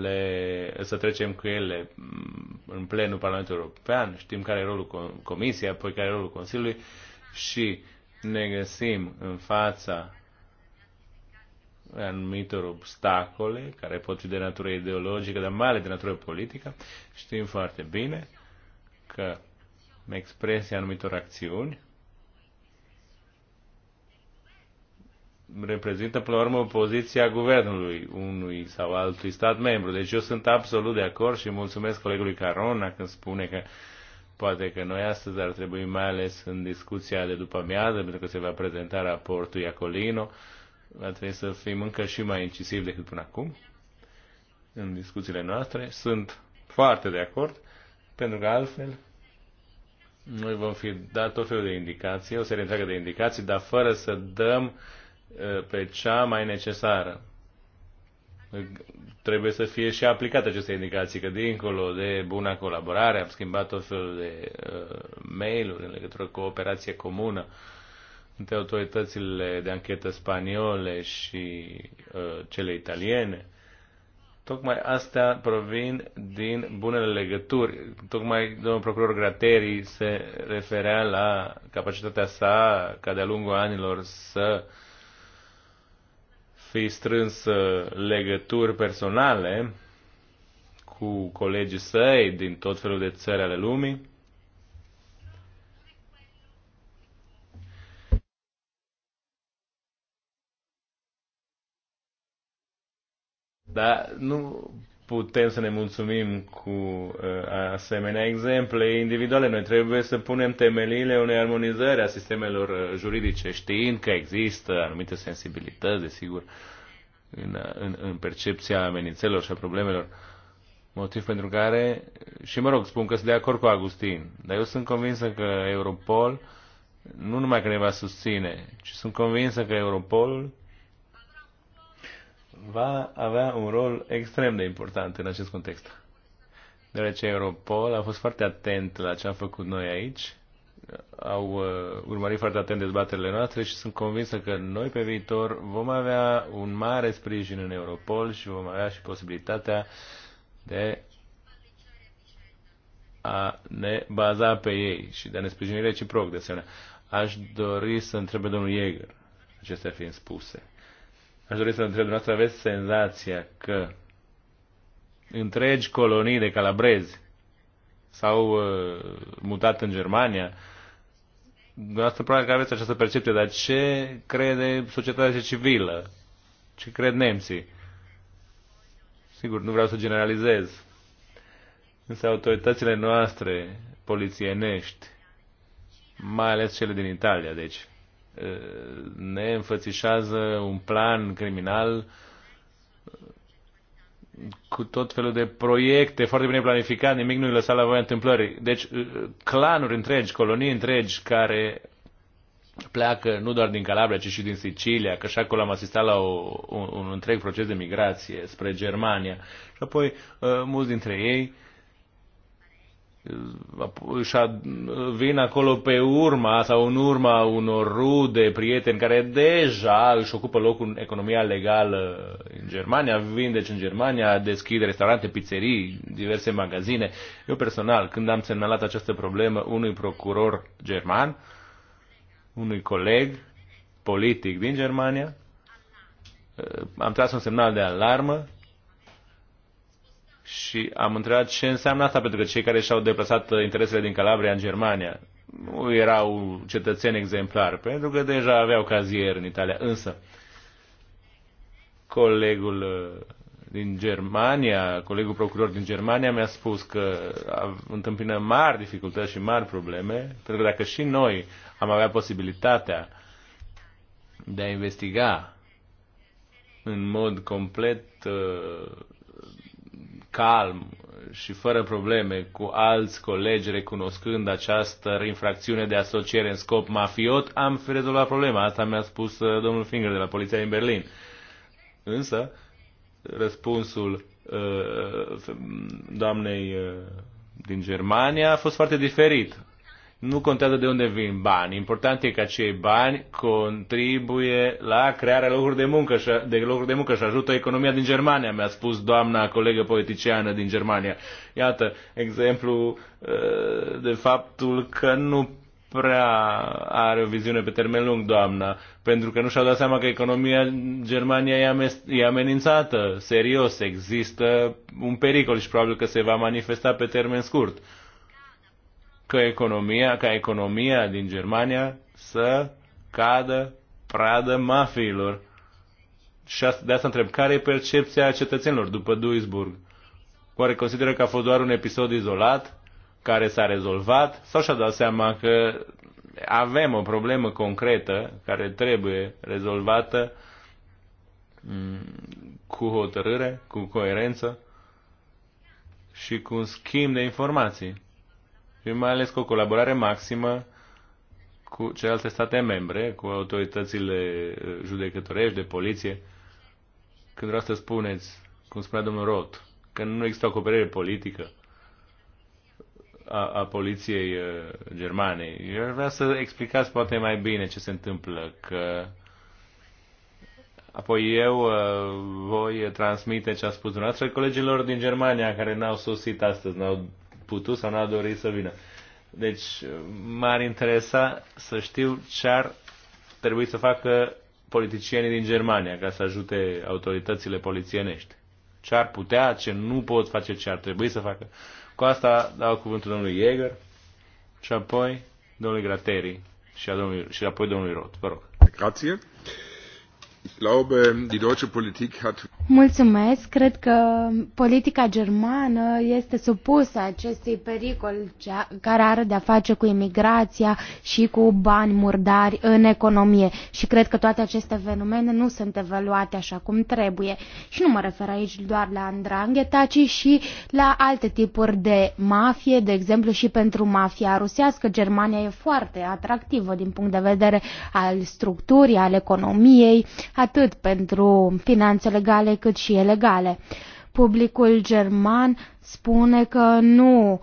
le, să trecem cu ele mm, în plenul Parlamentului European, știm care e rolul Comisiei, apoi care e rolul Consiliului și ne găsim în fața anumitor obstacole care pot fi de natură ideologică, dar mai ales de natură politică. Știm foarte bine că expresia anumitor acțiuni reprezintă până la urmă poziția guvernului unui sau altui stat membru. Deci eu sunt absolut de acord și mulțumesc colegului Carona când spune că poate că noi astăzi ar trebui, mai ales în discuția de după amiază, pentru că se va prezenta raportul Iacolino, va trebui să fim încă și mai incisivi decât până acum în discuțiile noastre. Sunt foarte de acord, pentru că altfel noi vom fi dat tot felul de indicații, o serie întreagă de indicații, dar fără să dăm uh, Eh, pe cea mai necesară. Trebuie să fie și aplicate aceste indicații, că dincolo de buna colaborare, am schimbat tot felul de uh, mail-uri în legătură cu operație comună între autoritățile de anchetă spaniole și uh, cele italiene. Tocmai astea provin din bunele legături. Tocmai domnul procuror Grateri se referea la capacitatea sa ca de-a lungul anilor să uh, fi strâns legături personale cu colegii săi din tot felul de țări ale lumii. Dar nu putem să ne mulțumim cu uh, asemenea exemple individuale. Noi trebuie să punem temeliile unei armonizări a sistemelor uh, juridice, știind că există anumite sensibilități, desigur, în, în, în percepția amenințelor și a problemelor. Motiv pentru care, și mă rog, spun că sunt de acord cu Agustin, dar eu sunt convinsă că Europol, nu numai că ne va susține, ci sunt convinsă că Europol va avea un rol extrem de important în acest context. Deoarece Europol a fost foarte atent la ce am făcut noi aici, au uh, urmărit foarte atent dezbaterile noastre și sunt convinsă că noi pe viitor vom avea un mare sprijin în Europol și vom avea și posibilitatea de a ne baza pe ei și de a ne sprijini reciproc de asemenea. Aș dori să întrebe domnul Jäger, acestea fiind spuse. Aș dori să întreb dumneavoastră, aveți senzația că întregi colonii de calabrezi s-au uh, mutat în Germania? Dumneavoastră probabil că aveți această percepție, dar ce crede societatea civilă? Ce cred nemții? Sigur, nu vreau să generalizez. Însă autoritățile noastre polițienești, mai ales cele din Italia, deci, ne înfățișează un plan criminal cu tot felul de proiecte foarte bine planificate, nimic nu-i lăsat la voia întâmplării. Deci uh, clanuri întregi, colonii întregi care pleacă nu doar din Calabria, ci și din Sicilia, că și acolo am asistat la o, un, un întreg proces de migrație spre Germania. Și apoi uh, mulți dintre ei a vin acolo pe urma sau în urma unor rude, prieteni care deja își ocupă locul în economia legală în Germania, vin deci în Germania, deschid restaurante, pizzerii, diverse magazine. Eu personal, când am semnalat această problemă unui procuror german, unui coleg politic din Germania, am tras un semnal de alarmă și am întrebat ce înseamnă asta, pentru că cei care și-au deplasat uh, interesele din Calabria în Germania nu erau cetățeni exemplari, pentru că deja aveau cazier în Italia. Însă, colegul uh, din Germania, colegul procuror din Germania mi-a spus că întâmpină mari dificultăți și mari probleme, pentru că dacă și noi am avea posibilitatea de a investiga în mod complet uh, calm și fără probleme cu alți colegi recunoscând această infracțiune de asociere în scop mafiot, am fi rezolvat problema. Asta mi-a spus uh, domnul Finger de la poliția din Berlin. Însă, răspunsul uh, uh, doamnei din Germania a fost foarte diferit. Nu contează de unde vin bani. Important e că acei bani contribuie la crearea locuri de muncă și, de locuri de muncă și ajută economia din Germania, mi-a spus doamna colegă politiciană din Germania. Iată, exemplu ă, de faptul că nu prea are o viziune pe termen lung, doamna, pentru că nu și-au dat seama că economia Germania e amenințată, serios, există un pericol și probabil că se va manifesta pe termen scurt că economia, ca economia din Germania să cadă pradă mafiilor. Și de asta întreb, care e percepția cetățenilor după Duisburg? Oare consideră că a fost doar un episod izolat care s-a rezolvat sau și-a dat seama că avem o problemă concretă care trebuie rezolvată mm, cu hotărâre, cu coerență și cu un schimb de informații? și mai ales cu o colaborare maximă cu celelalte state membre, cu autoritățile uh, judecătorești, de poliție. Când vreau să spuneți, cum spunea domnul Roth, că nu există o acoperire politică a, a poliției uh, germane. Eu vreau să explicați poate mai bine ce se întâmplă, că apoi eu uh, voi transmite ce a spus dumneavoastră colegilor din Germania care n-au sosit astăzi, n-au putut sau n-a dorit să vină. Deci m-ar interesa să știu ce ar trebui să facă politicienii din Germania ca să ajute autoritățile polițienești. Ce ar putea, ce nu pot face, ce ar trebui să facă. Cu asta dau cuvântul domnului Jäger și apoi domnului Grateri și, a domnului, și apoi domnului Roth. Vă rog. Grație. Ich glaube, die deutsche Politik hat Mulțumesc. Cred că politica germană este supusă acestui pericol care are de-a face cu imigrația și cu bani murdari în economie. Și cred că toate aceste evenimente nu sunt evaluate așa cum trebuie. Și nu mă refer aici doar la Andrangheta, ci și la alte tipuri de mafie, de exemplu și pentru mafia rusească. Germania e foarte atractivă din punct de vedere al structurii, al economiei, atât pentru finanțe legale cât și ilegale. Publicul german spune că nu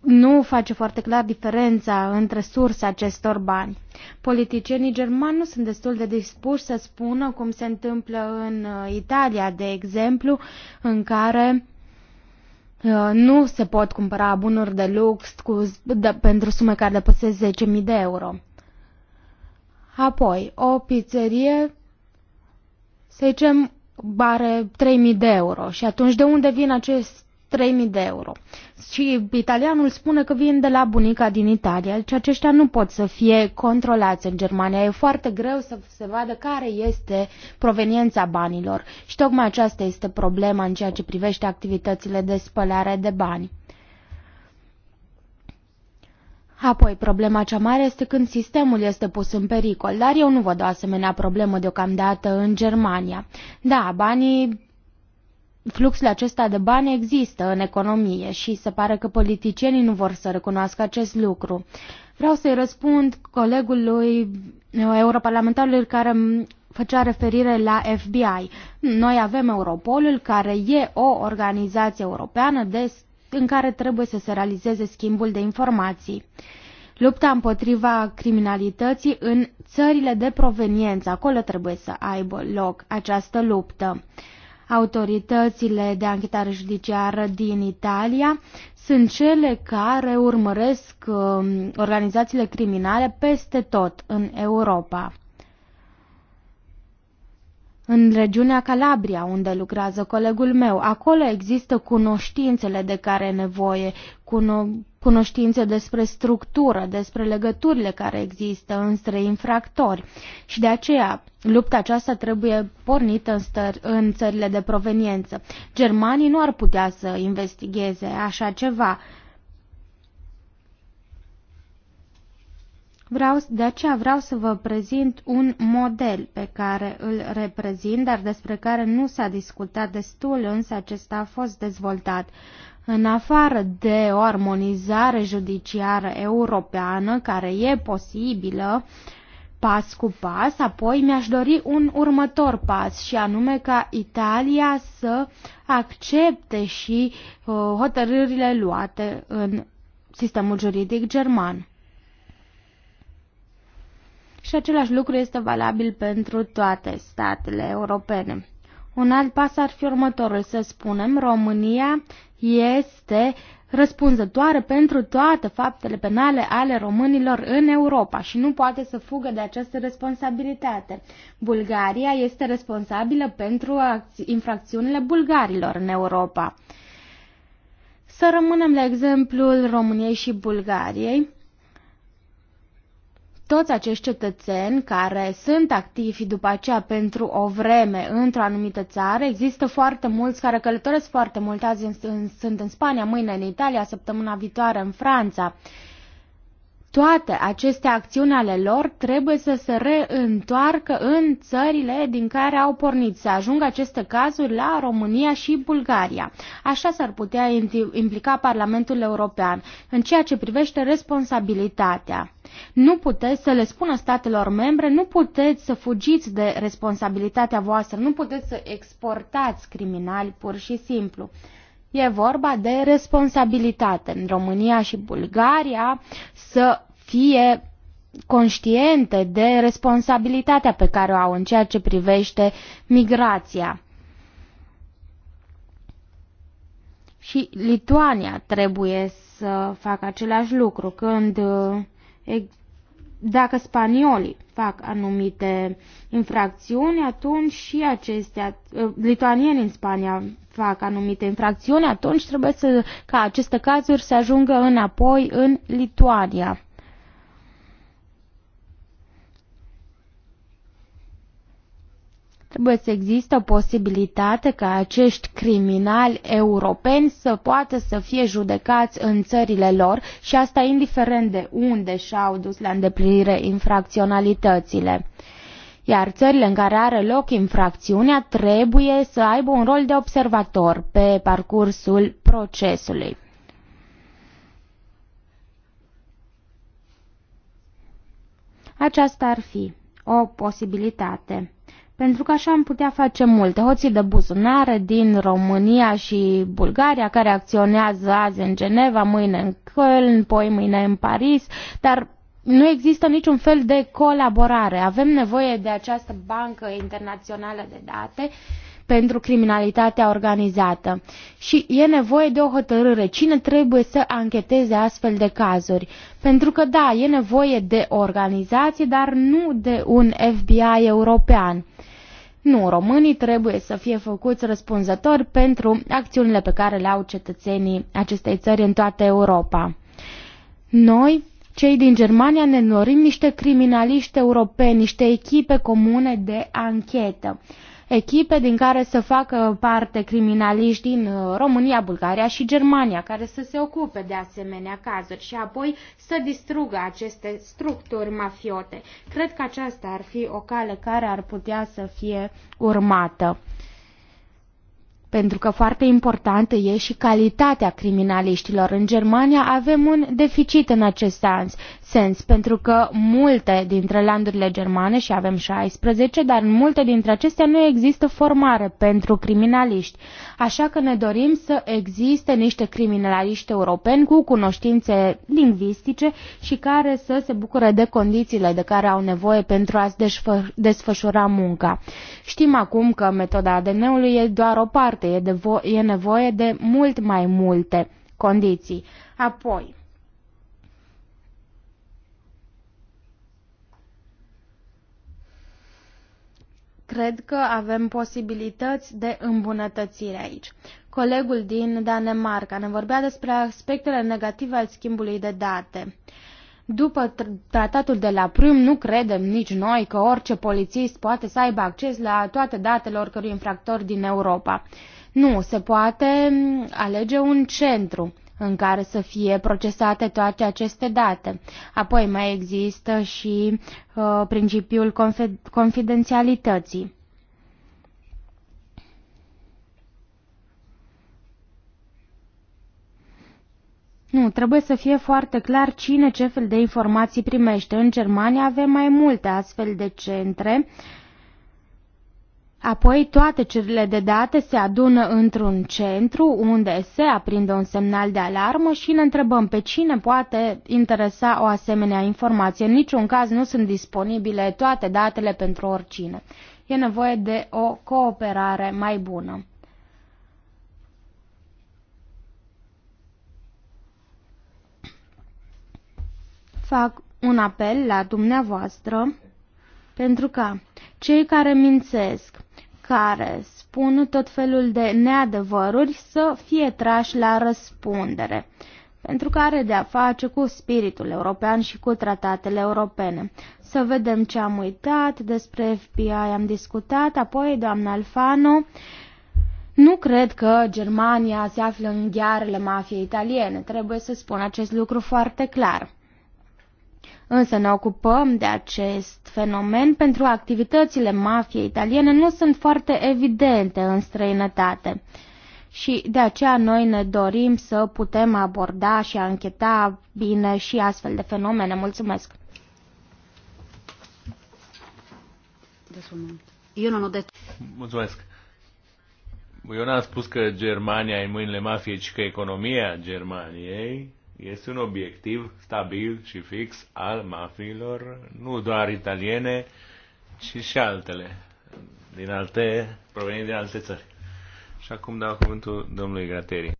nu face foarte clar diferența între sursa acestor bani. Politicienii germani nu sunt destul de dispuși să spună cum se întâmplă în uh, Italia, de exemplu, în care uh, nu se pot cumpăra bunuri de lux cu, de, pentru sume care depăsesc 10.000 de euro. Apoi, o pizzerie să zicem, bare 3.000 de euro. Și atunci de unde vin acest 3.000 de euro. Și italianul spune că vin de la bunica din Italia, deci aceștia nu pot să fie controlați în Germania. E foarte greu să se vadă care este proveniența banilor. Și tocmai aceasta este problema în ceea ce privește activitățile de spălare de bani. Apoi, problema cea mare este când sistemul este pus în pericol, dar eu nu văd o asemenea problemă deocamdată în Germania. Da, banii Fluxul acesta de bani există în economie și se pare că politicienii nu vor să recunoască acest lucru. Vreau să-i răspund colegului uh, europarlamentarului care făcea referire la FBI. Noi avem Europolul, care e o organizație europeană de în care trebuie să se realizeze schimbul de informații. Lupta împotriva criminalității în țările de proveniență, acolo trebuie să aibă loc această luptă. Autoritățile de anchetare judiciară din Italia sunt cele care urmăresc um, organizațiile criminale peste tot în Europa în regiunea Calabria, unde lucrează colegul meu. Acolo există cunoștințele de care e nevoie, cuno- cunoștințe despre structură, despre legăturile care există între infractori. Și de aceea, lupta aceasta trebuie pornită în, în țările de proveniență. Germanii nu ar putea să investigheze așa ceva, Vreau, de aceea vreau să vă prezint un model pe care îl reprezint, dar despre care nu s-a discutat destul, însă acesta a fost dezvoltat. În afară de o armonizare judiciară europeană, care e posibilă, pas cu pas, apoi mi-aș dori un următor pas și anume ca Italia să accepte și uh, hotărârile luate în sistemul juridic german. Și același lucru este valabil pentru toate statele europene. Un alt pas ar fi următorul, să spunem, România este răspunzătoare pentru toate faptele penale ale românilor în Europa și nu poate să fugă de această responsabilitate. Bulgaria este responsabilă pentru infracțiunile bulgarilor în Europa. Să rămânem la exemplul României și Bulgariei toți acești cetățeni care sunt activi după aceea pentru o vreme într-o anumită țară, există foarte mulți care călătoresc foarte mult, azi în, în, sunt în Spania, mâine în Italia, săptămâna viitoare în Franța toate aceste acțiuni ale lor trebuie să se reîntoarcă în țările din care au pornit, să ajungă aceste cazuri la România și Bulgaria. Așa s-ar putea implica Parlamentul European în ceea ce privește responsabilitatea. Nu puteți să le spună statelor membre, nu puteți să fugiți de responsabilitatea voastră, nu puteți să exportați criminali pur și simplu. E vorba de responsabilitate în România și Bulgaria să fie conștiente de responsabilitatea pe care o au în ceea ce privește migrația. Și Lituania trebuie să facă același lucru când eh, dacă spaniolii fac anumite infracțiuni, atunci și acestea, eh, lituanieni în Spania fac anumite infracțiuni, atunci trebuie să, ca aceste cazuri să ajungă înapoi în Lituania. Trebuie să există posibilitate ca acești criminali europeni să poată să fie judecați în țările lor și asta indiferent de unde și-au dus la îndeplinire infracționalitățile iar țările în care are loc infracțiunea trebuie să aibă un rol de observator pe parcursul procesului. Aceasta ar fi o posibilitate. Pentru că așa am putea face multe. Hoții de buzunare din România și Bulgaria, care acționează azi în Geneva, mâine în Köln, poi mâine în Paris, dar nu există niciun fel de colaborare. Avem nevoie de această bancă internațională de date pentru criminalitatea organizată. Și e nevoie de o hotărâre. Cine trebuie să ancheteze astfel de cazuri? Pentru că, da, e nevoie de o organizație, dar nu de un FBI european. Nu, românii trebuie să fie făcuți răspunzători pentru acțiunile pe care le au cetățenii acestei țări în toată Europa. Noi cei din Germania ne norim niște criminaliști europeni, niște echipe comune de anchetă. Echipe din care să facă parte criminaliști din uh, România, Bulgaria și Germania, care să se ocupe de asemenea cazuri și apoi să distrugă aceste structuri mafiote. Cred că aceasta ar fi o cale care ar putea să fie urmată pentru că foarte importantă e și calitatea criminaliștilor. În Germania avem un deficit în acest sens, pentru că multe dintre landurile germane, și avem 16, dar în multe dintre acestea nu există formare pentru criminaliști. Așa că ne dorim să existe niște criminaliști europeni cu cunoștințe lingvistice și care să se bucure de condițiile de care au nevoie pentru a-și desfășura munca. Știm acum că metoda ADN-ului e doar o parte departe, e, de vo- e nevoie de mult mai multe condiții. Apoi, cred că avem posibilități de îmbunătățire aici. Colegul din Danemarca ne vorbea despre aspectele negative al schimbului de date. După tratatul de la Prüm, nu credem nici noi că orice polițist poate să aibă acces la toate datele oricărui infractor din Europa. Nu, se poate alege un centru în care să fie procesate toate aceste date. Apoi mai există și uh, principiul confidențialității. Nu, trebuie să fie foarte clar cine ce fel de informații primește. În Germania avem mai multe astfel de centre uh, Apoi toate cerile de date se adună într-un centru unde se aprinde un semnal de alarmă și ne întrebăm pe cine poate interesa o asemenea informație. În niciun caz nu sunt disponibile toate datele pentru oricine. E nevoie de o cooperare mai bună. Fac un apel la dumneavoastră pentru ca cei care mințesc, care spun tot felul de neadevăruri să fie trași la răspundere pentru că are de-a face cu spiritul european și cu tratatele europene. Să vedem ce am uitat, despre FBI am discutat, apoi doamna Alfano, nu cred că Germania se află în ghearele mafiei italiene, trebuie să spun acest lucru foarte clar. Însă ne ocupăm de acest fenomen pentru că activitățile mafiei italiene nu sunt foarte evidente în străinătate. Și de aceea noi ne dorim să putem aborda și a încheta bine și astfel de fenomene. Mulțumesc! Eu nu de... Mulțumesc! Eu n-am spus că Germania e mâinile mafiei, ci că economia Germaniei este un obiectiv stabil și fix al mafiilor, nu doar italiene, ci și altele, din alte, provenind din alte țări. Și acum dau cuvântul domnului Grateri.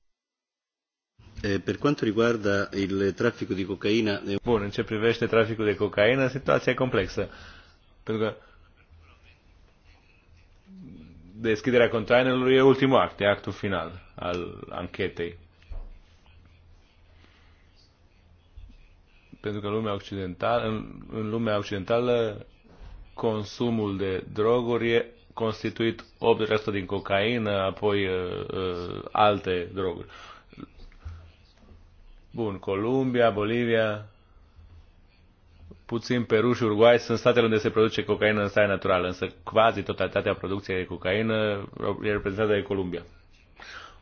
Per quanto riguarda il traffico di cocaina... Bun, în ce privește traficul de cocaină, situația e complexă. Pentru că deschiderea containerului e ultimul act, e actul final al anchetei. pentru că în lumea occidentală, în, în lumea occidentală consumul de droguri e constituit 8% din cocaină, apoi uh, uh, alte droguri. Bun, Columbia, Bolivia, puțin Peru și Uruguay sunt statele unde se produce cocaină în stare naturală, însă quasi totalitatea producției de cocaină e reprezentată de Columbia.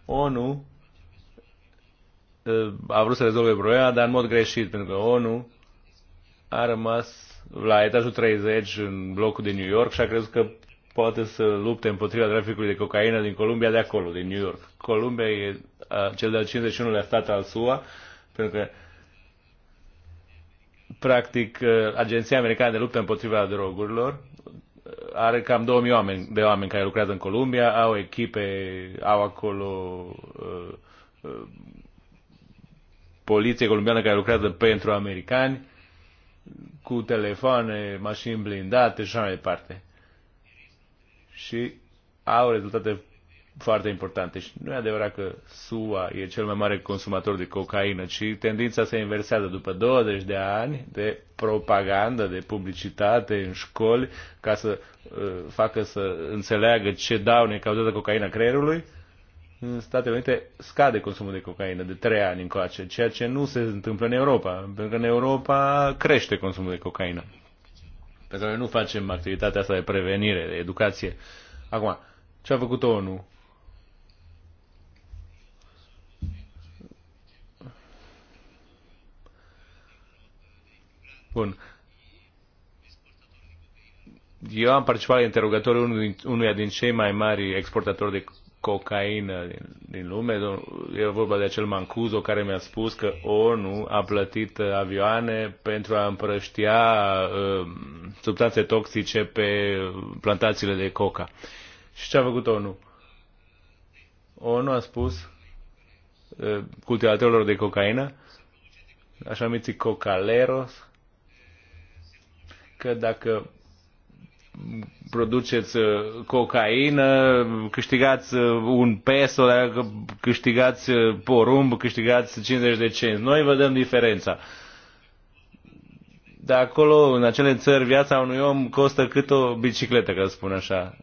ONU a vrut să rezolve problema, dar în mod greșit, pentru că ONU a rămas la etajul 30 în blocul din New York și a crezut că poate să lupte împotriva traficului de cocaină din Columbia de acolo, din New York. Columbia e cel de-al 51-lea stat al SUA, pentru că practic Agenția Americană de Luptă împotriva drogurilor are cam 2000 oameni, de oameni care lucrează în Columbia, au echipe, au acolo uh, uh, poliție colombiană care lucrează pentru americani, cu telefoane, mașini blindate și așa mai departe. Și au rezultate foarte importante. Și nu e adevărat că SUA e cel mai mare consumator de cocaină, ci tendința se inversează după 20 de ani de propagandă, de publicitate în școli, ca să uh, facă să înțeleagă ce daune cauzează cocaina creierului. Uh, în Statele Unite scade consumul de cocaină de trei ani încoace, ceea ce nu se întâmplă în Europa, pentru că în Europa crește consumul de cocaină. Pentru că noi nu facem activitatea asta de prevenire, de educație. Acum, ce a făcut ONU? Bun. Eu am participat la interogatoriul unuia din cei mai mari exportatori de cocaină din, din lume. E vorba de acel Mancuso care mi-a spus că ONU a plătit uh, avioane pentru a împrăștia uh, substanțe toxice pe uh, plantațiile de coca. Și ce a făcut ONU? ONU a spus uh, cultivatorilor de cocaină, așa numiți cocaleros, că dacă produceți uh, cocaină, câștigați uh, un peso, câștigați uh, porumb, câștigați 50 de cenți. Noi vă dăm diferența. De acolo, în acele țări, viața unui om costă cât o bicicletă, ca să spun așa.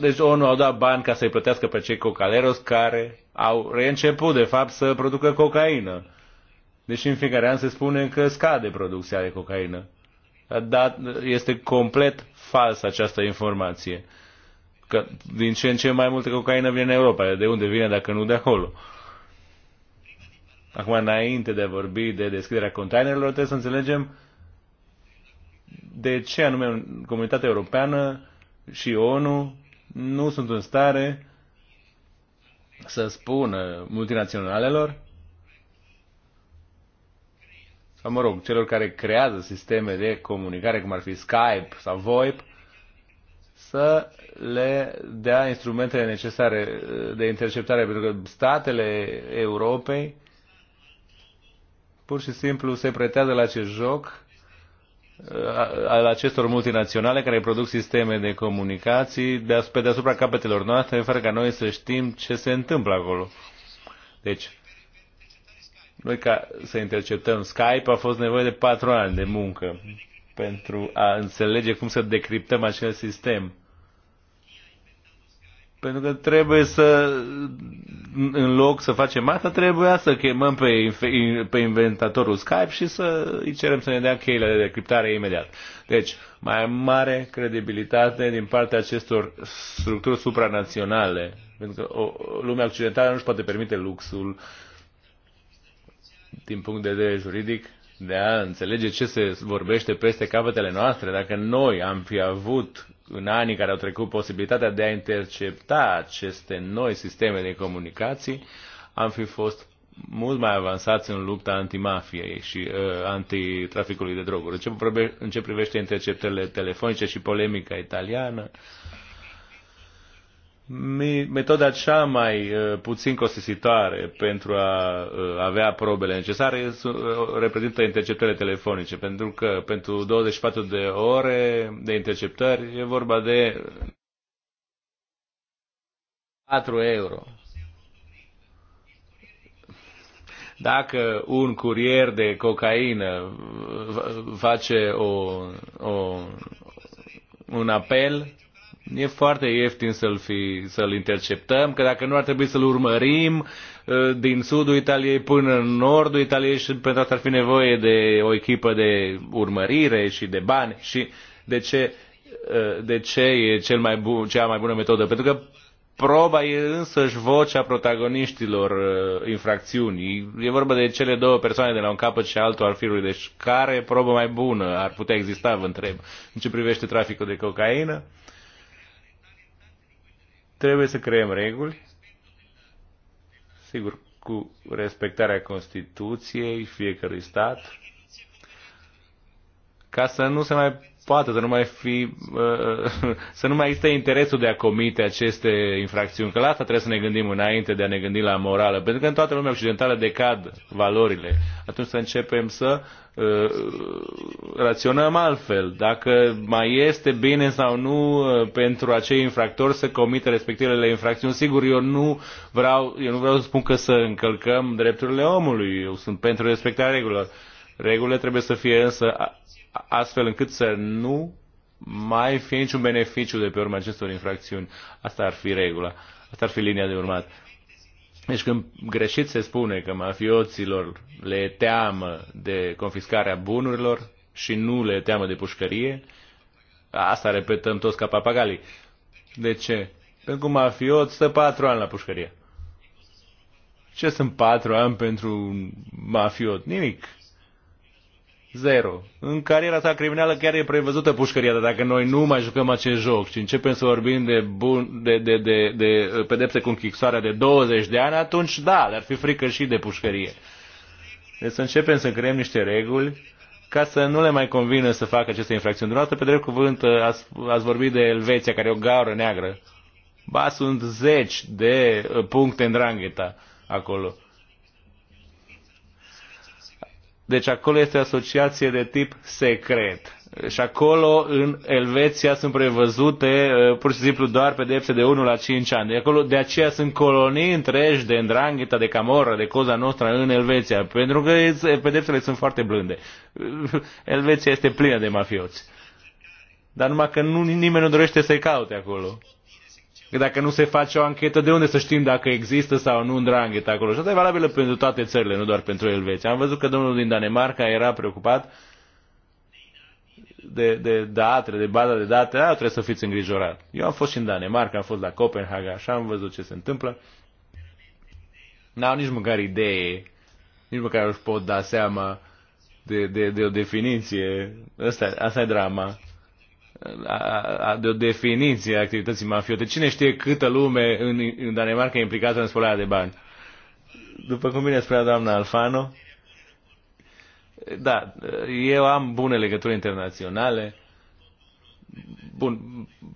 Deci ONU au dat bani ca să-i plătească pe cei cocaleros care au reînceput, de fapt, să producă cocaină. Deci în fiecare an se spune că scade producția de cocaină dat, este complet falsă această informație. Că din ce în ce mai multă cocaină vine în Europa. De unde vine dacă nu de acolo? Acum, înainte de a vorbi de deschiderea containerelor, trebuie să înțelegem de ce anume comunitatea europeană și ONU nu sunt în stare să spună multinaționalelor sau mă rog, celor care creează sisteme de comunicare, cum ar fi Skype sau VoIP, să le dea instrumentele necesare uh, de interceptare, pentru că statele Europei pur și simplu se pretează la acest joc uh, al acestor multinaționale care produc sisteme de comunicații pe deasupra capetelor noastre, fără ca noi să știm ce se întâmplă acolo. Deci, noi ca să interceptăm Skype a fost nevoie de patru ani de muncă pentru a înțelege cum să decriptăm acel sistem. Pentru că trebuie să, în loc să facem asta, trebuia să chemăm pe, pe inventatorul Skype și să îi cerem să ne dea cheile de decriptare imediat. Deci, mai mare credibilitate din partea acestor structuri supranaționale. Pentru că o, lumea occidentală nu își poate permite luxul din punct de vedere juridic, de a înțelege ce se vorbește peste capetele noastre. Dacă noi am fi avut în anii care au trecut posibilitatea de a intercepta aceste noi sisteme de comunicații, am fi fost mult mai avansați în lupta antimafiei și uh, antitraficului de droguri. În ce, privește interceptările telefonice și polemica italiană, uh, metoda cea mai uh, puțin costisitoare pentru a uh, avea probele necesare uh, reprezintă interceptările telefonice, pentru că pentru 24 de ore de interceptări e vorba de 4 euro. Dacă un curier de cocaină face o, o, un apel, E foarte ieftin să-l, să-l interceptăm, că dacă nu ar trebui să-l urmărim uh, din sudul Italiei până în nordul Italiei și pentru asta ar fi nevoie de o echipă de urmărire și de bani. Și de ce, uh, de ce e cel mai bun, cea mai bună metodă? Pentru că proba e însăși vocea protagoniștilor uh, infracțiunii. E vorba de cele două persoane de la un capăt și altul al firului. Deci care probă mai bună ar putea exista, vă întreb, în ce privește traficul de cocaină? Trebuie să creăm reguli, sigur, cu respectarea Constituției fiecărui stat, ca să nu se mai Poate să nu mai fi, uh, *laughs* să nu mai existe interesul de a comite aceste infracțiuni. Că la asta trebuie să ne gândim înainte de a ne gândi la morală. Pentru că în toată lumea occidentală decad valorile. Atunci să începem să uh, raționăm altfel. Dacă mai este bine sau nu uh, pentru acei infractori să comite respectivele infracțiuni. Sigur, eu nu vreau, eu nu vreau să spun că să încălcăm drepturile omului. Eu sunt pentru respectarea regulilor Regulile trebuie să fie însă astfel încât să nu mai fie niciun beneficiu de pe urma acestor infracțiuni. Asta ar fi regula. Asta ar fi linia de urmat. Deci când greșit se spune că mafioților le teamă de confiscarea bunurilor și nu le teamă de pușcărie, asta repetăm toți ca papagalii. De ce? Pentru că un mafiot stă patru ani la pușcărie. Ce sunt patru ani pentru un mafiot? Nimic. Zero. În cariera sa criminală chiar e prevăzută pușcăria, dar dacă noi nu mai jucăm acest joc și începem să vorbim de, bun, de, de, de, de pedepse cu închisoarea de 20 de ani, atunci da, dar ar fi frică și de pușcărie. Deci să începem să creăm niște reguli ca să nu le mai convină să facă aceste infracțiuni. Dumneavoastră, pe drept cuvânt, ați, ați vorbit de Elveția, care e o gaură neagră. Ba, sunt zeci de uh, puncte în drangheta acolo deci acolo este asociație de tip secret. Și acolo, în Elveția, sunt prevăzute uh, pur și simplu doar pedepse de 1 la 5 ani. De, acolo, de aceea sunt colonii întregi de îndranghita, de camorra, de coza noastră în Elveția, pentru că pedepsele sunt foarte blânde. *laughs* Elveția este plină de mafioți. Dar numai că nu, nimeni nu dorește să-i caute acolo. Că dacă nu se face o anchetă, de unde să știm dacă există sau nu îndrangheta acolo? Și asta e valabilă pentru toate țările, nu doar pentru Elveția. Am văzut că domnul din Danemarca era preocupat de, de date, de baza de date, da, trebuie să fiți îngrijorat. Eu am fost și în Danemarca, am fost la Copenhaga, așa am văzut ce se întâmplă. N-au nici măcar idee, nici măcar își pot da seama de, de, de o definiție. Asta, asta e drama a, a, de o definiție a activității mafiote. Cine știe câtă lume în, în Danemarca e implicată în spălarea de bani? După cum bine spunea doamna Alfano, da, eu am bune legături internaționale. Bun,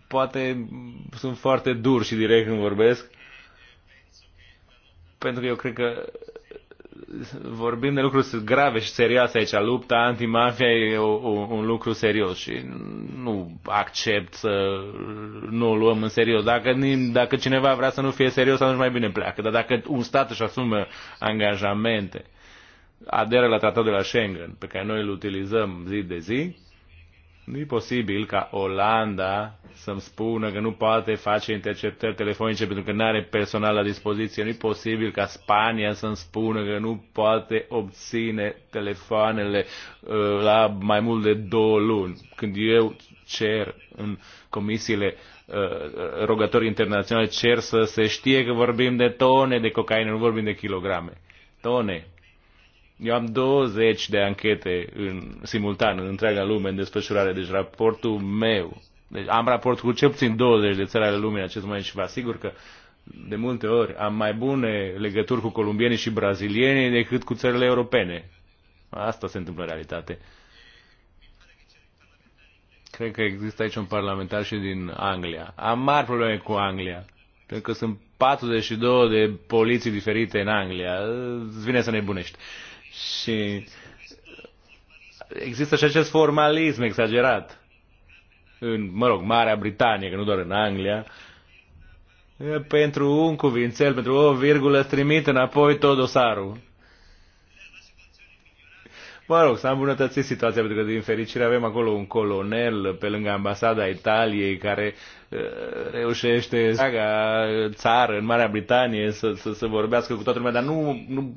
poate sunt foarte dur și direct când vorbesc, pentru că eu cred că vorbim de lucruri grave și serioase aici. Lupta antimafia e o, o, un lucru serios și nu accept să nu o luăm în serios. Dacă, dacă cineva vrea să nu fie serios, atunci mai bine pleacă. Dar dacă un stat își asumă angajamente, aderă la tratatul de la Schengen, pe care noi îl utilizăm zi de zi, nu e posibil ca Olanda să-mi spună că nu poate face interceptări telefonice pentru că nu are personal la dispoziție. Nu e posibil ca Spania să-mi spună că nu poate obține telefoanele uh, la mai mult de două luni. Când eu cer în comisiile uh, uh rogători internaționale, cer să se știe că vorbim de tone de cocaină, nu vorbim de kilograme. Tone eu am 20 de anchete în, simultan în întreaga lume în desfășurare, deci raportul meu. Deci am raport cu cel puțin 20 de țări ale lumii în acest moment și vă asigur că de multe ori am mai bune legături cu columbienii și brazilienii decât cu țările europene. Asta se întâmplă în realitate. Cred că există aici un parlamentar și din Anglia. Am mari probleme cu Anglia. Pentru că sunt 42 de poliții diferite în Anglia. Îți vine să ne Uh, și există și acest formalism exagerat în, mă rog, Marea Britanie, că nu doar în Anglia, pentru un cuvințel, pentru o virgulă, trimit înapoi tot dosarul. Mă rog, s-a îmbunătățit situația, pentru că din fericire avem acolo un colonel pe lângă ambasada Italiei care uh, reușește întreaga țară în Marea Britanie să, să, să vorbească cu toată lumea, dar nu, nu,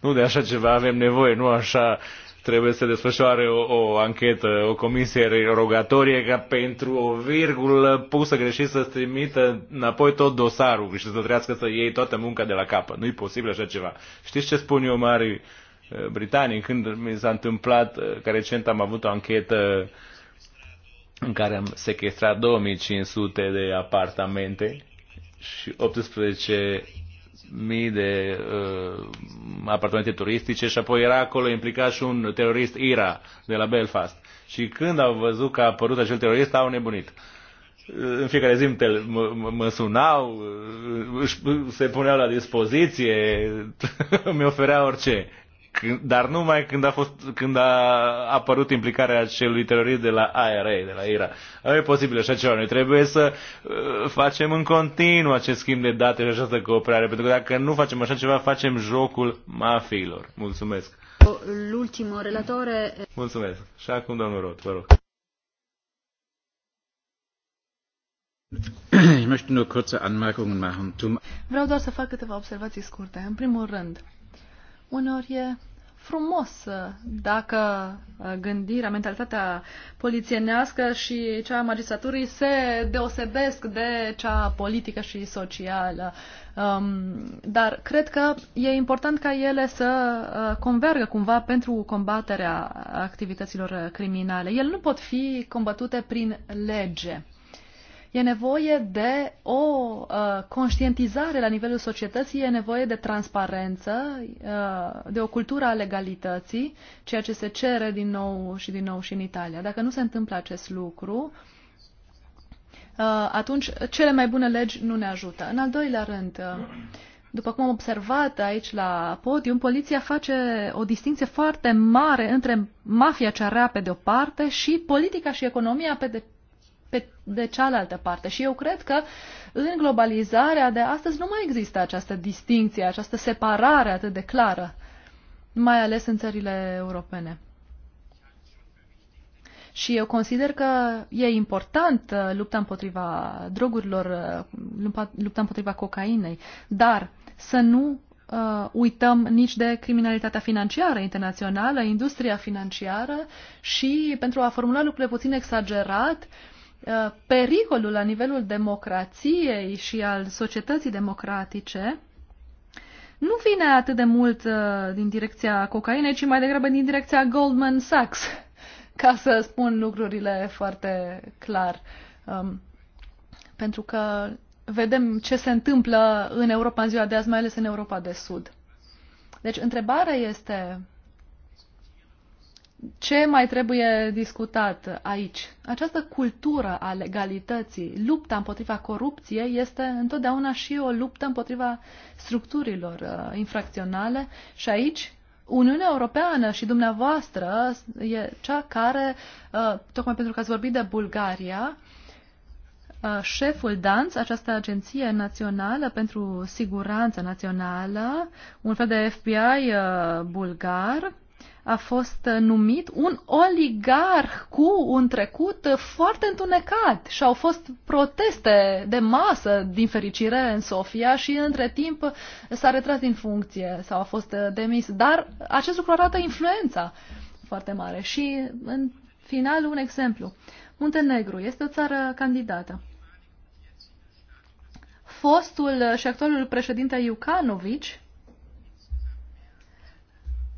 nu de așa ceva avem nevoie, nu așa trebuie să desfășoare o, o anchetă, o comisie rogatorie ca pentru o virgulă pusă greșit să-ți trimită înapoi tot dosarul și să trească să iei toată munca de la capă, Nu-i posibil așa ceva. Știți ce spun eu, Mari? Uh, britanic, când mi s-a întâmplat uh, că recent am avut o anchetă în care am sequestrat 2500 de apartamente și 18 mii de uh, apartamente turistice și apoi era acolo implicat și un terorist IRA de la Belfast. Și când au văzut că a apărut acel terorist, au nebunit. Uh, în fiecare zi mă sunau, se puneau la dispoziție, *laughs* mi oferea orice dar numai când a, fost, când a apărut implicarea acelui terorist de la IRA, de la IRA. e posibil așa ceva. Noi trebuie să uh, facem în continuu acest schimb de date și această cooperare, pentru că dacă nu facem așa ceva, facem jocul mafiilor. Mulțumesc. L'ultimo relatore... Mulțumesc. Și acum domnul Rot, vă rog. Vreau doar să fac câteva observații scurte. În primul rând, uneori e frumos uh, dacă uh, gândirea, mentalitatea polițienească și cea a magistraturii se deosebesc de cea politică și socială. Um, dar cred că e important ca ele să uh, convergă cumva pentru combaterea activităților criminale. Ele nu pot fi combătute prin lege E nevoie de o uh, conștientizare la nivelul societății, e nevoie de transparență, uh, de o cultură a legalității, ceea ce se cere din nou și din nou și în Italia. Dacă nu se întâmplă acest lucru, uh, atunci cele mai bune legi nu ne ajută. În al doilea rând, uh, după cum am observat aici la podium, poliția face o distinție foarte mare între mafia cea rea pe de o parte și politica și economia pe de pe de cealaltă parte. Și eu cred că în globalizarea de astăzi nu mai există această distinție, această separare atât de clară, mai ales în țările europene. Și eu consider că e important uh, lupta împotriva drogurilor, uh, lupta împotriva cocainei, dar să nu uh, uităm nici de criminalitatea financiară internațională, industria financiară și, pentru a formula lucrurile puțin exagerat, uh, Uh, pericolul la nivelul democrației și al societății democratice nu vine atât de mult uh, din direcția cocainei, ci mai degrabă din direcția Goldman Sachs, *laughs* ca să spun lucrurile foarte clar. Um, pentru că vedem ce se întâmplă în Europa în ziua de azi, mai ales în Europa de Sud. Deci, întrebarea este ce mai trebuie discutat aici? Această cultură a legalității, lupta împotriva corupției, este întotdeauna și o luptă împotriva structurilor uh, infracționale și aici Uniunea Europeană și dumneavoastră e cea care, uh, tocmai pentru că ați vorbit de Bulgaria, uh, șeful DANS, această agenție națională pentru siguranță națională, un fel de FBI uh, bulgar, a fost uh, numit un oligarh cu un trecut uh, foarte întunecat și au fost proteste de masă, din fericire, în Sofia și între timp uh, s-a retras din funcție sau a fost demis. Dar acest lucru arată influența foarte mare. Și în final un exemplu. Muntenegru este o țară candidată. Fostul și actualul președinte Iucanovici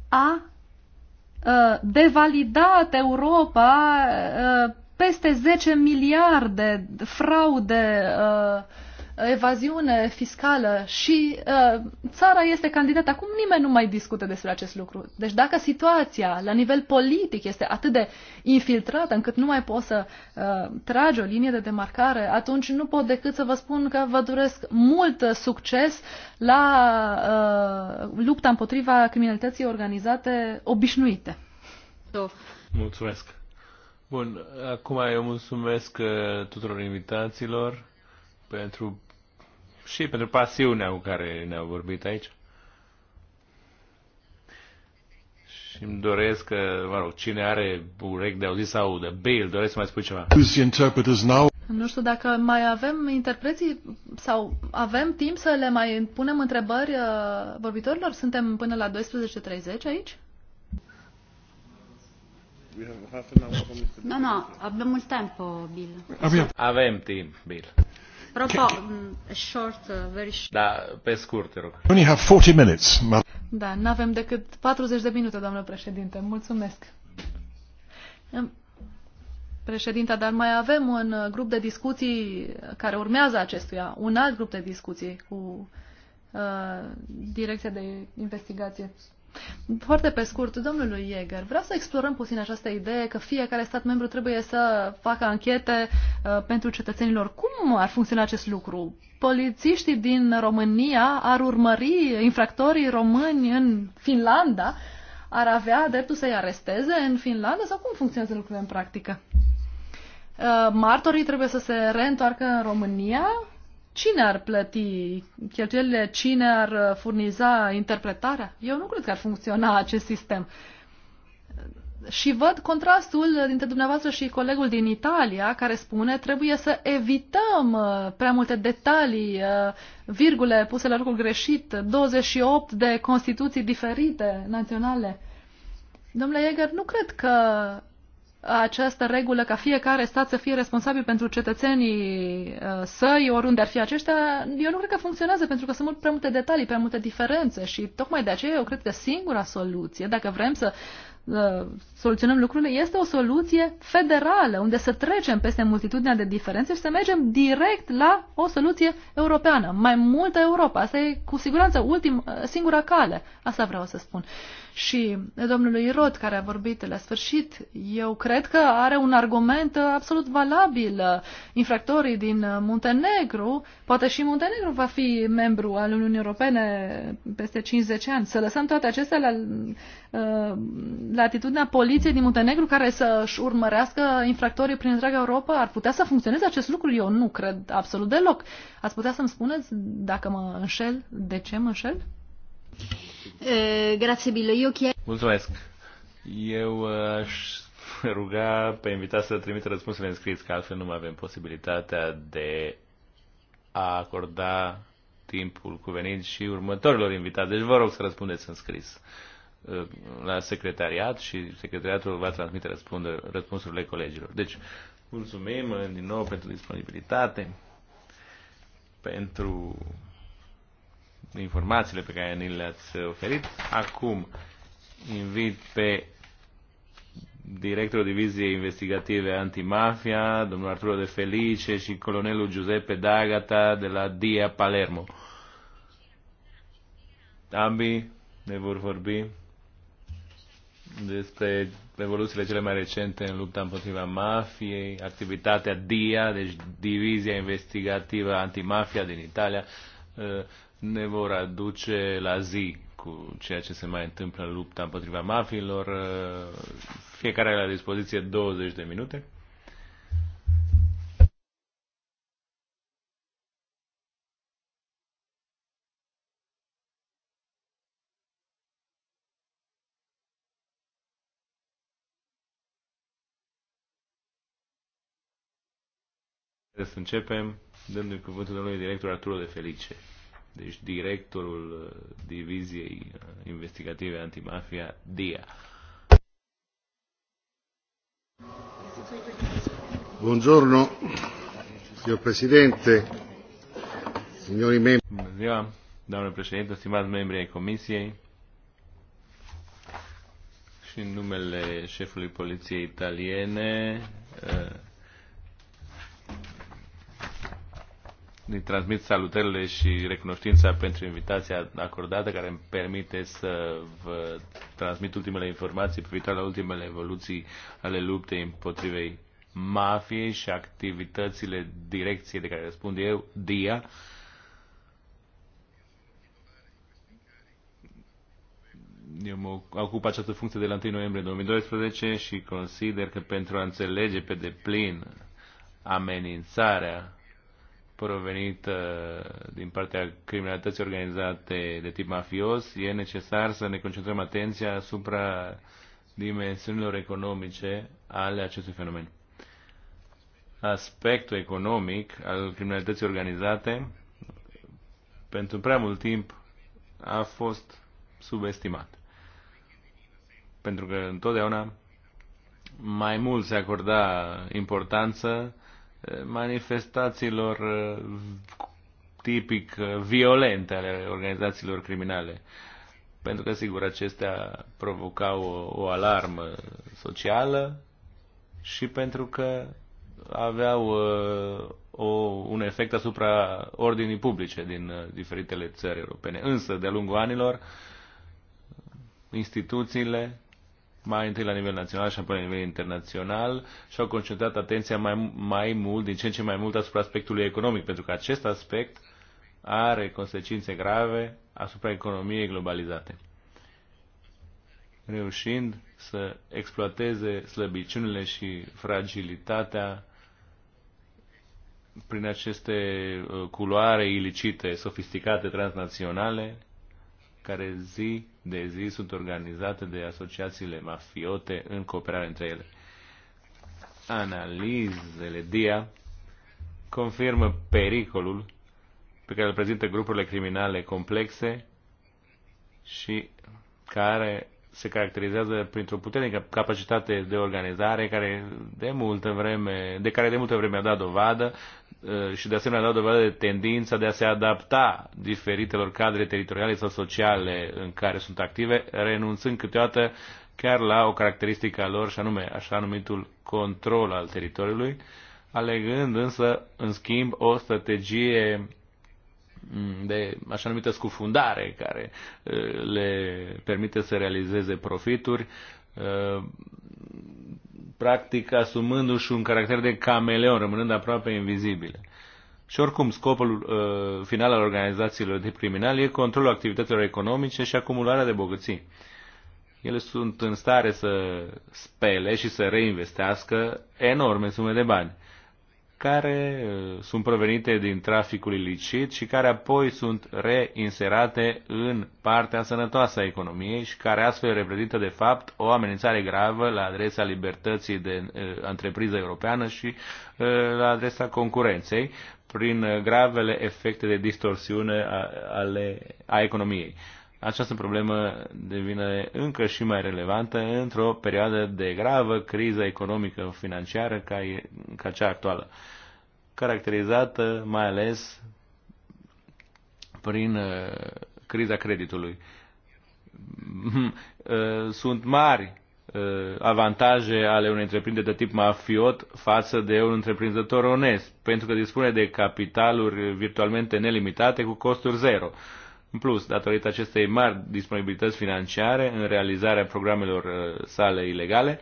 a Uh, devalidat Europa uh, peste 10 miliarde fraude uh, evaziune fiscală și uh, țara este candidat, acum nimeni nu mai discută despre acest lucru. Deci dacă situația la nivel politic este atât de infiltrată încât nu mai poți să uh, tragi o linie de demarcare, atunci nu pot decât să vă spun că vă doresc mult succes la uh, lupta împotriva criminalității organizate obișnuite. Mulțumesc! Bun, acum eu mulțumesc uh, tuturor invitațiilor pentru și pentru pasiunea cu care ne-au vorbit aici. și îmi doresc că, mă rog, cine are urechi de auzit să audă. Bill, doresc să mai spui ceva. Nu știu dacă mai avem interpreții sau avem timp să le mai punem întrebări uh, vorbitorilor. Suntem până la 12.30 aici? Nu, no, nu, no, avem mult timp, Bill. Avem timp, Bill. Mm, uh, da, pe scurt, te rog. Only have 40 minutes. Da, nu avem decât 40 de minute, doamnă președinte. Mulțumesc. Președinta, dar mai avem un uh, grup de discuții care urmează acestuia, un alt grup de discuții cu uh, direcția de investigație. Foarte pe scurt, domnului Jäger, vreau să explorăm puțin această idee că fiecare stat membru trebuie să facă anchete uh, pentru cetățenilor. Cum ar funcționa acest lucru? Polițiștii din România ar urmări infractorii români în Finlanda? Ar avea dreptul să-i aresteze în Finlanda? Sau cum funcționează lucrurile în practică? Uh, martorii trebuie să se reîntoarcă în România Cine ar plăti cheltuielile? Cine ar uh, furniza interpretarea? Eu nu cred că ar funcționa *laughs* acest sistem. Și văd contrastul dintre dumneavoastră și colegul din Italia care spune trebuie să evităm uh, prea multe detalii, uh, virgule puse la locul greșit, 28 de constituții diferite naționale. Domnule Eger, nu cred că această regulă ca fiecare stat să fie responsabil pentru cetățenii uh, săi, oriunde ar fi aceștia, eu nu cred că funcționează, pentru că sunt mult prea multe detalii, prea multe diferențe și tocmai de aceea eu cred că singura soluție, dacă vrem să uh, soluționăm lucrurile, este o soluție federală, unde să trecem peste multitudinea de diferențe și să mergem direct la o soluție europeană. Mai multă Europa. Asta e cu siguranță ultim, uh, singura cale. Asta vreau să spun și domnului Rod, care a vorbit la sfârșit, eu cred că are un argument absolut valabil. Infractorii din Muntenegru, poate și Muntenegru va fi membru al Uniunii Europene peste 50 ani. Să lăsăm toate acestea la uh, la atitudinea poliției din Muntenegru care să-și urmărească infractorii prin întreaga Europa, ar putea să funcționeze acest lucru? Eu nu cred absolut deloc. Ați putea să-mi spuneți dacă mă înșel, de ce mă înșel? Eh, grazie mille. Mulțumesc. Eu aș *laughs* ruga pe invitat să trimite răspunsurile în scris, că altfel nu mai avem posibilitatea de a acorda timpul cuvenit și următorilor invitați. Deci vă rog să răspundeți în scris eh, la secretariat și secretariatul va transmite răspunsurile colegilor. Deci, mulțumim din nou pentru disponibilitate, pentru informațiile pe care ni le-ați oferit. Acum invit pe directorul Diviziei Investigative Antimafia, domnul Arturo de Felice și colonelul Giuseppe D'Agata de la DIA Palermo. Ambii ne vor vorbi despre evoluțiile cele mai recente în lupta împotriva mafiei, activitatea DIA, deci Divizia Investigativă Antimafia din Italia, ne vor aduce la zi cu ceea ce se mai întâmplă în lupta împotriva mafiilor. Fiecare are la dispoziție 20 de minute. Să începem dându-i cuvântul domnului director Arturo de Felice deci directorul uh, diviziei uh, investigative antimafia DIA. Buongiorno, signor Presidente, signori membri. Buongiorno, domnule Presidente, președinte, membri ai Comisiei și în numele șefului poliției italiene, uh, îi transmit salutările și recunoștința pentru invitația acordată care îmi permite să vă transmit ultimele informații privitoare la ultimele evoluții ale luptei împotrivei mafiei și activitățile direcției de care răspund eu, DIA, eu mă ocup această funcție de la 1 noiembrie 2012 și consider că pentru a înțelege pe deplin amenințarea provenit uh, din partea criminalității organizate de tip mafios, e necesar să ne concentrăm atenția asupra dimensiunilor economice ale acestui fenomen. Aspectul economic al criminalității organizate pentru prea mult timp a fost subestimat. Pentru că întotdeauna mai mult se acorda importanță manifestațiilor uh, tipic uh, violente ale organizațiilor criminale. Pentru că, sigur, acestea provocau o, o alarmă socială și pentru că aveau uh, o, un efect asupra ordinii publice din uh, diferitele țări europene. Însă, de-a lungul anilor, instituțiile mai întâi la nivel național și apoi la nivel internațional și au concentrat atenția mai, mai mult, din ce în ce mai mult asupra aspectului economic, pentru că acest aspect are consecințe grave asupra economiei globalizate. Reușind să exploateze slăbiciunile și fragilitatea prin aceste uh, culoare ilicite, sofisticate, transnaționale, care zi de zi sunt organizate de asociațiile mafiote în cooperare între ele. Analizele DIA confirmă pericolul pe care îl prezintă grupurile criminale complexe și care se caracterizează printr-o puternică capacitate de organizare care de multă vreme, de care de multă vreme a dat dovadă, Uh, și de asemenea dau dovadă de tendința de a se adapta diferitelor cadre teritoriale sau sociale în care sunt active, renunțând câteodată chiar la o caracteristică a lor, și anume așa numitul control al teritoriului, alegând însă, în schimb, o strategie mm, de așa numită scufundare care uh, le permite să realizeze profituri uh, practic asumându-și un caracter de cameleon, rămânând aproape invizibile. Și oricum, scopul uh, final al organizațiilor de criminali e controlul activităților economice și acumularea de bogății. Ele sunt în stare să spele și să reinvestească enorme sume de bani care uh, sunt provenite din traficul ilicit și care apoi sunt reinserate în partea sănătoasă a economiei și care astfel reprezintă de fapt o amenințare gravă la adresa libertății de întrepriză uh, europeană și uh, la adresa concurenței prin gravele efecte de distorsiune ale, a economiei această problemă devine încă și mai relevantă într-o perioadă de gravă criză economică financiară ca, e, ca cea actuală, caracterizată mai ales prin uh, criza creditului. Hmm. Uh, sunt mari uh, avantaje ale unei întreprinderi de tip mafiot față de un întreprinzător onest, pentru că dispune de capitaluri virtualmente nelimitate cu costuri zero. În plus, datorită acestei mari disponibilități financiare în realizarea programelor uh, sale ilegale,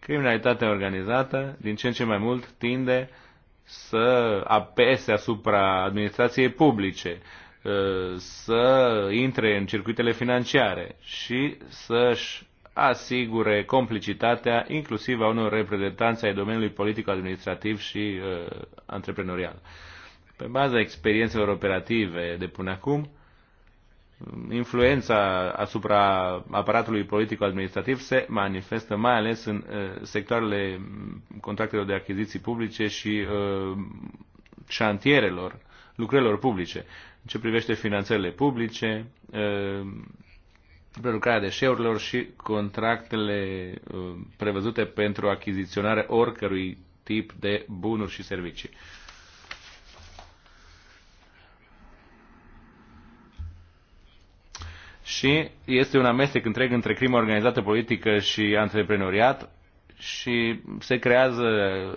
criminalitatea organizată din ce în ce mai mult tinde să apese asupra administrației publice, uh, să intre în circuitele financiare și să-și asigure complicitatea inclusiv a unor reprezentanți ai domeniului politic-administrativ și uh, antreprenorial. Pe baza experiențelor operative de până acum, influența asupra aparatului politico-administrativ se manifestă mai ales în uh, sectoarele contractelor de achiziții publice și uh, șantierelor, lucrărilor publice. În ce privește finanțările publice, uh, prelucrarea deșeurilor și contractele prevăzute pentru achiziționarea oricărui tip de bunuri și servicii. și este un amestec întreg între crimă organizată politică și antreprenoriat și se creează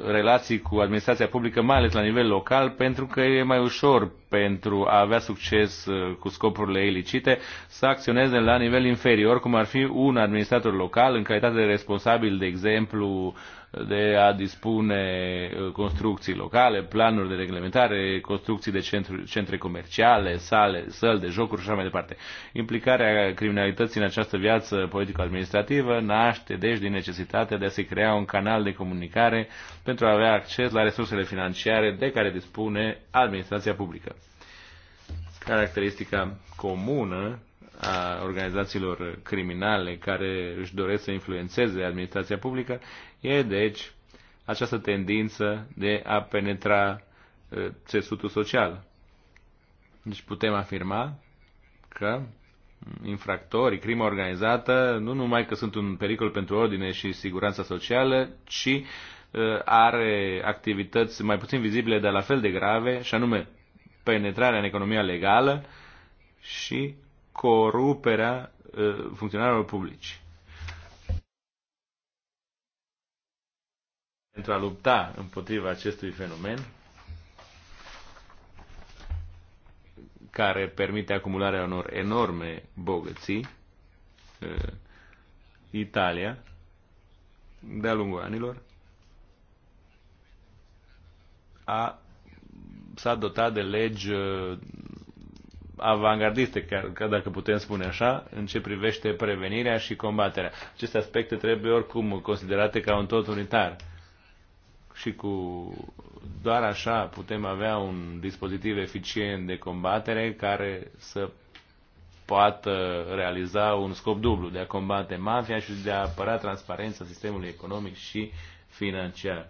relații cu administrația publică, mai ales la nivel local, pentru că e mai ușor pentru a avea succes uh, cu scopurile ilicite să acționeze la nivel inferior, cum ar fi un administrator local în calitate de responsabil, de exemplu, de a dispune uh, construcții locale, planuri de reglementare, construcții de centru, centre comerciale, sale, săli de jocuri și așa mai departe. Implicarea criminalității în această viață politico-administrativă naște deci din necesitatea de a se crea un canal de comunicare pentru a avea acces la resursele financiare de care dispune administrația publică. Caracteristica comună a organizațiilor criminale care își doresc să influențeze administrația publică E, deci, această tendință de a penetra țesutul social. Deci putem afirma că infractorii, crima organizată, nu numai că sunt un pericol pentru ordine și siguranța socială, ci are activități mai puțin vizibile, dar la fel de grave, și anume penetrarea în economia legală și coruperea funcționarilor publici. pentru a lupta împotriva acestui fenomen care permite acumularea unor enorme bogății, uh, Italia, de-a lungul anilor, a, s-a dotat de legi uh, avangardiste, chiar ca dacă putem spune așa, în ce privește prevenirea și combaterea. Aceste aspecte trebuie oricum considerate ca un tot unitar și cu doar așa putem avea un dispozitiv eficient de combatere care să poată realiza un scop dublu de a combate mafia și de a apăra transparența sistemului economic și financiar.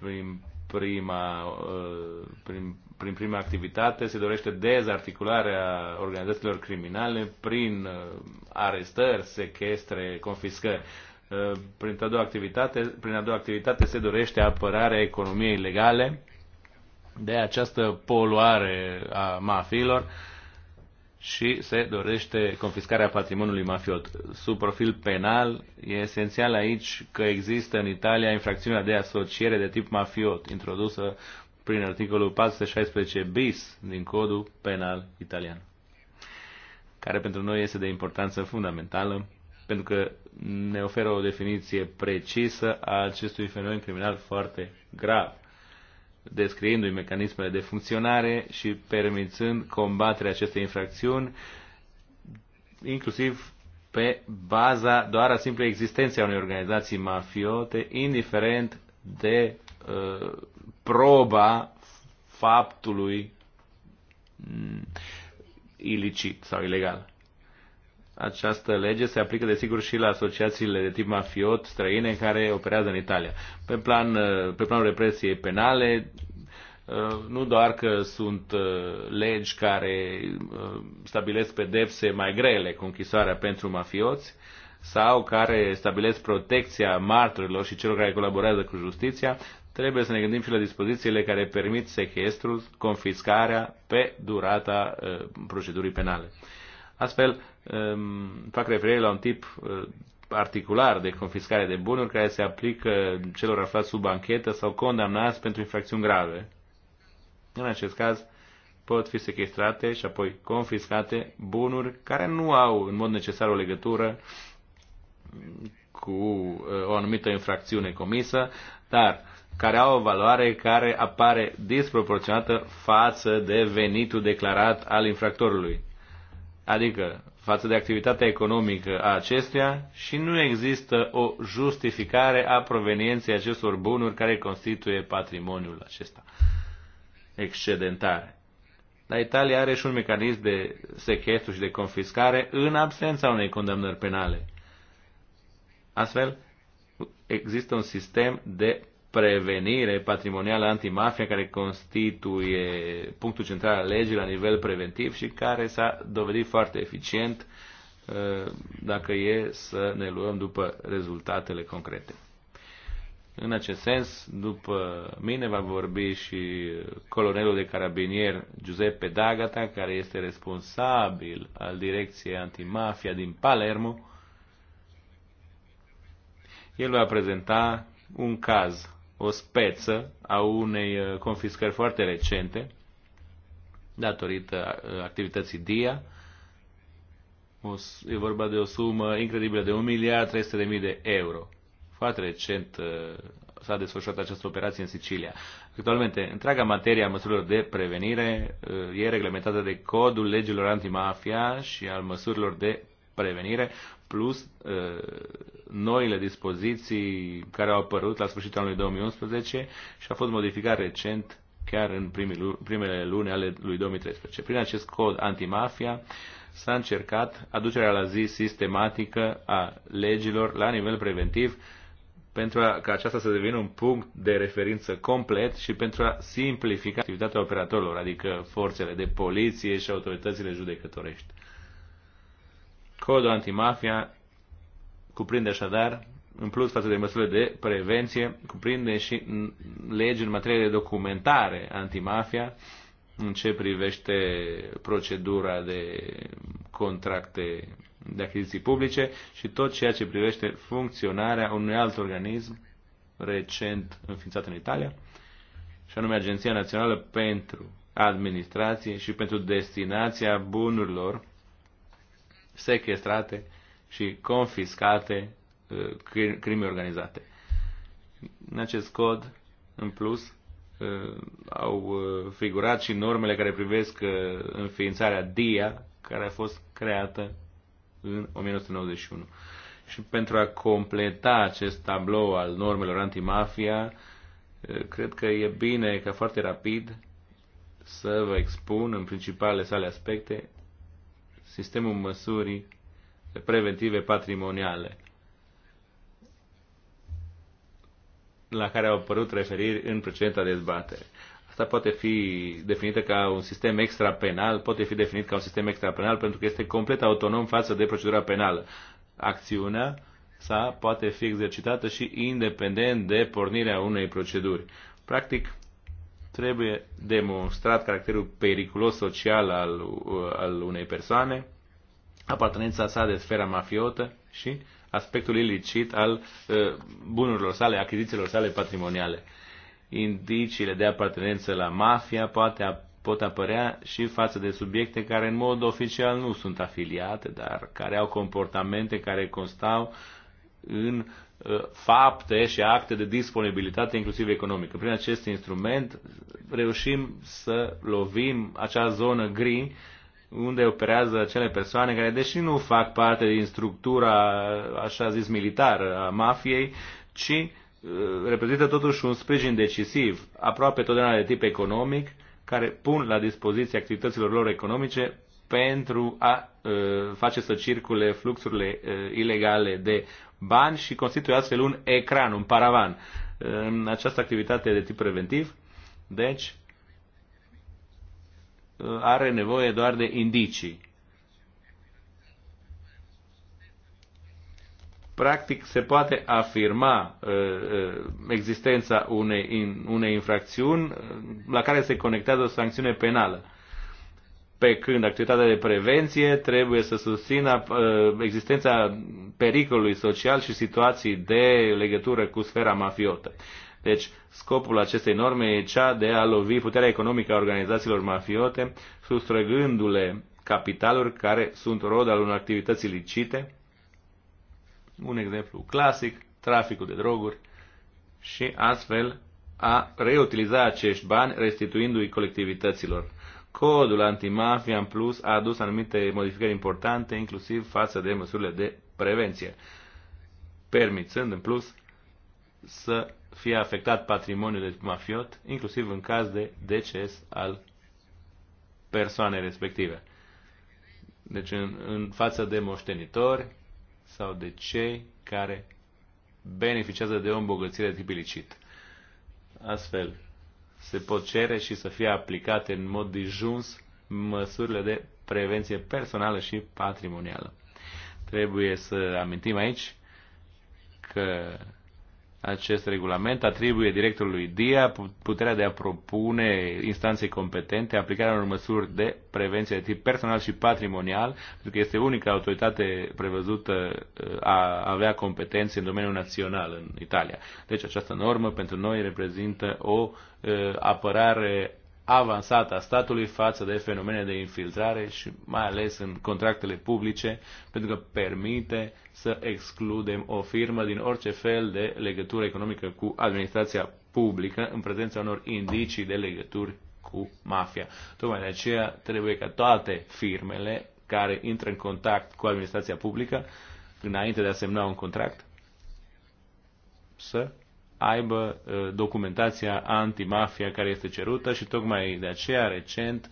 Prin prima, uh, prin, prin prima activitate se dorește dezarticularea organizațiilor criminale prin uh, arestări, sechestre, confiscări. Uh, prin a doua activitate, prin a doua activitate se dorește apărarea economiei legale de această poluare a mafiilor și se dorește confiscarea patrimoniului mafiot. Sub profil penal, e esențial aici că există în Italia infracțiunea de asociere de tip mafiot, introdusă prin articolul 416 bis din codul penal italian, care pentru noi este de importanță fundamentală pentru că ne oferă o definiție precisă a acestui fenomen criminal foarte grav, descriindu-i mecanismele de funcționare și permițând combaterea acestei infracțiuni, inclusiv pe baza doar a simplei existenței a unei organizații mafiote, indiferent de uh, proba faptului mm, ilicit sau ilegal această lege se aplică, desigur, și la asociațiile de tip mafiot străine care operează în Italia. Pe, plan, uh, pe planul represiei penale, uh, nu doar că sunt uh, legi care stabilesc pedepse mai grele cu închisoarea pentru mafioți, sau care stabilesc protecția martorilor și celor care colaborează cu justiția, trebuie să ne gândim și la dispozițiile care permit sechestrul, confiscarea pe durata procedurii penale. Astfel, fac referire la un tip particular uh, de confiscare de bunuri care se aplică celor aflați sub anchetă sau condamnați pentru infracțiuni grave. În acest caz, pot fi sequestrate și apoi confiscate bunuri care nu au în mod necesar o legătură cu uh, o anumită infracțiune comisă, dar care au o valoare care apare disproporționată față de venitul declarat al infractorului. Adică, față de activitatea economică a acestuia și nu există o justificare a provenienței acestor bunuri care constituie patrimoniul acesta excedentare. Dar Italia are și un mecanism de sechestru și de confiscare în absența unei condamnări penale. Astfel, există un sistem de prevenire patrimonială antimafia care constituie punctul central al legii la nivel preventiv și care s-a dovedit foarte eficient uh, dacă e să ne luăm după rezultatele concrete. În acest sens, după mine va vorbi și colonelul de carabinier Giuseppe D'Agata, care este responsabil al direcției antimafia din Palermo. El va prezenta un caz o speță a unei uh, confiscări foarte recente datorită uh, activității DIA. O, e vorba de o sumă incredibilă de 1 miliard 300 de mii de euro. Foarte recent uh, s-a desfășurat această operație în Sicilia. Actualmente, întreaga materie a măsurilor de prevenire e reglementată de codul legilor antimafia și al măsurilor de prevenire, plus noile dispoziții care au apărut la sfârșitul anului 2011 și a fost modificat recent chiar în primele luni ale lui 2013. Prin acest cod antimafia s-a încercat aducerea la zi sistematică a legilor la nivel preventiv pentru a, ca aceasta să devină un punct de referință complet și pentru a simplifica activitatea operatorilor, adică forțele de poliție și autoritățile judecătorești. Codul antimafia cuprinde așadar, în plus față de măsurile de prevenție, cuprinde și legi în materie de documentare antimafia în ce privește procedura de contracte de achiziții publice și tot ceea ce privește funcționarea unui alt organism recent înființat în Italia, și anume Agenția Națională pentru Administrație și pentru destinația bunurilor sequestrate și confiscate uh, crime organizate. În acest cod, în plus, uh, au uh, figurat și normele care privesc înființarea DIA, care a fost creată în 1991. Și pentru a completa acest tablou al normelor antimafia, cred că e bine ca foarte rapid să vă expun în principalele sale aspecte sistemul măsurii preventive patrimoniale, la care au apărut referiri în precedenta dezbatere. Asta poate fi definită ca un sistem extrapenal, poate fi definit ca un sistem extrapenal pentru că este complet autonom față de procedura penală. Acțiunea sa poate fi exercitată și independent de pornirea unei proceduri. Practic, trebuie demonstrat caracterul periculos social al, al unei persoane, apartenența sa de sfera mafiotă și aspectul ilicit al uh, bunurilor sale, achizițiilor sale patrimoniale. Indiciile de apartenență la mafia poate pot apărea și față de subiecte care în mod oficial nu sunt afiliate, dar care au comportamente care constau în uh, fapte și acte de disponibilitate, inclusiv economică. Prin acest instrument reușim să lovim acea zonă gri unde operează acele persoane care, deși nu fac parte din structura, așa zis, militară a mafiei, ci uh, reprezintă totuși un sprijin decisiv, aproape totdeauna de tip economic, care pun la dispoziție activităților lor economice pentru a uh, face să circule fluxurile uh, ilegale de bani și constituie astfel un ecran, un paravan. Uh, această activitate de tip preventiv, deci, Uh, are nevoie doar de indicii. Practic se poate afirma uh, uh, existența unei, unei infracțiuni la care se conectează o sancțiune penală pe când activitatea de prevenție trebuie să susțină existența pericolului social și situații de legătură cu sfera mafiotă. Deci, scopul acestei norme e cea de a lovi puterea economică a organizațiilor mafiote, sustrăgându-le capitaluri care sunt rod al unor activități ilicite. Un exemplu clasic, traficul de droguri și astfel a reutiliza acești bani restituindu-i colectivităților. Codul antimafia în plus a adus anumite modificări importante, inclusiv față de măsurile de prevenție, permițând în plus să fie afectat patrimoniul de mafiot, inclusiv în caz de deces al persoanei respective. Deci în, în față de moștenitori sau de cei care beneficiază de o îmbogățire de tip ilicit. Astfel, se pot cere și să fie aplicate în mod dijuns măsurile de prevenție personală și patrimonială. Trebuie să amintim aici că acest regulament atribuie directorului DIA puterea de a propune instanței competente aplicarea unor măsuri de prevenție de tip personal și patrimonial, pentru că este unica autoritate prevăzută uh, a avea competențe în domeniul național în Italia. Deci această normă pentru noi reprezintă o uh, apărare avansată a statului față de fenomene de infiltrare și mai ales în contractele publice, pentru că permite să excludem o firmă din orice fel de legătură economică cu administrația publică în prezența unor indicii de legături cu mafia. Tocmai de aceea trebuie ca toate firmele care intră în contact cu administrația publică, înainte de a semna un contract, să aibă uh, documentația antimafia care este cerută și tocmai de aceea recent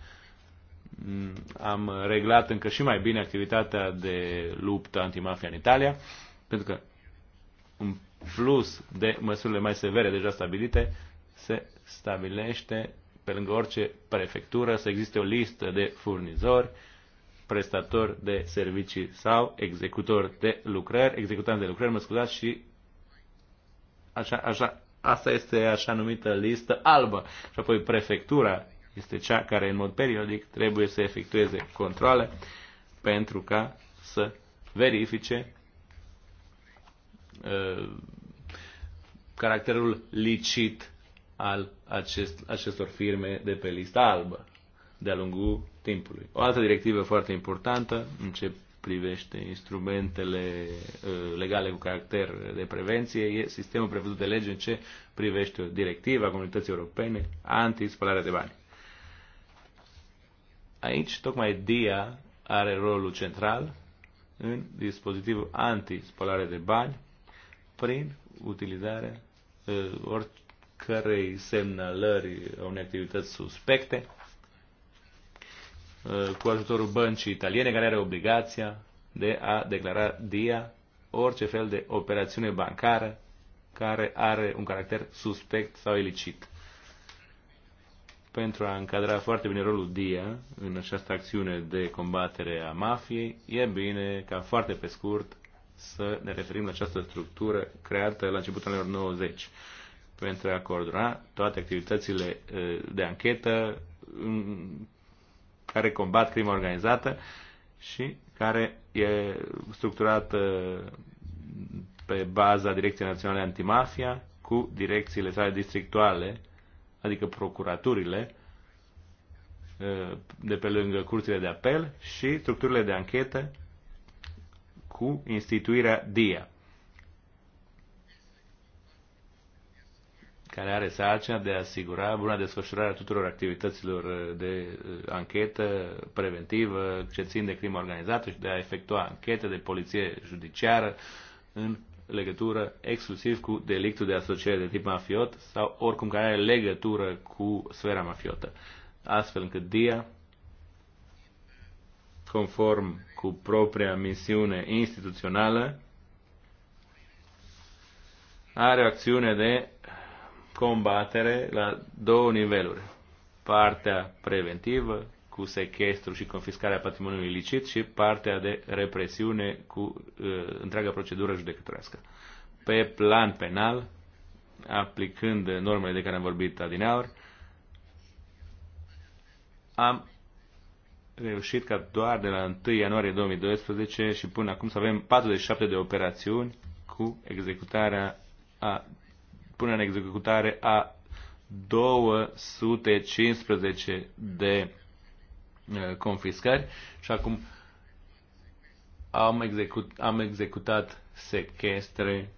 mm, am reglat încă și mai bine activitatea de luptă antimafia în Italia, pentru că în plus de măsurile mai severe deja stabilite, se stabilește pe lângă orice prefectură să existe o listă de furnizori, prestatori de servicii sau executori de lucrări, executanți de lucrări, mă scuzați, și așa, așa, asta este așa numită listă albă. Și apoi prefectura este cea care în mod periodic trebuie să efectueze controle pentru ca să verifice uh, caracterul licit al acest, acestor firme de pe lista albă de-a lungul timpului. O altă directivă foarte importantă în privește instrumentele uh, legale cu caracter de prevenție, e sistemul prevăzut de lege în ce privește o directivă a Comunității Europene anti-spălarea de bani. Aici, tocmai DIA are rolul central în dispozitivul anti-spălare de bani prin utilizarea uh, oricărei semnalări a unei activități suspecte Uh, cu ajutorul băncii italiene care are obligația de a declara DIA orice fel de operațiune bancară care are un caracter suspect sau ilicit. Pentru a încadra foarte bine rolul DIA în această acțiune de combatere a mafiei, e bine ca foarte pe scurt să ne referim la această structură creată la începutul anilor 90 pentru a coordona toate activitățile uh, de anchetă care combat crima organizată și care e structurată uh, pe baza Direcției Naționale Antimafia cu direcțiile sale districtuale, adică procuraturile uh, de pe lângă curțile de apel și structurile de anchetă cu instituirea DIA. care are sarcina de a asigura buna desfășurare a tuturor activităților uh, de uh, anchetă preventivă ce țin de crimă organizată și de a efectua anchete de poliție judiciară în legătură exclusiv cu delictul de asociere de tip mafiot sau oricum care are legătură cu sfera mafiotă. Astfel încât DIA, conform cu propria misiune instituțională, are o acțiune de combatere la două niveluri. Partea preventivă cu sequestru și confiscarea patrimoniului ilicit și partea de represiune cu uh, întreaga procedură judecătorească. Pe plan penal, aplicând normele de care am vorbit adineauri, am reușit ca doar de la 1 ianuarie 2012 și până acum să avem 47 de operațiuni cu executarea a punerea în executare a 215 de eh, confiscări și acum am, execut, am executat sequestre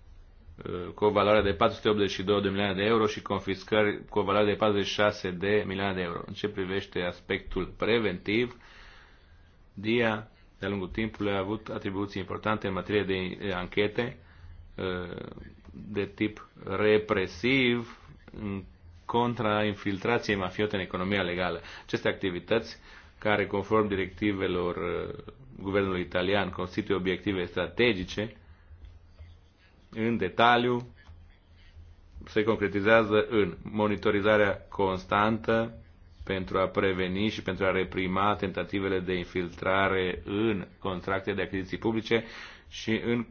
eh, cu o valoare de 482 de milioane de euro și confiscări cu o valoare de 46 de milioane de euro. În ce privește aspectul preventiv, DIA de-a lungul timpului a avut atribuții importante în materie de eh, anchete de tip represiv contra infiltrației mafiote în economia legală. Aceste activități care, conform directivelor uh, guvernului italian, constituie obiective strategice, în detaliu, se concretizează în monitorizarea constantă pentru a preveni și pentru a reprima tentativele de infiltrare în contracte de achiziții publice și în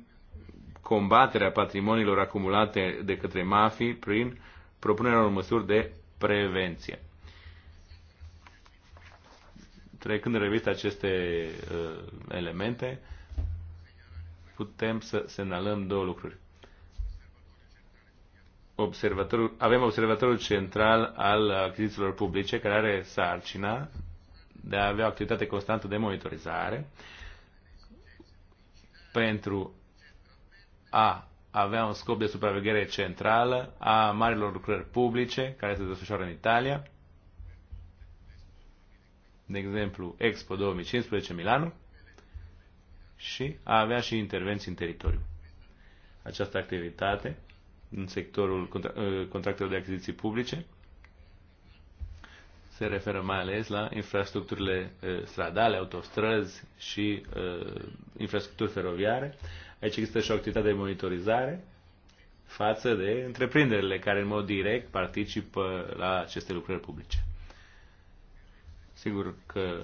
combaterea patrimoniilor acumulate de către mafii prin propunerea unor măsuri de prevenție. Trecând în revistă aceste uh, elemente, putem să semnalăm două lucruri. Observatorul, avem observatorul central al achizițiilor publice, care are sarcina de a avea o activitate constantă de monitorizare pentru a. Avea un scop de supraveghere centrală a marilor lucrări publice care se desfășoară în Italia, de exemplu Expo 2015 Milano, și a avea și intervenții în teritoriu. Această activitate în sectorul ă, contractelor de achiziții publice se referă mai ales la infrastructurile ă, stradale, autostrăzi și ă, infrastructuri feroviare Aici există și o activitate de monitorizare față de întreprinderile care în mod direct participă la aceste lucrări publice. Sigur că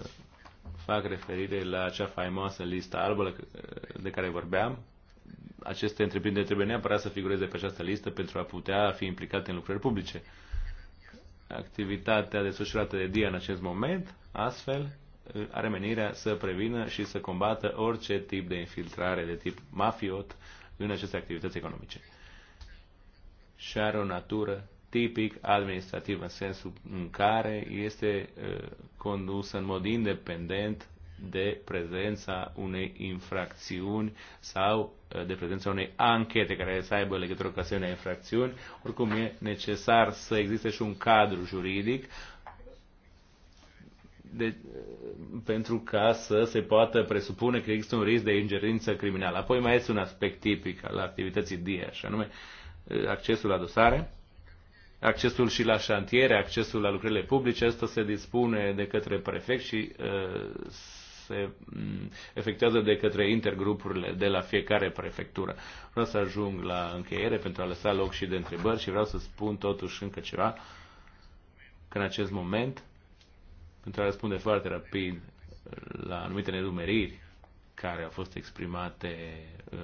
fac referire la acea faimoasă listă albă de care vorbeam. Aceste întreprinderi trebuie neapărat să figureze pe această listă pentru a putea fi implicate în lucrări publice. Activitatea desfășurată de DIA în acest moment, astfel, are menirea să prevină și să combată orice tip de infiltrare de tip mafiot în aceste activități economice. Și are o natură tipic administrativă în sensul în care este uh, condusă în mod independent de prezența unei infracțiuni sau uh, de prezența unei anchete care să aibă legătură cu asemenea infracțiuni. Oricum e necesar să existe și un cadru juridic de, pentru ca să se poată presupune că există un risc de ingerință criminală. Apoi mai este un aspect tipic al activității DIA, și anume accesul la dosare, accesul și la șantiere, accesul la lucrările publice. Asta se dispune de către prefect și uh, se mm, efectuează de către intergrupurile de la fiecare prefectură. Vreau să ajung la încheiere pentru a lăsa loc și de întrebări și vreau să spun totuși încă ceva, că în acest moment pentru a răspunde foarte rapid la anumite nedumeriri care au fost exprimate uh,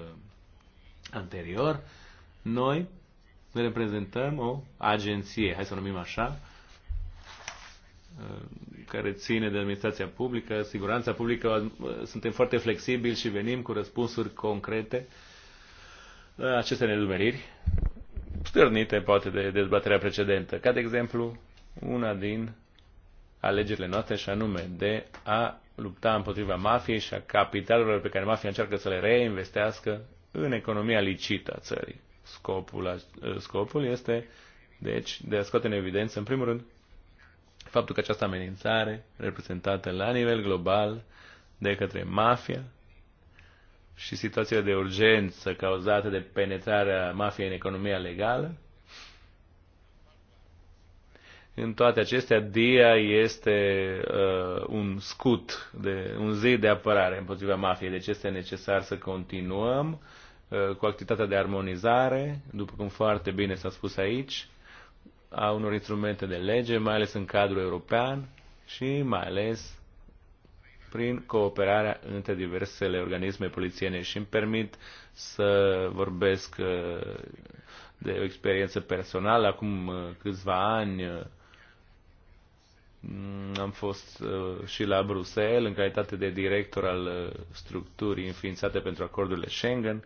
anterior, noi ne reprezentăm o agenție, hai să o numim așa, uh, care ține de administrația publică, siguranța publică, uh, suntem foarte flexibili și venim cu răspunsuri concrete la aceste nedumeriri, stârnite poate de dezbaterea precedentă, ca de exemplu una din alegerile noastre și anume de a lupta împotriva mafiei și a capitalurilor pe care mafia încearcă să le reinvestească în economia licită a țării. Scopul, scopul este, deci, de a scoate în evidență, în primul rând, faptul că această amenințare reprezentată la nivel global de către mafia și situația de urgență cauzată de penetrarea mafiei în economia legală în toate acestea, DIA este uh, un scut, de, un zid de apărare împotriva mafiei, deci este necesar să continuăm uh, cu activitatea de armonizare, după cum foarte bine s-a spus aici, a unor instrumente de lege, mai ales în cadrul european și mai ales prin cooperarea între diversele organisme polițiene și îmi permit să vorbesc uh, de o experiență personală. Acum uh, câțiva ani uh, Mm, am fost uh, și la Bruxelles în calitate de director al uh, structurii înființate pentru acordurile Schengen.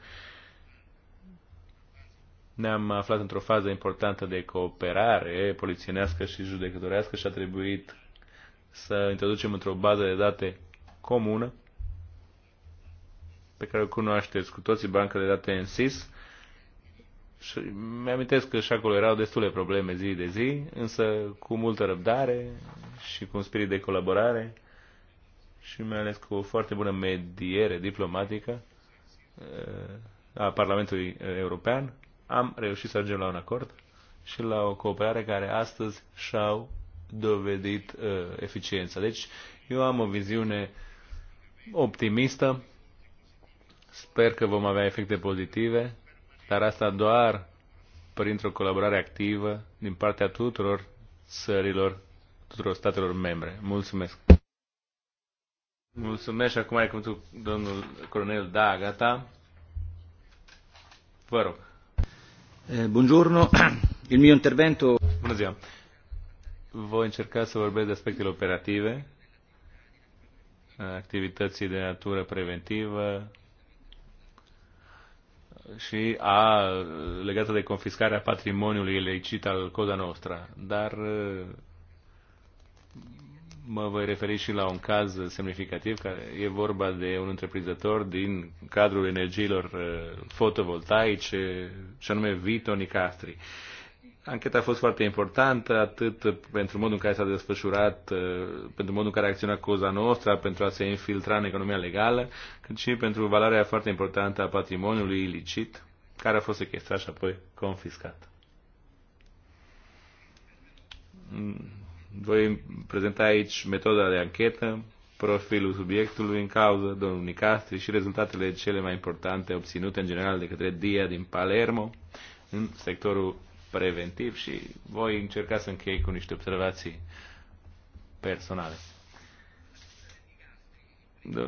Ne-am aflat într-o fază importantă de cooperare polițienească și judecătorească și a trebuit să introducem într-o bază de date comună pe care o cunoașteți cu toții, banca de date în SIS mi-amintesc că și acolo erau destule probleme zi de zi, însă cu multă răbdare și cu un spirit de colaborare și mai ales cu o foarte bună mediere diplomatică eh, a Parlamentului European, am reușit să ajungem la un acord și la o cooperare care astăzi și-au dovedit uh, eficiența. Deci eu am o viziune optimistă, sper că vom avea efecte pozitive dar asta doar printr-o colaborare activă din partea tuturor țărilor, tuturor statelor membre. Mulțumesc! Mulțumesc și acum ai cuvântul domnul colonel Dagata. Vă rog. Eh, buongiorno, il mio intervento... Bună ziua! Voi încerca să vorbesc de aspectele operative, activității de natură preventivă, și a legată de confiscarea patrimoniului ilicit al Coda Nostra. Dar uh, mă voi referi și la un caz semnificativ, care e vorba de un întreprinzător din cadrul energiilor uh, fotovoltaice, și anume Vito Nicastri. Uh, Ancheta a fost foarte importantă, atât pentru modul în care s-a desfășurat, uh, pentru modul în care a acționat Coza noastră, pentru a se infiltra în economia legală, cât și pentru valoarea foarte importantă a patrimoniului ilicit, care a fost sequestrat și apoi confiscat. Mm, voi prezenta aici metoda de anchetă, profilul subiectului în cauză, domnul Nicastri și rezultatele cele mai importante obținute în general de către DIA din Palermo în sectorul preventiv și voi încerca să închei cu niște observații personale.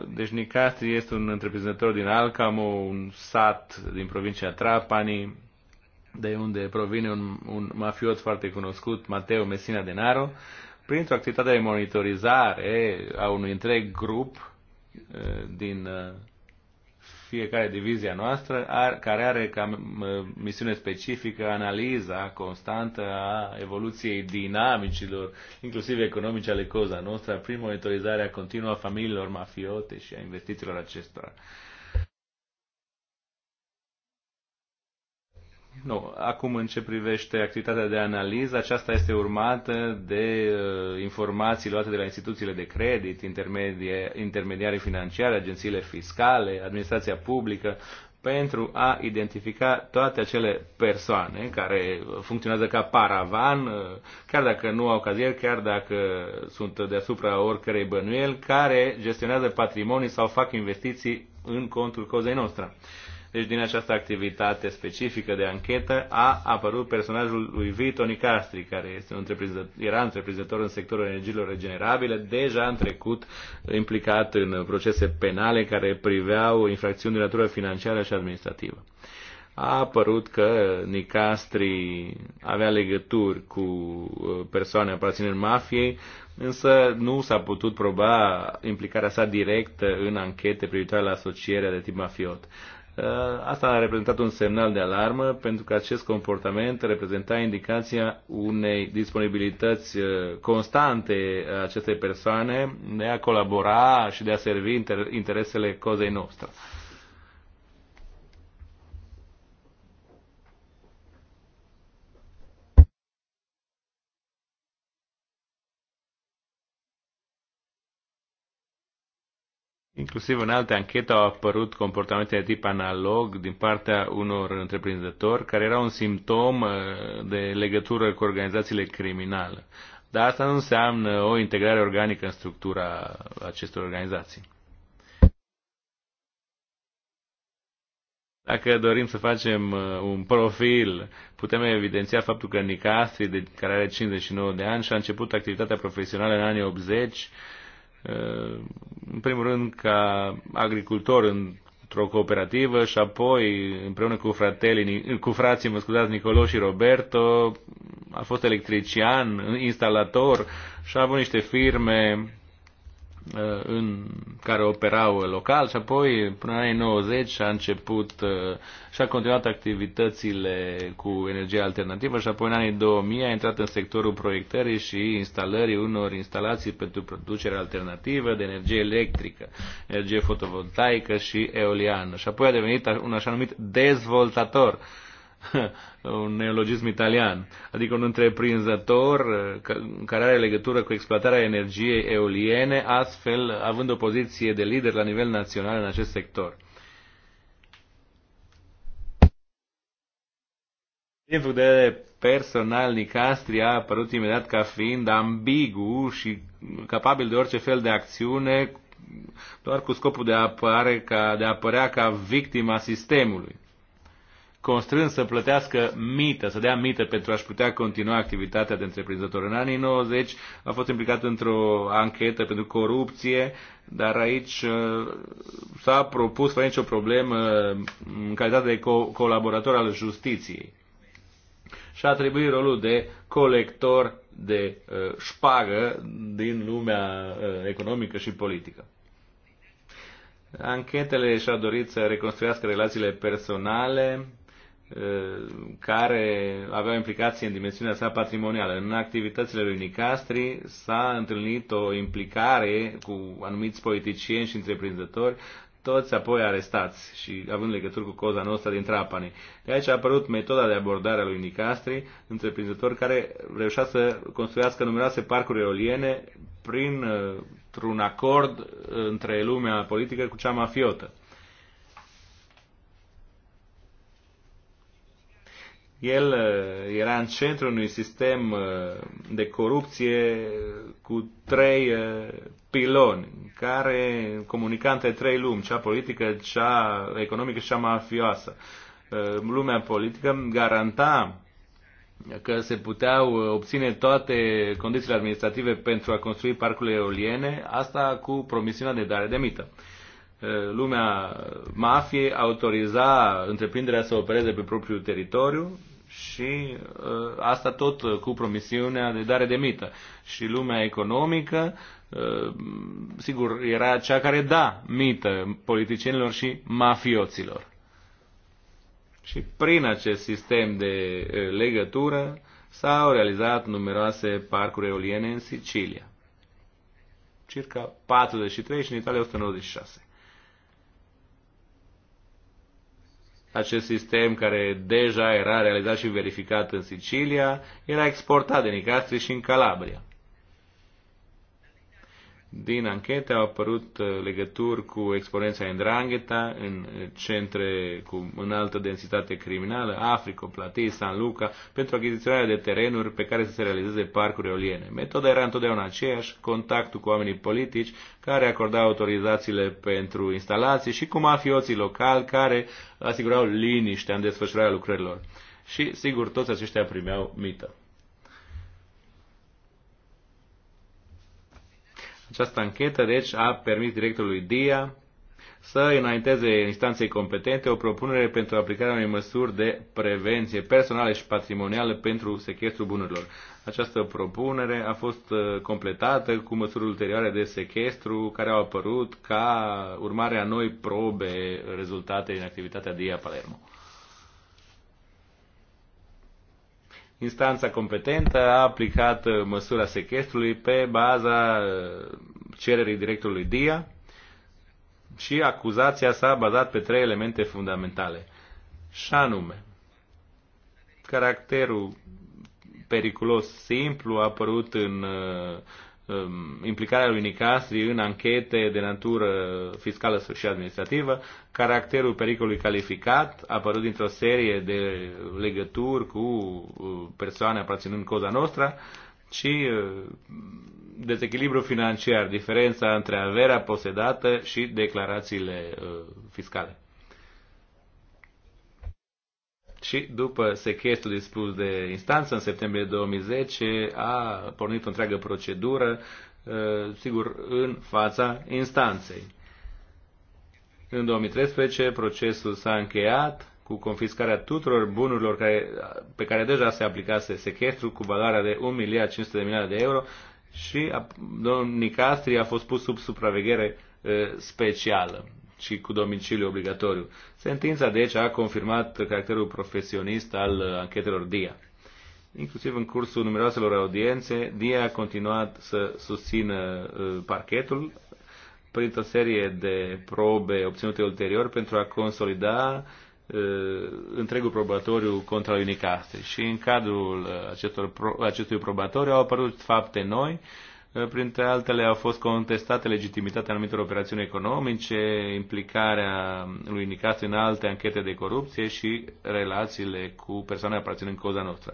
Deci Nicastri este un întreprinzător din Alcamo, un sat din provincia Trapani, de unde provine un, un mafiot foarte cunoscut, Mateo Messina Denaro, printr-o activitate de monitorizare a unui întreg grup eh, din eh, fiecare divizia noastră, ar, care are ca misiune specifică analiza constantă a evoluției dinamicilor, inclusiv economice ale coza noastră, prin monitorizarea continuă a familiilor mafiote și a investițiilor acestora. Uh, Nu. Acum, în ce privește activitatea de analiză, aceasta este urmată de uh, informații luate de la instituțiile de credit, intermediarii financiare, agențiile fiscale, administrația publică, pentru a identifica toate acele persoane care funcționează ca paravan, uh, chiar dacă nu au cazier, chiar dacă sunt deasupra oricărei bănuieli, care gestionează patrimonii sau fac investiții în contul cozei noastre. Uh, deci din această activitate specifică de anchetă a apărut personajul lui Vito Nicastri, care este un întreprinzător, era întreprinzător în sectorul energiilor regenerabile, deja în trecut implicat în procese penale care priveau infracțiuni de natură financiară și administrativă a apărut că Nicastri avea legături cu uh, persoane aparținând mafiei, însă nu s-a putut proba implicarea sa directă în anchete privitoare la asocierea de tip mafiot. Uh, asta a reprezentat un semnal de alarmă pentru că acest comportament reprezenta indicația unei disponibilități uh, constante a acestei persoane de a colabora și de a servi interesele cozei noastre. Inclusiv în alte anchete au apărut comportamente de tip analog din partea unor întreprinzători care era un simptom uh, de legătură cu organizațiile criminale. Dar asta nu înseamnă o integrare organică în structura acestor organizații. Dacă dorim să facem uh, un profil, putem evidenția faptul că Nicastri, care are 59 de ani și a început activitatea profesională în anii 80, în primul rând ca agricultor într-o cooperativă și apoi împreună cu fratele, cu frații, mă scuzați, Nicolo și Roberto, a fost electrician, instalator și a avut niște firme Uh, în care operau local și apoi până în anii 90 a început uh, și a continuat activitățile cu energie alternativă și apoi în anii 2000 a intrat în sectorul proiectării și instalării unor instalații pentru producere alternativă de energie electrică, energie fotovoltaică și eoliană și apoi a devenit un așa numit dezvoltator *laughs* un neologism italian, adică un întreprinzător uh, care are legătură cu exploatarea energiei eoliene, astfel având o poziție de lider la nivel național în acest sector. Din punct de vedere personal, Nicastri a apărut imediat ca fiind ambigu și capabil de orice fel de acțiune, doar cu scopul de a, apare ca, de a apărea ca victima sistemului constrâns să plătească mită, să dea mită pentru a-și putea continua activitatea de întreprinzător. În anii 90 a fost implicat într-o anchetă pentru corupție, dar aici uh, s-a propus fără nicio problemă în calitate de co- colaborator al justiției. Și a atribuit rolul de colector de uh, șpagă din lumea uh, economică și politică. Anchetele și-au dorit să reconstruiască relațiile personale care aveau implicații în dimensiunea sa patrimonială. În activitățile lui Nicastri s-a întâlnit o implicare cu anumiți politicieni și întreprinzători, toți apoi arestați și având legături cu coza noastră din Trapani. De aici a apărut metoda de abordare a lui Nicastri, întreprinzător care reușea să construiască numeroase parcuri eoliene prin uh, un acord uh, între lumea politică cu cea mafiotă. El uh, era în centrul unui sistem uh, de corupție cu trei uh, piloni care comunica între trei lumi, cea politică, cea economică și cea mafioasă. Lumea politică garanta că se puteau obține toate condițiile administrative pentru a construi parcurile eoliene, asta cu promisiunea de dare de mită. Lumea mafiei autoriza întreprinderea să opereze pe propriul teritoriu și uh, asta tot uh, cu promisiunea de dare de mită. Și lumea economică, uh, sigur, era cea care da mită politicienilor și mafioților. Și prin acest sistem de uh, legătură s-au realizat numeroase parcuri eoliene în Sicilia. Circa 43 și în Italia 196. acest sistem care deja era realizat și verificat în Sicilia, era exportat de Nicastri și în Calabria. Din anchete au apărut uh, legături cu exponența Ndrangheta în uh, centre cu înaltă densitate criminală, Africa, Platii, San Luca, pentru achiziționarea de terenuri pe care să se realizeze parcuri eoliene. Metoda era întotdeauna aceeași, contactul cu oamenii politici care acordau autorizațiile pentru instalații și cu mafioții locali care asigurau liniștea în desfășurarea lucrărilor. Și, sigur, toți aceștia primeau mită. Această anchetă, deci, a permis directorului DIA să înainteze instanței competente o propunere pentru aplicarea unei măsuri de prevenție personală și patrimonială pentru sechestrul bunurilor. Această propunere a fost uh, completată cu măsuri ulterioare de sequestru care au apărut ca urmare a noi probe rezultate din activitatea DIA Palermo. instanța competentă a aplicat uh, măsura sequestrului pe baza uh, cererii directorului DIA și acuzația s-a bazat pe trei elemente fundamentale. Și anume, caracterul periculos simplu apărut în uh, Um, implicarea lui Nicastri în anchete de natură fiscală și administrativă, caracterul pericolului calificat, apărut dintr-o serie de legături cu uh, persoane aparținând Coza noastră, și uh, dezechilibru financiar, diferența între averea posedată și declarațiile uh, fiscale. Și după sechestrul dispus de instanță, în septembrie 2010, a pornit o întreagă procedură, uh, sigur, în fața instanței. În 2013, procesul s-a încheiat cu confiscarea tuturor bunurilor care, pe care deja se aplicase sequestru cu valoarea de 1 miliard 500 de milioane de euro și domnul Nicastri a fost pus sub supraveghere uh, specială și cu domiciliu obligatoriu. Sentința, deci, a confirmat caracterul profesionist al uh, anchetelor DIA. Inclusiv în cursul numeroaselor audiențe, DIA a continuat să susțină uh, parchetul printr-o serie de probe obținute ulterior pentru a consolida uh, întregul probatoriu contra lui Nicastri. Și în cadrul acestor, acestui probatoriu au apărut fapte noi, uh, Eh, printre altele au fost contestate legitimitatea anumitor operațiuni economice, implicarea lui Nicas în alte anchete de corupție și relațiile cu persoane aparținând coza noastră.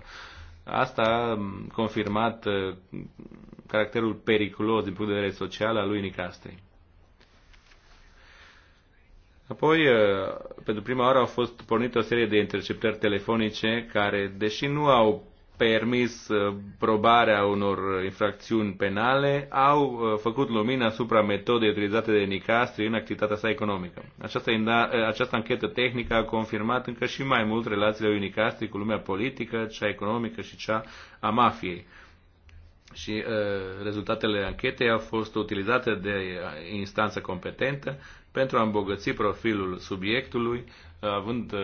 Asta a mm, confirmat eh, caracterul periculos din punct de vedere social al lui Nicastri. Apoi, eh, pentru prima oară au fost pornite o serie de interceptări telefonice care, deși nu au permis uh, probarea unor infracțiuni penale, au uh, făcut lumină asupra metodei utilizate de Nicastri în activitatea sa economică. Această, uh, această anchetă tehnică a confirmat încă și mai mult relațiile lui Nicastri cu lumea politică, cea economică și cea a mafiei. Și uh, rezultatele anchetei au fost utilizate de instanță competentă pentru a îmbogăți profilul subiectului, având uh,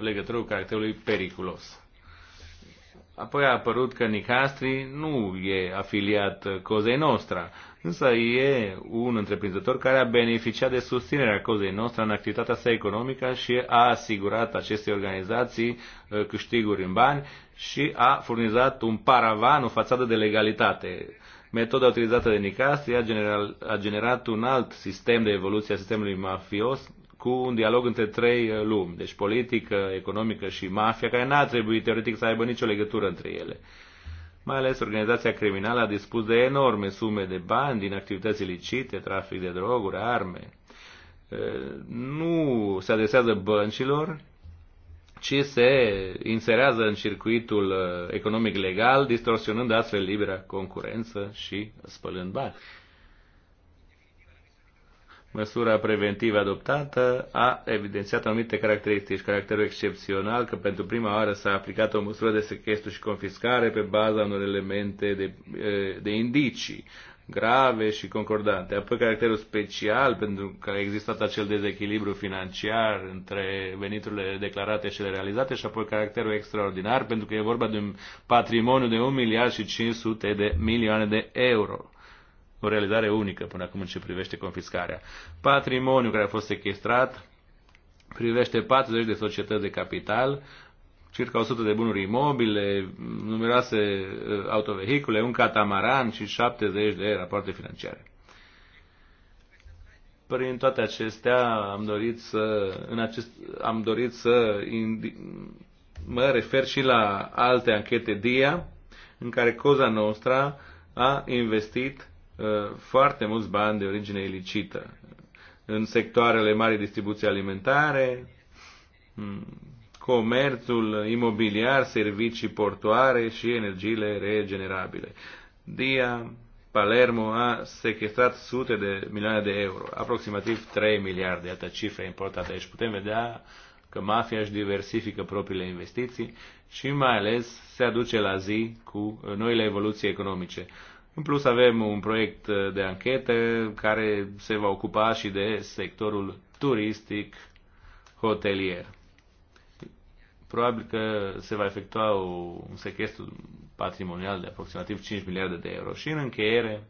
legătură cu caracterul periculos. Apoi a apărut că Nicastri nu e afiliat Cozei Nostra, însă e un întreprinzător care a beneficiat de susținerea Cozei Nostra în activitatea sa economică și a asigurat acestei organizații uh, câștiguri în bani și a furnizat un paravan, o fațadă de legalitate. Metoda utilizată de Nicastri a, general, a generat un alt sistem de evoluție a sistemului mafios cu un dialog între trei uh, lumi, deci politică, economică și mafia, care n-a trebuit teoretic să aibă nicio legătură între ele. Mai ales organizația criminală a dispus de enorme sume de bani din activități ilicite, trafic de droguri, arme. Uh, nu se adresează băncilor, ci se inserează în circuitul uh, economic legal, distorsionând astfel libera concurență și spălând bani. Măsura preventivă adoptată a evidențiat anumite caracteristici. Caracterul excepțional că pentru prima oară s-a aplicat o măsură de sequestru și confiscare pe baza unor elemente de, de indicii grave și concordante. Apoi caracterul special pentru că a existat acel dezechilibru financiar între veniturile declarate și cele realizate și apoi caracterul extraordinar pentru că e vorba de un patrimoniu de 1 miliard și 500 de milioane de euro o realizare unică până acum în ce privește confiscarea. Patrimoniul care a fost sequestrat privește 40 de societăți de capital, circa 100 de bunuri imobile, numeroase uh, autovehicule, un catamaran și 70 de rapoarte financiare. Prin toate acestea am dorit să, în acest, am dorit să indi, mă refer și la alte anchete DIA, în care Coza Nostra a investit Uh, foarte mulți bani de origine ilicită în sectoarele mari distribuții alimentare, hmm, comerțul imobiliar, servicii portoare și energiile regenerabile. Dia Palermo a sequestrat sute de milioane de euro, aproximativ 3 miliarde, iată cifre importante. Deci putem vedea că mafia își diversifică propriile investiții și mai ales se aduce la zi cu noile evoluții economice. În plus avem un proiect uh, de anchetă care se va ocupa și de sectorul turistic hotelier. Probabil că se va efectua un sechestru patrimonial de aproximativ 5 miliarde de euro. Și în încheiere,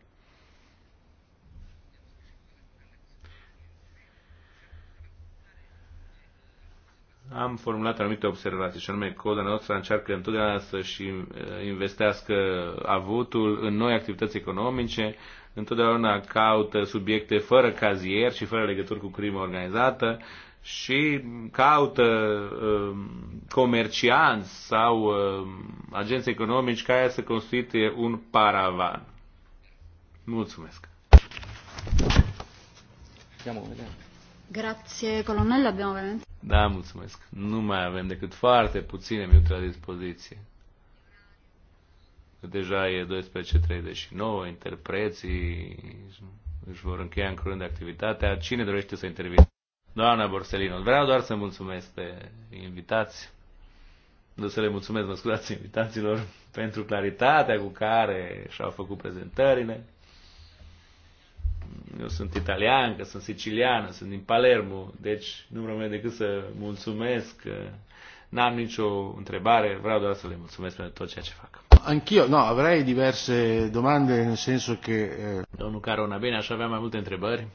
am formulat anumite observații, și anume coda noastră încearcă întotdeauna să-și eh, investească avutul în noi activități economice, întotdeauna caută subiecte fără cazier și fără legături cu crimă organizată și caută uh, comercianți sau uh, agenți economici care să constituie un paravan. Mulțumesc! Andiamo mă vedere. Grație, colonel veramente. Da, mulțumesc. Nu mai avem decât foarte puține minute la dispoziție. Deja e 12.39, interpreții își vor încheia în curând activitatea. Cine dorește să intervină? Doamna Borselino, vreau doar să mulțumesc pe invitați, nu să le mulțumesc, mă scuzați, invitaților, pentru claritatea cu care și-au făcut prezentările eu sunt italian, că sunt siciliană, sunt din Palermo, deci nu-mi rămâne decât să mulțumesc. N-am nicio întrebare, vreau doar să le mulțumesc pentru tot ceea ce fac. Anch'io, no, avrei diverse domande, nel senso che... Eh... Domnul Carona, bine, aș avea mai multe întrebări.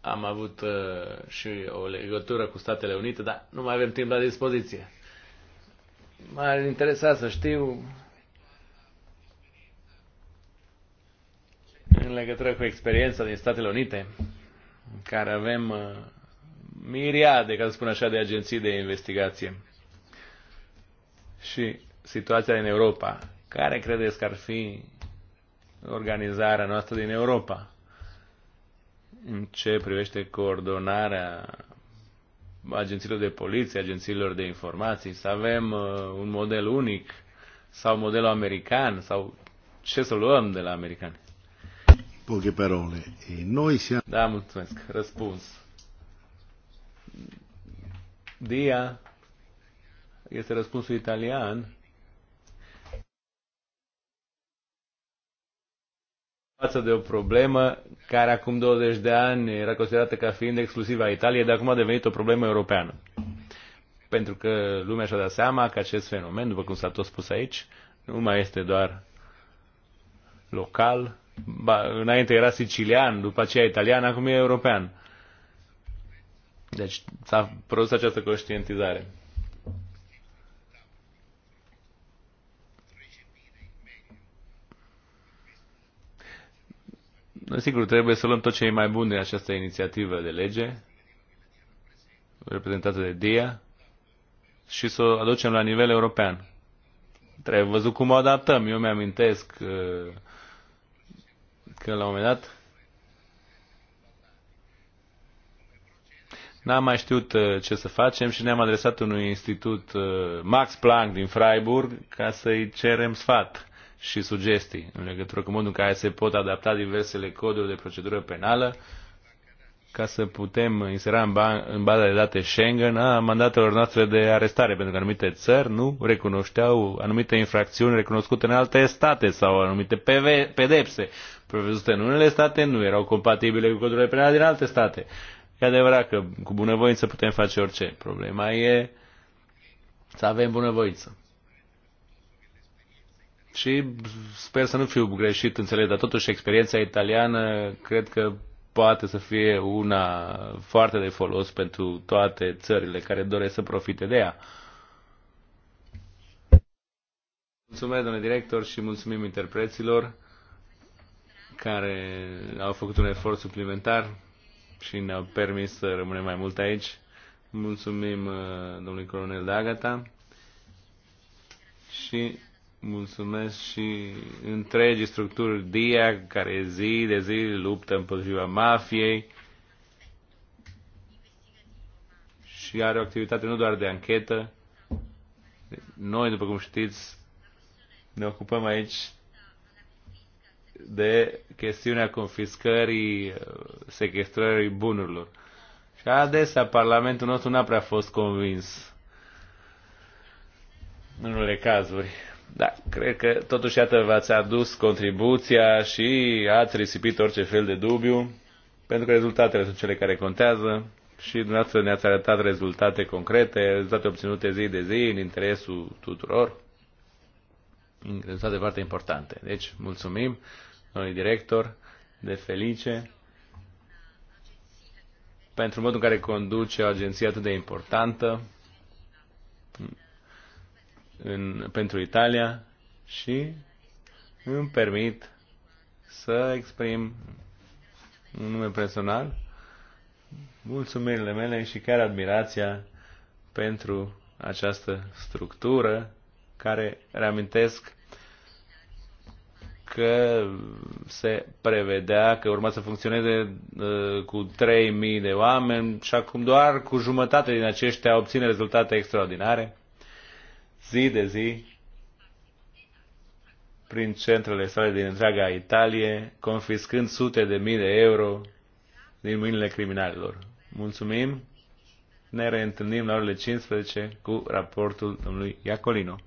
Am avut uh, și o legătură cu Statele Unite, dar nu mai avem timp la dispoziție. M-ar interesa să știu în legătură cu experiența din Statele Unite, în care avem uh, miriade, ca să spun așa, de agenții de investigație. Și situația din Europa. Care credeți că ar fi organizarea noastră din Europa? În ce privește coordonarea agențiilor de poliție, agențiilor de informații, să avem uh, un model unic sau modelul american sau ce să luăm de la americani? poche parole. E noi siamo... Da, mulțumesc. Răspuns. Dia este răspunsul italian. față de o problemă care acum 20 de ani era considerată ca fiind exclusivă a Italiei, dar acum a devenit o problemă europeană. Pentru că lumea și-a dat seama că acest fenomen, după cum s-a tot spus aici, nu mai este doar local, ba, înainte era sicilian, după aceea italian, acum e european. Deci s-a produs această conștientizare. Sigur, trebuie să luăm tot ce e mai bun din această inițiativă de lege reprezentată de DIA și să o aducem la nivel european. Trebuie văzut cum o adaptăm. Eu mi-amintesc uh, că la un moment dat n-am mai știut uh, ce să facem și ne-am adresat unui institut uh, Max Planck din Freiburg ca să-i cerem sfat și sugestii în legătură cu modul în care se pot adapta diversele coduri de procedură penală ca să putem insera în, ba- în baza de date Schengen a mandatelor noastre de arestare, pentru că anumite țări nu recunoșteau anumite infracțiuni recunoscute în alte state sau anumite pedepse prevăzute în unele state nu erau compatibile cu codurile penale din alte state. E adevărat că cu bunăvoință putem face orice. Problema e să avem bunăvoință. Și sper să nu fiu greșit înțeles, dar totuși experiența italiană cred că poate să fie una foarte de folos pentru toate țările care doresc să profite de ea. Mulțumesc, domnule director, și mulțumim interpreților care au făcut un efort suplimentar și ne-au permis să rămânem mai mult aici. Mulțumim uh, domnului colonel Dagata și mulțumesc și întregii structuri DIA care zi de zi luptă împotriva mafiei și are o activitate nu doar de anchetă. Noi, după cum știți, ne ocupăm aici de chestiunea confiscării, sequestrării bunurilor. Și adesea Parlamentul nostru n-a prea fost convins în unele cazuri. Da, cred că totuși iată v-ați adus contribuția și ați risipit orice fel de dubiu, pentru că rezultatele sunt cele care contează și dumneavoastră ne-ați arătat rezultate concrete, rezultate obținute zi de zi în interesul tuturor rezultate foarte importante. Deci, mulțumim, noi director, de felice, pentru modul în care conduce o agenție atât de importantă în, pentru Italia și îmi permit să exprim un nume personal mulțumirile mele și chiar admirația pentru această structură care reamintesc că se prevedea că urma să funcționeze uh, cu 3.000 de oameni și acum doar cu jumătate din aceștia obține rezultate extraordinare zi de zi prin centrele sale din întreaga Italie, confiscând sute de mii de euro din mâinile criminalilor. Mulțumim! Ne reîntâlnim la orele 15 cu raportul domnului Iacolino.